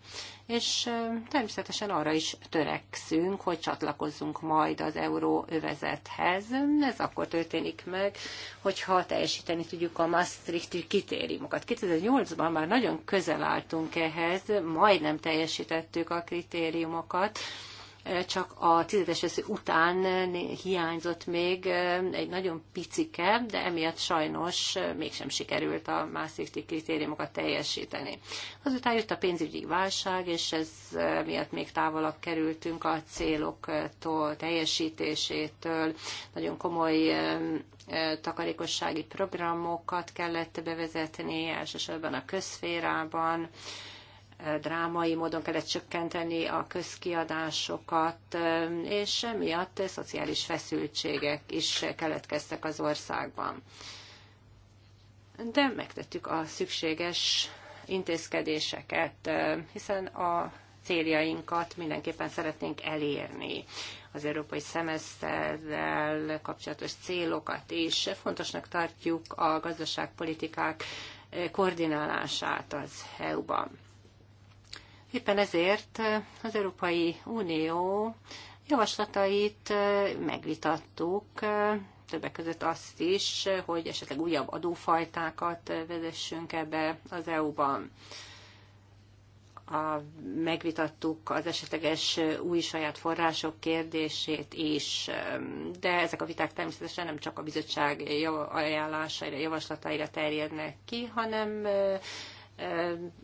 és természetesen arra is törekszünk, hogy csatlakozzunk majd az euróövezethez. Ez akkor történik meg, hogyha teljesíteni tudjuk a Maastrichti kritériumokat. 2008-ban már nagyon közel álltunk ehhez, majdnem teljesítettük a kritériumokat, csak a tizedes vesző után hiányzott még egy nagyon picike, de emiatt sajnos mégsem sikerült a Maastrichti kritériumokat teljesíteni. Azután jött a pénzügyi válság, és ez miatt még távolabb kerültünk a céloktól, teljesítésétől. Nagyon komoly takarékossági programokat kellett bevezetni, elsősorban a közférában drámai módon kellett csökkenteni a közkiadásokat, és emiatt szociális feszültségek is keletkeztek az országban. De megtettük a szükséges intézkedéseket, hiszen a céljainkat mindenképpen szeretnénk elérni. Az európai szemeszterrel kapcsolatos célokat is fontosnak tartjuk a gazdaságpolitikák koordinálását az EU-ban. Éppen ezért az Európai Unió javaslatait megvitattuk, többek között azt is, hogy esetleg újabb adófajtákat vezessünk ebbe az EU-ban. A, megvitattuk az esetleges új saját források kérdését is, de ezek a viták természetesen nem csak a bizottság ajánlásaira, javaslataira terjednek ki, hanem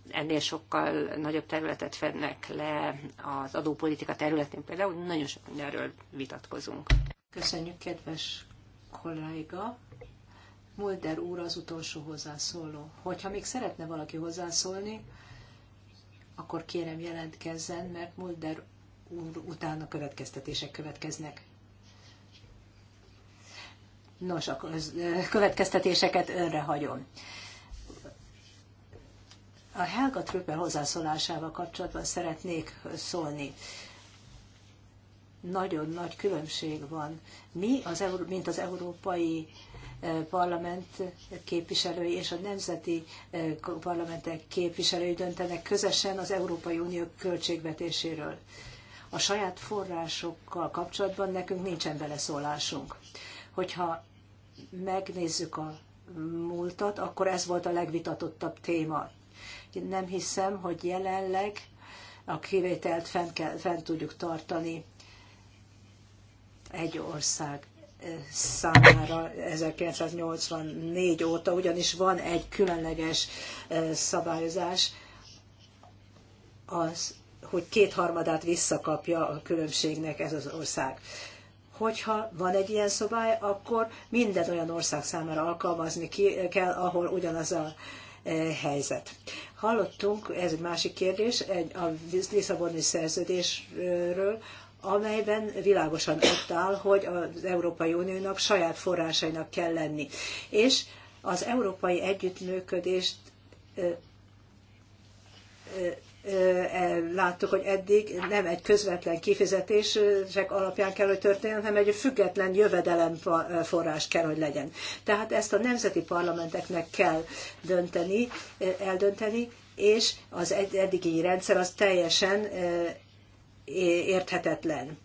ennél sokkal nagyobb területet fednek le az adópolitika területén. Például nagyon sok mindenről vitatkozunk. Köszönjük, kedves kolléga! Mulder úr az utolsó hozzászóló. Hogyha még szeretne valaki hozzászólni, akkor kérem jelentkezzen, mert Mulder úr utána következtetések következnek. Nos, a következtetéseket önre hagyom. A Helga Tröpe hozzászólásával kapcsolatban szeretnék szólni. Nagyon nagy különbség van. Mi, az, mint az Európai e, Parlament képviselői és a nemzeti e, parlamentek képviselői döntenek közösen az Európai Unió költségvetéséről. A saját forrásokkal kapcsolatban nekünk nincsen beleszólásunk. Hogyha megnézzük a múltat, akkor ez volt a legvitatottabb téma. Én nem hiszem, hogy jelenleg a kivételt fent, kell, fent tudjuk tartani egy ország számára 1984 óta, ugyanis van egy különleges szabályozás, az, hogy kétharmadát visszakapja a különbségnek ez az ország. Hogyha van egy ilyen szabály, akkor minden olyan ország számára alkalmazni ki kell, ahol ugyanaz a Eh, helyzet. Hallottunk, ez egy másik kérdés, a Lisszaboni szerződésről, amelyben világosan ott áll, hogy az Európai Uniónak saját forrásainak kell lenni. És az európai együttműködést eh, eh, E, láttuk, hogy eddig nem egy közvetlen kifizetések alapján kell, hogy történjen, hanem egy független jövedelemforrás kell, hogy legyen. Tehát ezt a nemzeti parlamenteknek kell dönteni, eldönteni, és az eddigi rendszer az teljesen érthetetlen.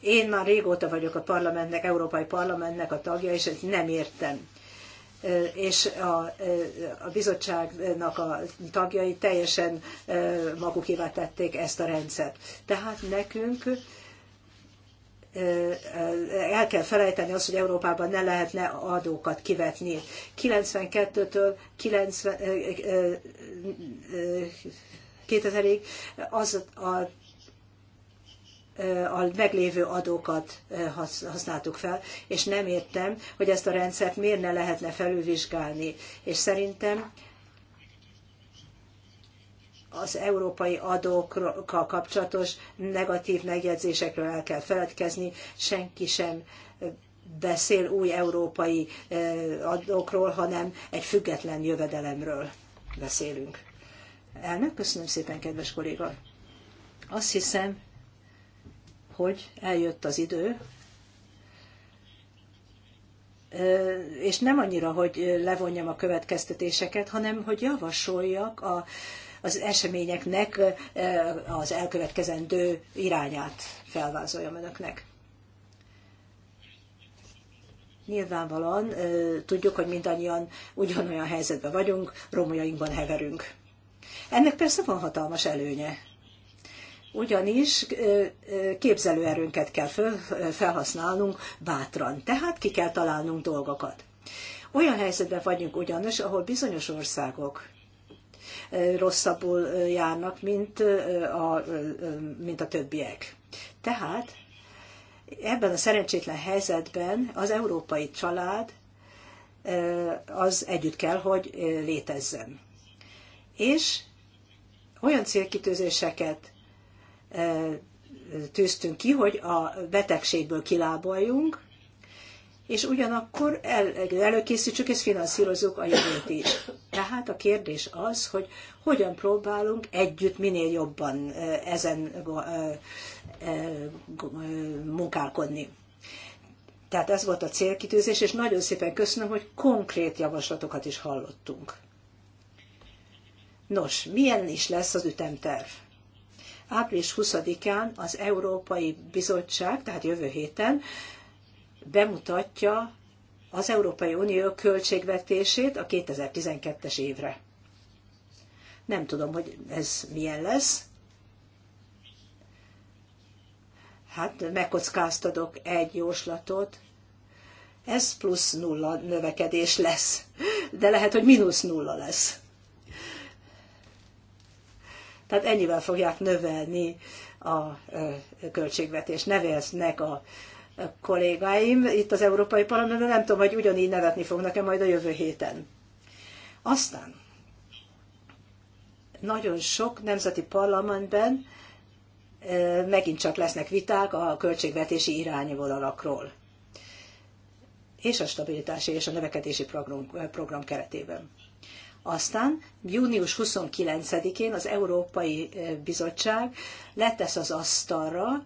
Én már régóta vagyok a parlamentnek, Európai Parlamentnek a tagja, és ezt nem értem és a, a bizottságnak a tagjai teljesen magukévá tették ezt a rendszert. Tehát nekünk el kell felejteni azt, hogy Európában ne lehetne adókat kivetni. 92-től 90, 2000-ig az a a meglévő adókat használtuk fel, és nem értem, hogy ezt a rendszert miért ne lehetne felülvizsgálni. És szerintem az európai adókkal kapcsolatos negatív megjegyzésekről el kell feledkezni, senki sem beszél új európai adókról, hanem egy független jövedelemről beszélünk. Elnök, köszönöm szépen, kedves kolléga. Azt hiszem, hogy eljött az idő, és nem annyira, hogy levonjam a következtetéseket, hanem hogy javasoljak a, az eseményeknek az elkövetkezendő irányát felvázoljam önöknek. Nyilvánvalóan tudjuk, hogy mindannyian ugyanolyan helyzetben vagyunk, romjainkban heverünk. Ennek persze van hatalmas előnye ugyanis képzelőerőnket kell felhasználnunk bátran, tehát ki kell találnunk dolgokat. Olyan helyzetben vagyunk ugyanis, ahol bizonyos országok rosszabbul járnak, mint a, mint a többiek. Tehát ebben a szerencsétlen helyzetben az európai család az együtt kell, hogy létezzen. És olyan célkitűzéseket tűztünk ki, hogy a betegségből kilábaljunk, és ugyanakkor el, előkészítsük és finanszírozzuk a jövőt is. Tehát a kérdés az, hogy hogyan próbálunk együtt minél jobban ezen munkálkodni. Tehát ez volt a célkitűzés, és nagyon szépen köszönöm, hogy konkrét javaslatokat is hallottunk. Nos, milyen is lesz az ütemterv? Április 20-án az Európai Bizottság, tehát jövő héten bemutatja az Európai Unió költségvetését a 2012-es évre. Nem tudom, hogy ez milyen lesz. Hát megkockáztatok egy jóslatot. Ez plusz nulla növekedés lesz. De lehet, hogy mínusz nulla lesz. Tehát ennyivel fogják növelni a költségvetést. Neveznek a kollégáim itt az Európai Parlamentben, nem tudom, hogy ugyanígy nevetni fognak-e majd a jövő héten. Aztán nagyon sok nemzeti parlamentben megint csak lesznek viták a költségvetési irányvonalakról és a stabilitási és a növekedési program, program keretében. Aztán június 29-én az Európai eh, Bizottság letesz az asztalra,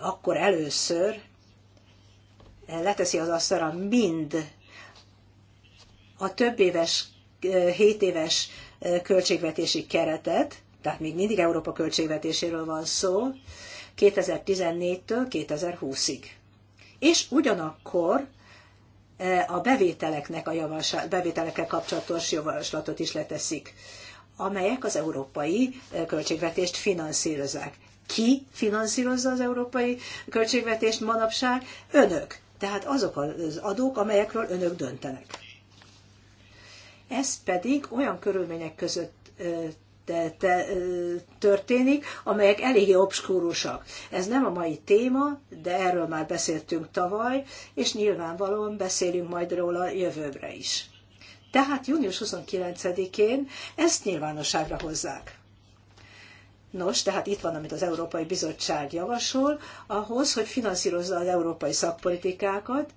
akkor először eh, leteszi az asztalra mind a több éves, 7 eh, éves költségvetési keretet, tehát még mindig Európa költségvetéséről van szó, 2014-től 2020-ig. És ugyanakkor E, a bevételeknek a javaslat, bevételekkel kapcsolatos javaslatot is leteszik, amelyek az európai e, költségvetést finanszírozzák. Ki finanszírozza az európai költségvetést manapság? Önök. Tehát azok az adók, amelyekről önök döntenek. Ez pedig olyan körülmények között e, te, történik, amelyek eléggé obskúrusak. Ez nem a mai téma, de erről már beszéltünk tavaly, és nyilvánvalóan beszélünk majd róla jövőbre is. Tehát június 29-én ezt nyilvánosságra hozzák. Nos, tehát itt van, amit az Európai Bizottság javasol, ahhoz, hogy finanszírozza az európai szakpolitikákat,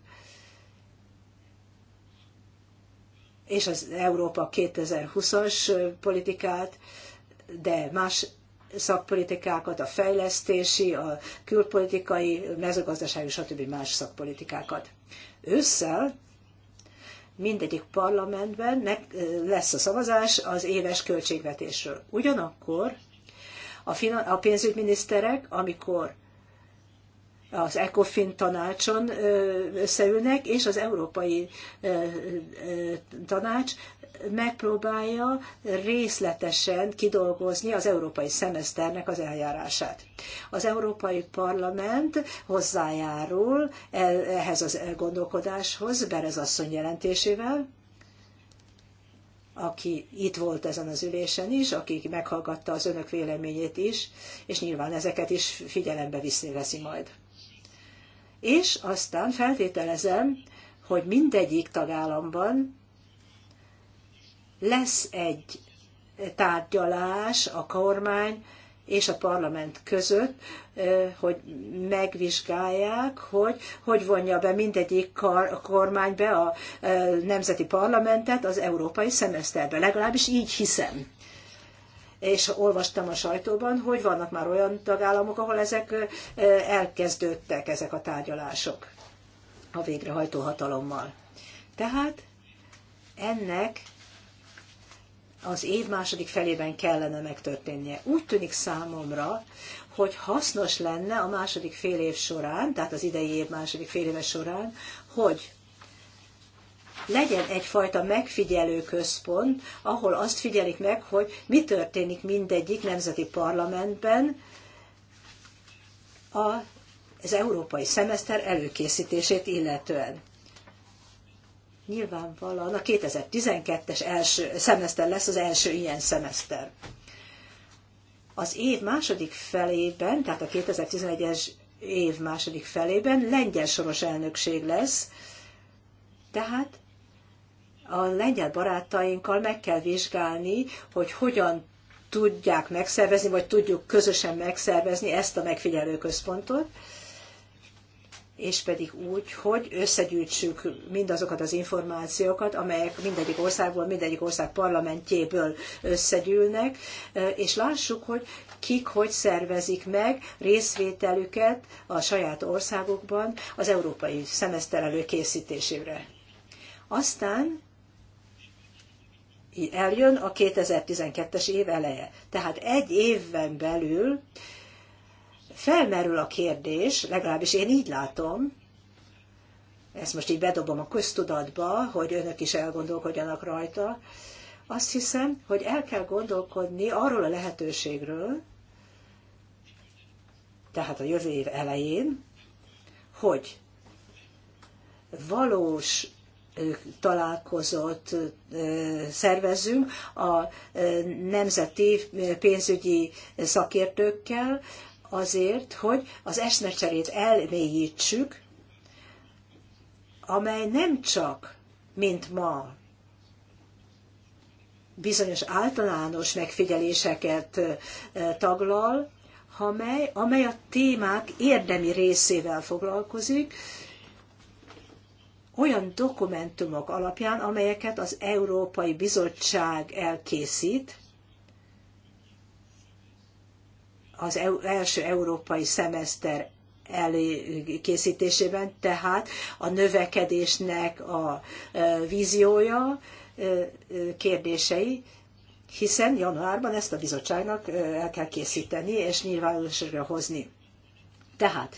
és az Európa 2020-as politikát, de más szakpolitikákat, a fejlesztési, a külpolitikai, mezőgazdasági, stb. más szakpolitikákat. Ősszel mindegyik parlamentben lesz a szavazás az éves költségvetésről. Ugyanakkor a, pénzügyminiszterek, amikor az ECOFIN tanácson összeülnek, és az Európai Tanács megpróbálja részletesen kidolgozni az európai szemeszternek az eljárását. Az Európai Parlament hozzájárul ehhez az gondolkodáshoz Berez asszony jelentésével, aki itt volt ezen az ülésen is, aki meghallgatta az önök véleményét is, és nyilván ezeket is figyelembe viszi, veszi majd és aztán feltételezem, hogy mindegyik tagállamban lesz egy tárgyalás a kormány és a parlament között, hogy megvizsgálják, hogy hogy vonja be mindegyik kar, kormány be a nemzeti parlamentet az európai szemeszterbe. Legalábbis így hiszem és olvastam a sajtóban, hogy vannak már olyan tagállamok, ahol ezek elkezdődtek, ezek a tárgyalások a végrehajtó hatalommal. Tehát ennek az év második felében kellene megtörténnie. Úgy tűnik számomra, hogy hasznos lenne a második fél év során, tehát az idei év második fél éve során, hogy legyen egyfajta megfigyelő központ, ahol azt figyelik meg, hogy mi történik mindegyik nemzeti parlamentben a, az európai szemeszter előkészítését illetően. Nyilvánvalóan a 2012-es első szemeszter lesz az első ilyen szemeszter. Az év második felében, tehát a 2011-es év második felében lengyel soros elnökség lesz, tehát a lengyel barátainkkal meg kell vizsgálni, hogy hogyan tudják megszervezni, vagy tudjuk közösen megszervezni ezt a megfigyelőközpontot, és pedig úgy, hogy összegyűjtsük mindazokat az információkat, amelyek mindegyik országból, mindegyik ország parlamentjéből összegyűlnek, és lássuk, hogy kik hogy szervezik meg részvételüket a saját országokban az európai szemeszter előkészítésére. Aztán eljön a 2012-es év eleje. Tehát egy évben belül felmerül a kérdés, legalábbis én így látom, ezt most így bedobom a köztudatba, hogy önök is elgondolkodjanak rajta, azt hiszem, hogy el kell gondolkodni arról a lehetőségről, tehát a jövő év elején, hogy valós találkozót szervezzünk a nemzeti pénzügyi szakértőkkel, azért, hogy az eszmecserét elmélyítsük, amely nem csak, mint ma, bizonyos általános megfigyeléseket taglal, amely, amely a témák érdemi részével foglalkozik, olyan dokumentumok alapján, amelyeket az Európai Bizottság elkészít, az első európai szemeszter előkészítésében, tehát a növekedésnek a víziója, kérdései, hiszen januárban ezt a bizottságnak el kell készíteni és nyilvánosságra hozni. Tehát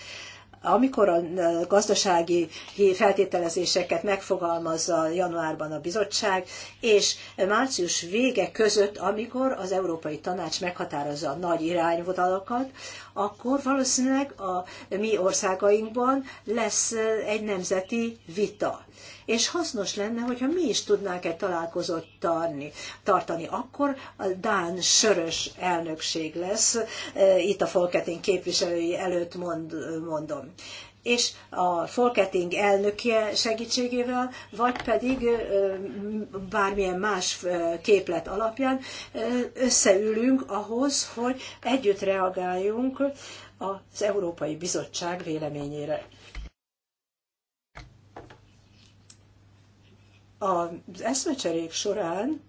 amikor a gazdasági feltételezéseket megfogalmazza januárban a bizottság, és március vége között, amikor az Európai Tanács meghatározza a nagy irányvonalakat, akkor valószínűleg a mi országainkban lesz egy nemzeti vita. És hasznos lenne, hogyha mi is tudnánk egy találkozót tarni, tartani. Akkor a Dán sörös elnökség lesz, itt a Folketing képviselői előtt mond, mondom és a Folketing elnöke segítségével, vagy pedig bármilyen más képlet alapján összeülünk ahhoz, hogy együtt reagáljunk az Európai Bizottság véleményére. Az eszmecserék során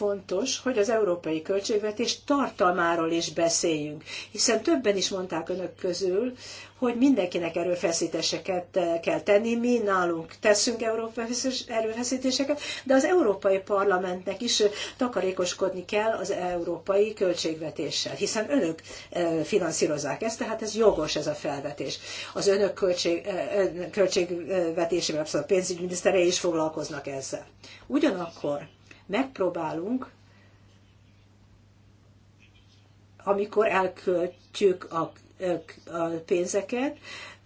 fontos, hogy az európai költségvetés tartalmáról is beszéljünk, hiszen többen is mondták önök közül, hogy mindenkinek erőfeszítéseket kell tenni, mi nálunk teszünk európai erőfeszítéseket, de az Európai Parlamentnek is takarékoskodni kell az európai költségvetéssel, hiszen önök finanszírozzák ezt, tehát ez jogos ez a felvetés. Az önök költség, költségvetésével, a pénzügyminiszterei is foglalkoznak ezzel. Ugyanakkor megpróbálunk, amikor elköltjük a, a pénzeket,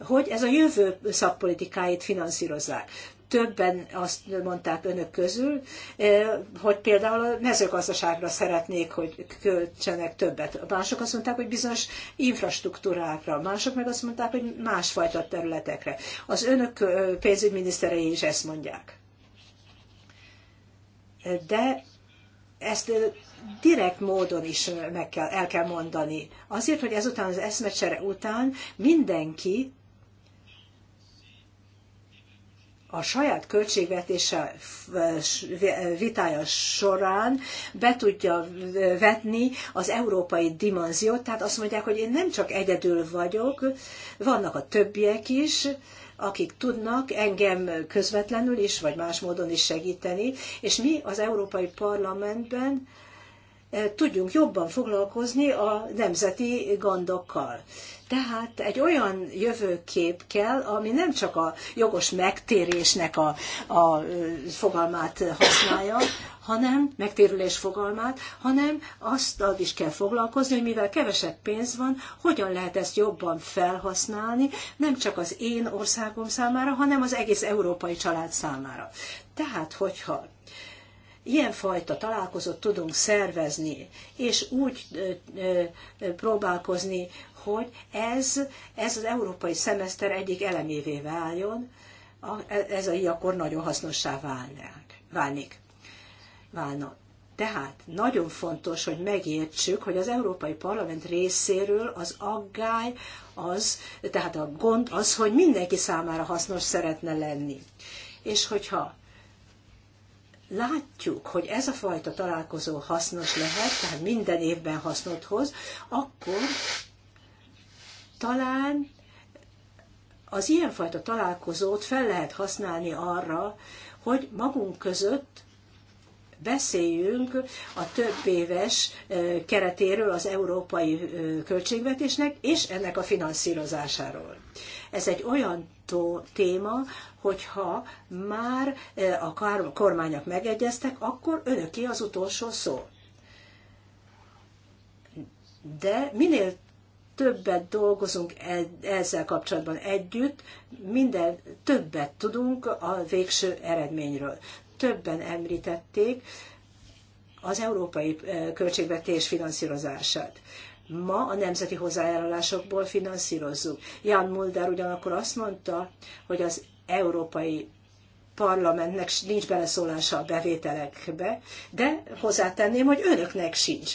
hogy ez a jövő szakpolitikáit finanszírozzák. Többen azt mondták önök közül, eh, hogy például a mezőgazdaságra szeretnék, hogy költsenek többet. Mások azt mondták, hogy bizonyos infrastruktúrákra, mások meg azt mondták, hogy másfajta területekre. Az önök eh, pénzügyminiszterei is ezt mondják de ezt direkt módon is meg kell, el kell mondani. Azért, hogy ezután az eszmecsere után mindenki a saját költségvetése vitája során be tudja vetni az európai dimenziót. Tehát azt mondják, hogy én nem csak egyedül vagyok, vannak a többiek is, akik tudnak engem közvetlenül is, vagy más módon is segíteni, és mi az Európai Parlamentben eh, tudjunk jobban foglalkozni a nemzeti gondokkal. Tehát egy olyan jövőkép kell, ami nem csak a jogos megtérésnek a, a fogalmát használja, hanem megtérülés fogalmát, hanem azt az is kell foglalkozni, hogy mivel kevesebb pénz van, hogyan lehet ezt jobban felhasználni, nem csak az én országom számára, hanem az egész európai család számára. Tehát, hogyha ilyenfajta találkozót tudunk szervezni, és úgy próbálkozni, hogy ez, ez az európai szemeszter egyik elemévé váljon, ez a akkor nagyon hasznossá válnánk, válnik. Válna. Tehát nagyon fontos, hogy megértsük, hogy az Európai Parlament részéről az aggály az, tehát a gond az, hogy mindenki számára hasznos szeretne lenni. És hogyha látjuk, hogy ez a fajta találkozó hasznos lehet, tehát minden évben hasznot hoz, akkor talán az ilyenfajta találkozót fel lehet használni arra, hogy magunk között beszéljünk a több éves keretéről az európai költségvetésnek és ennek a finanszírozásáról. Ez egy olyan téma, hogyha már a kormányok megegyeztek, akkor önöki az utolsó szó. De minél többet dolgozunk e- ezzel kapcsolatban együtt, minden többet tudunk a végső eredményről. Többen említették az európai e, költségvetés finanszírozását. Ma a nemzeti hozzájárulásokból finanszírozzuk. Jan Mulder ugyanakkor azt mondta, hogy az európai parlamentnek nincs beleszólása a bevételekbe, de hozzátenném, hogy önöknek sincs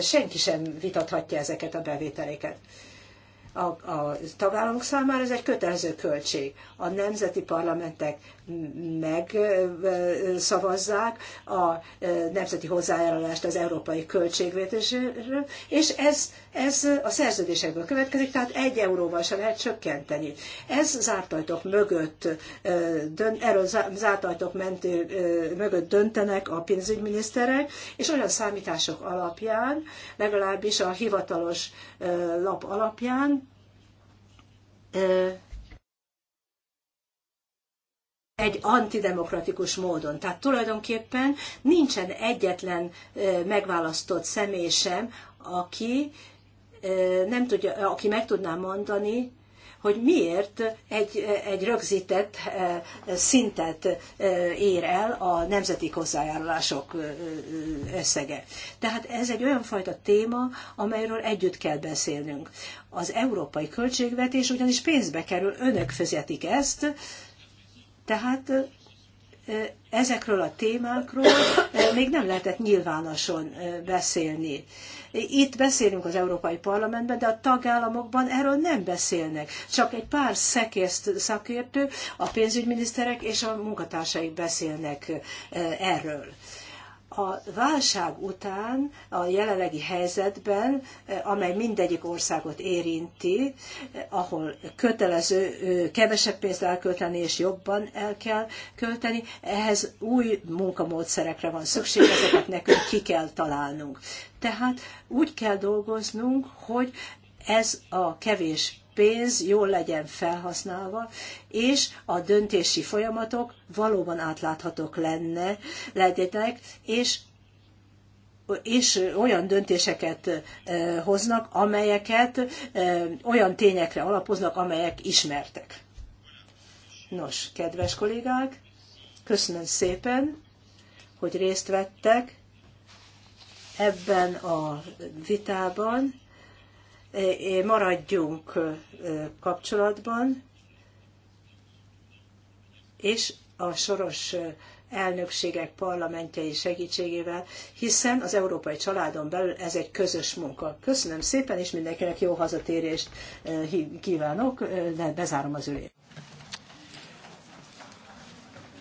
senki sem vitathatja ezeket a bevételeket. A, a tagállamok számára ez egy kötelező költség. A nemzeti parlamentek megszavazzák a nemzeti hozzájárulást az európai költségvetésről, és ez, ez a szerződésekből következik, tehát egy euróval se lehet csökkenteni. Ez zárt ajtók mögött, erről zárt ajtók menti, mögött döntenek a pénzügyminiszterek, és olyan számítások alapján, legalábbis a hivatalos lap alapján, egy antidemokratikus módon. Tehát tulajdonképpen nincsen egyetlen megválasztott személy sem, aki, nem tudja, aki meg tudná mondani, hogy miért egy, egy rögzített szintet ér el a nemzeti hozzájárulások összege. Tehát ez egy olyan fajta téma, amelyről együtt kell beszélnünk. Az európai költségvetés ugyanis pénzbe kerül, önök fizetik ezt, tehát ezekről a témákról még nem lehetett nyilvánosan beszélni. Itt beszélünk az Európai Parlamentben, de a tagállamokban erről nem beszélnek. Csak egy pár szekészt szakértő, a pénzügyminiszterek és a munkatársaik beszélnek erről a válság után, a jelenlegi helyzetben, eh, amely mindegyik országot érinti, eh, ahol kötelező kevesebb pénzt elkölteni és jobban el kell költeni, ehhez új munkamódszerekre van szükség, ezeket nekünk ki kell találnunk. Tehát úgy kell dolgoznunk, hogy ez a kevés pénz jól legyen felhasználva, és a döntési folyamatok valóban átláthatók lenne, legyenek, és és olyan döntéseket hoznak, amelyeket olyan tényekre alapoznak, amelyek ismertek. Nos, kedves kollégák, köszönöm szépen, hogy részt vettek ebben a vitában maradjunk kapcsolatban, és a soros elnökségek parlamentjei segítségével, hiszen az európai családon belül ez egy közös munka. Köszönöm szépen, és mindenkinek jó hazatérést kívánok, de bezárom az ülést.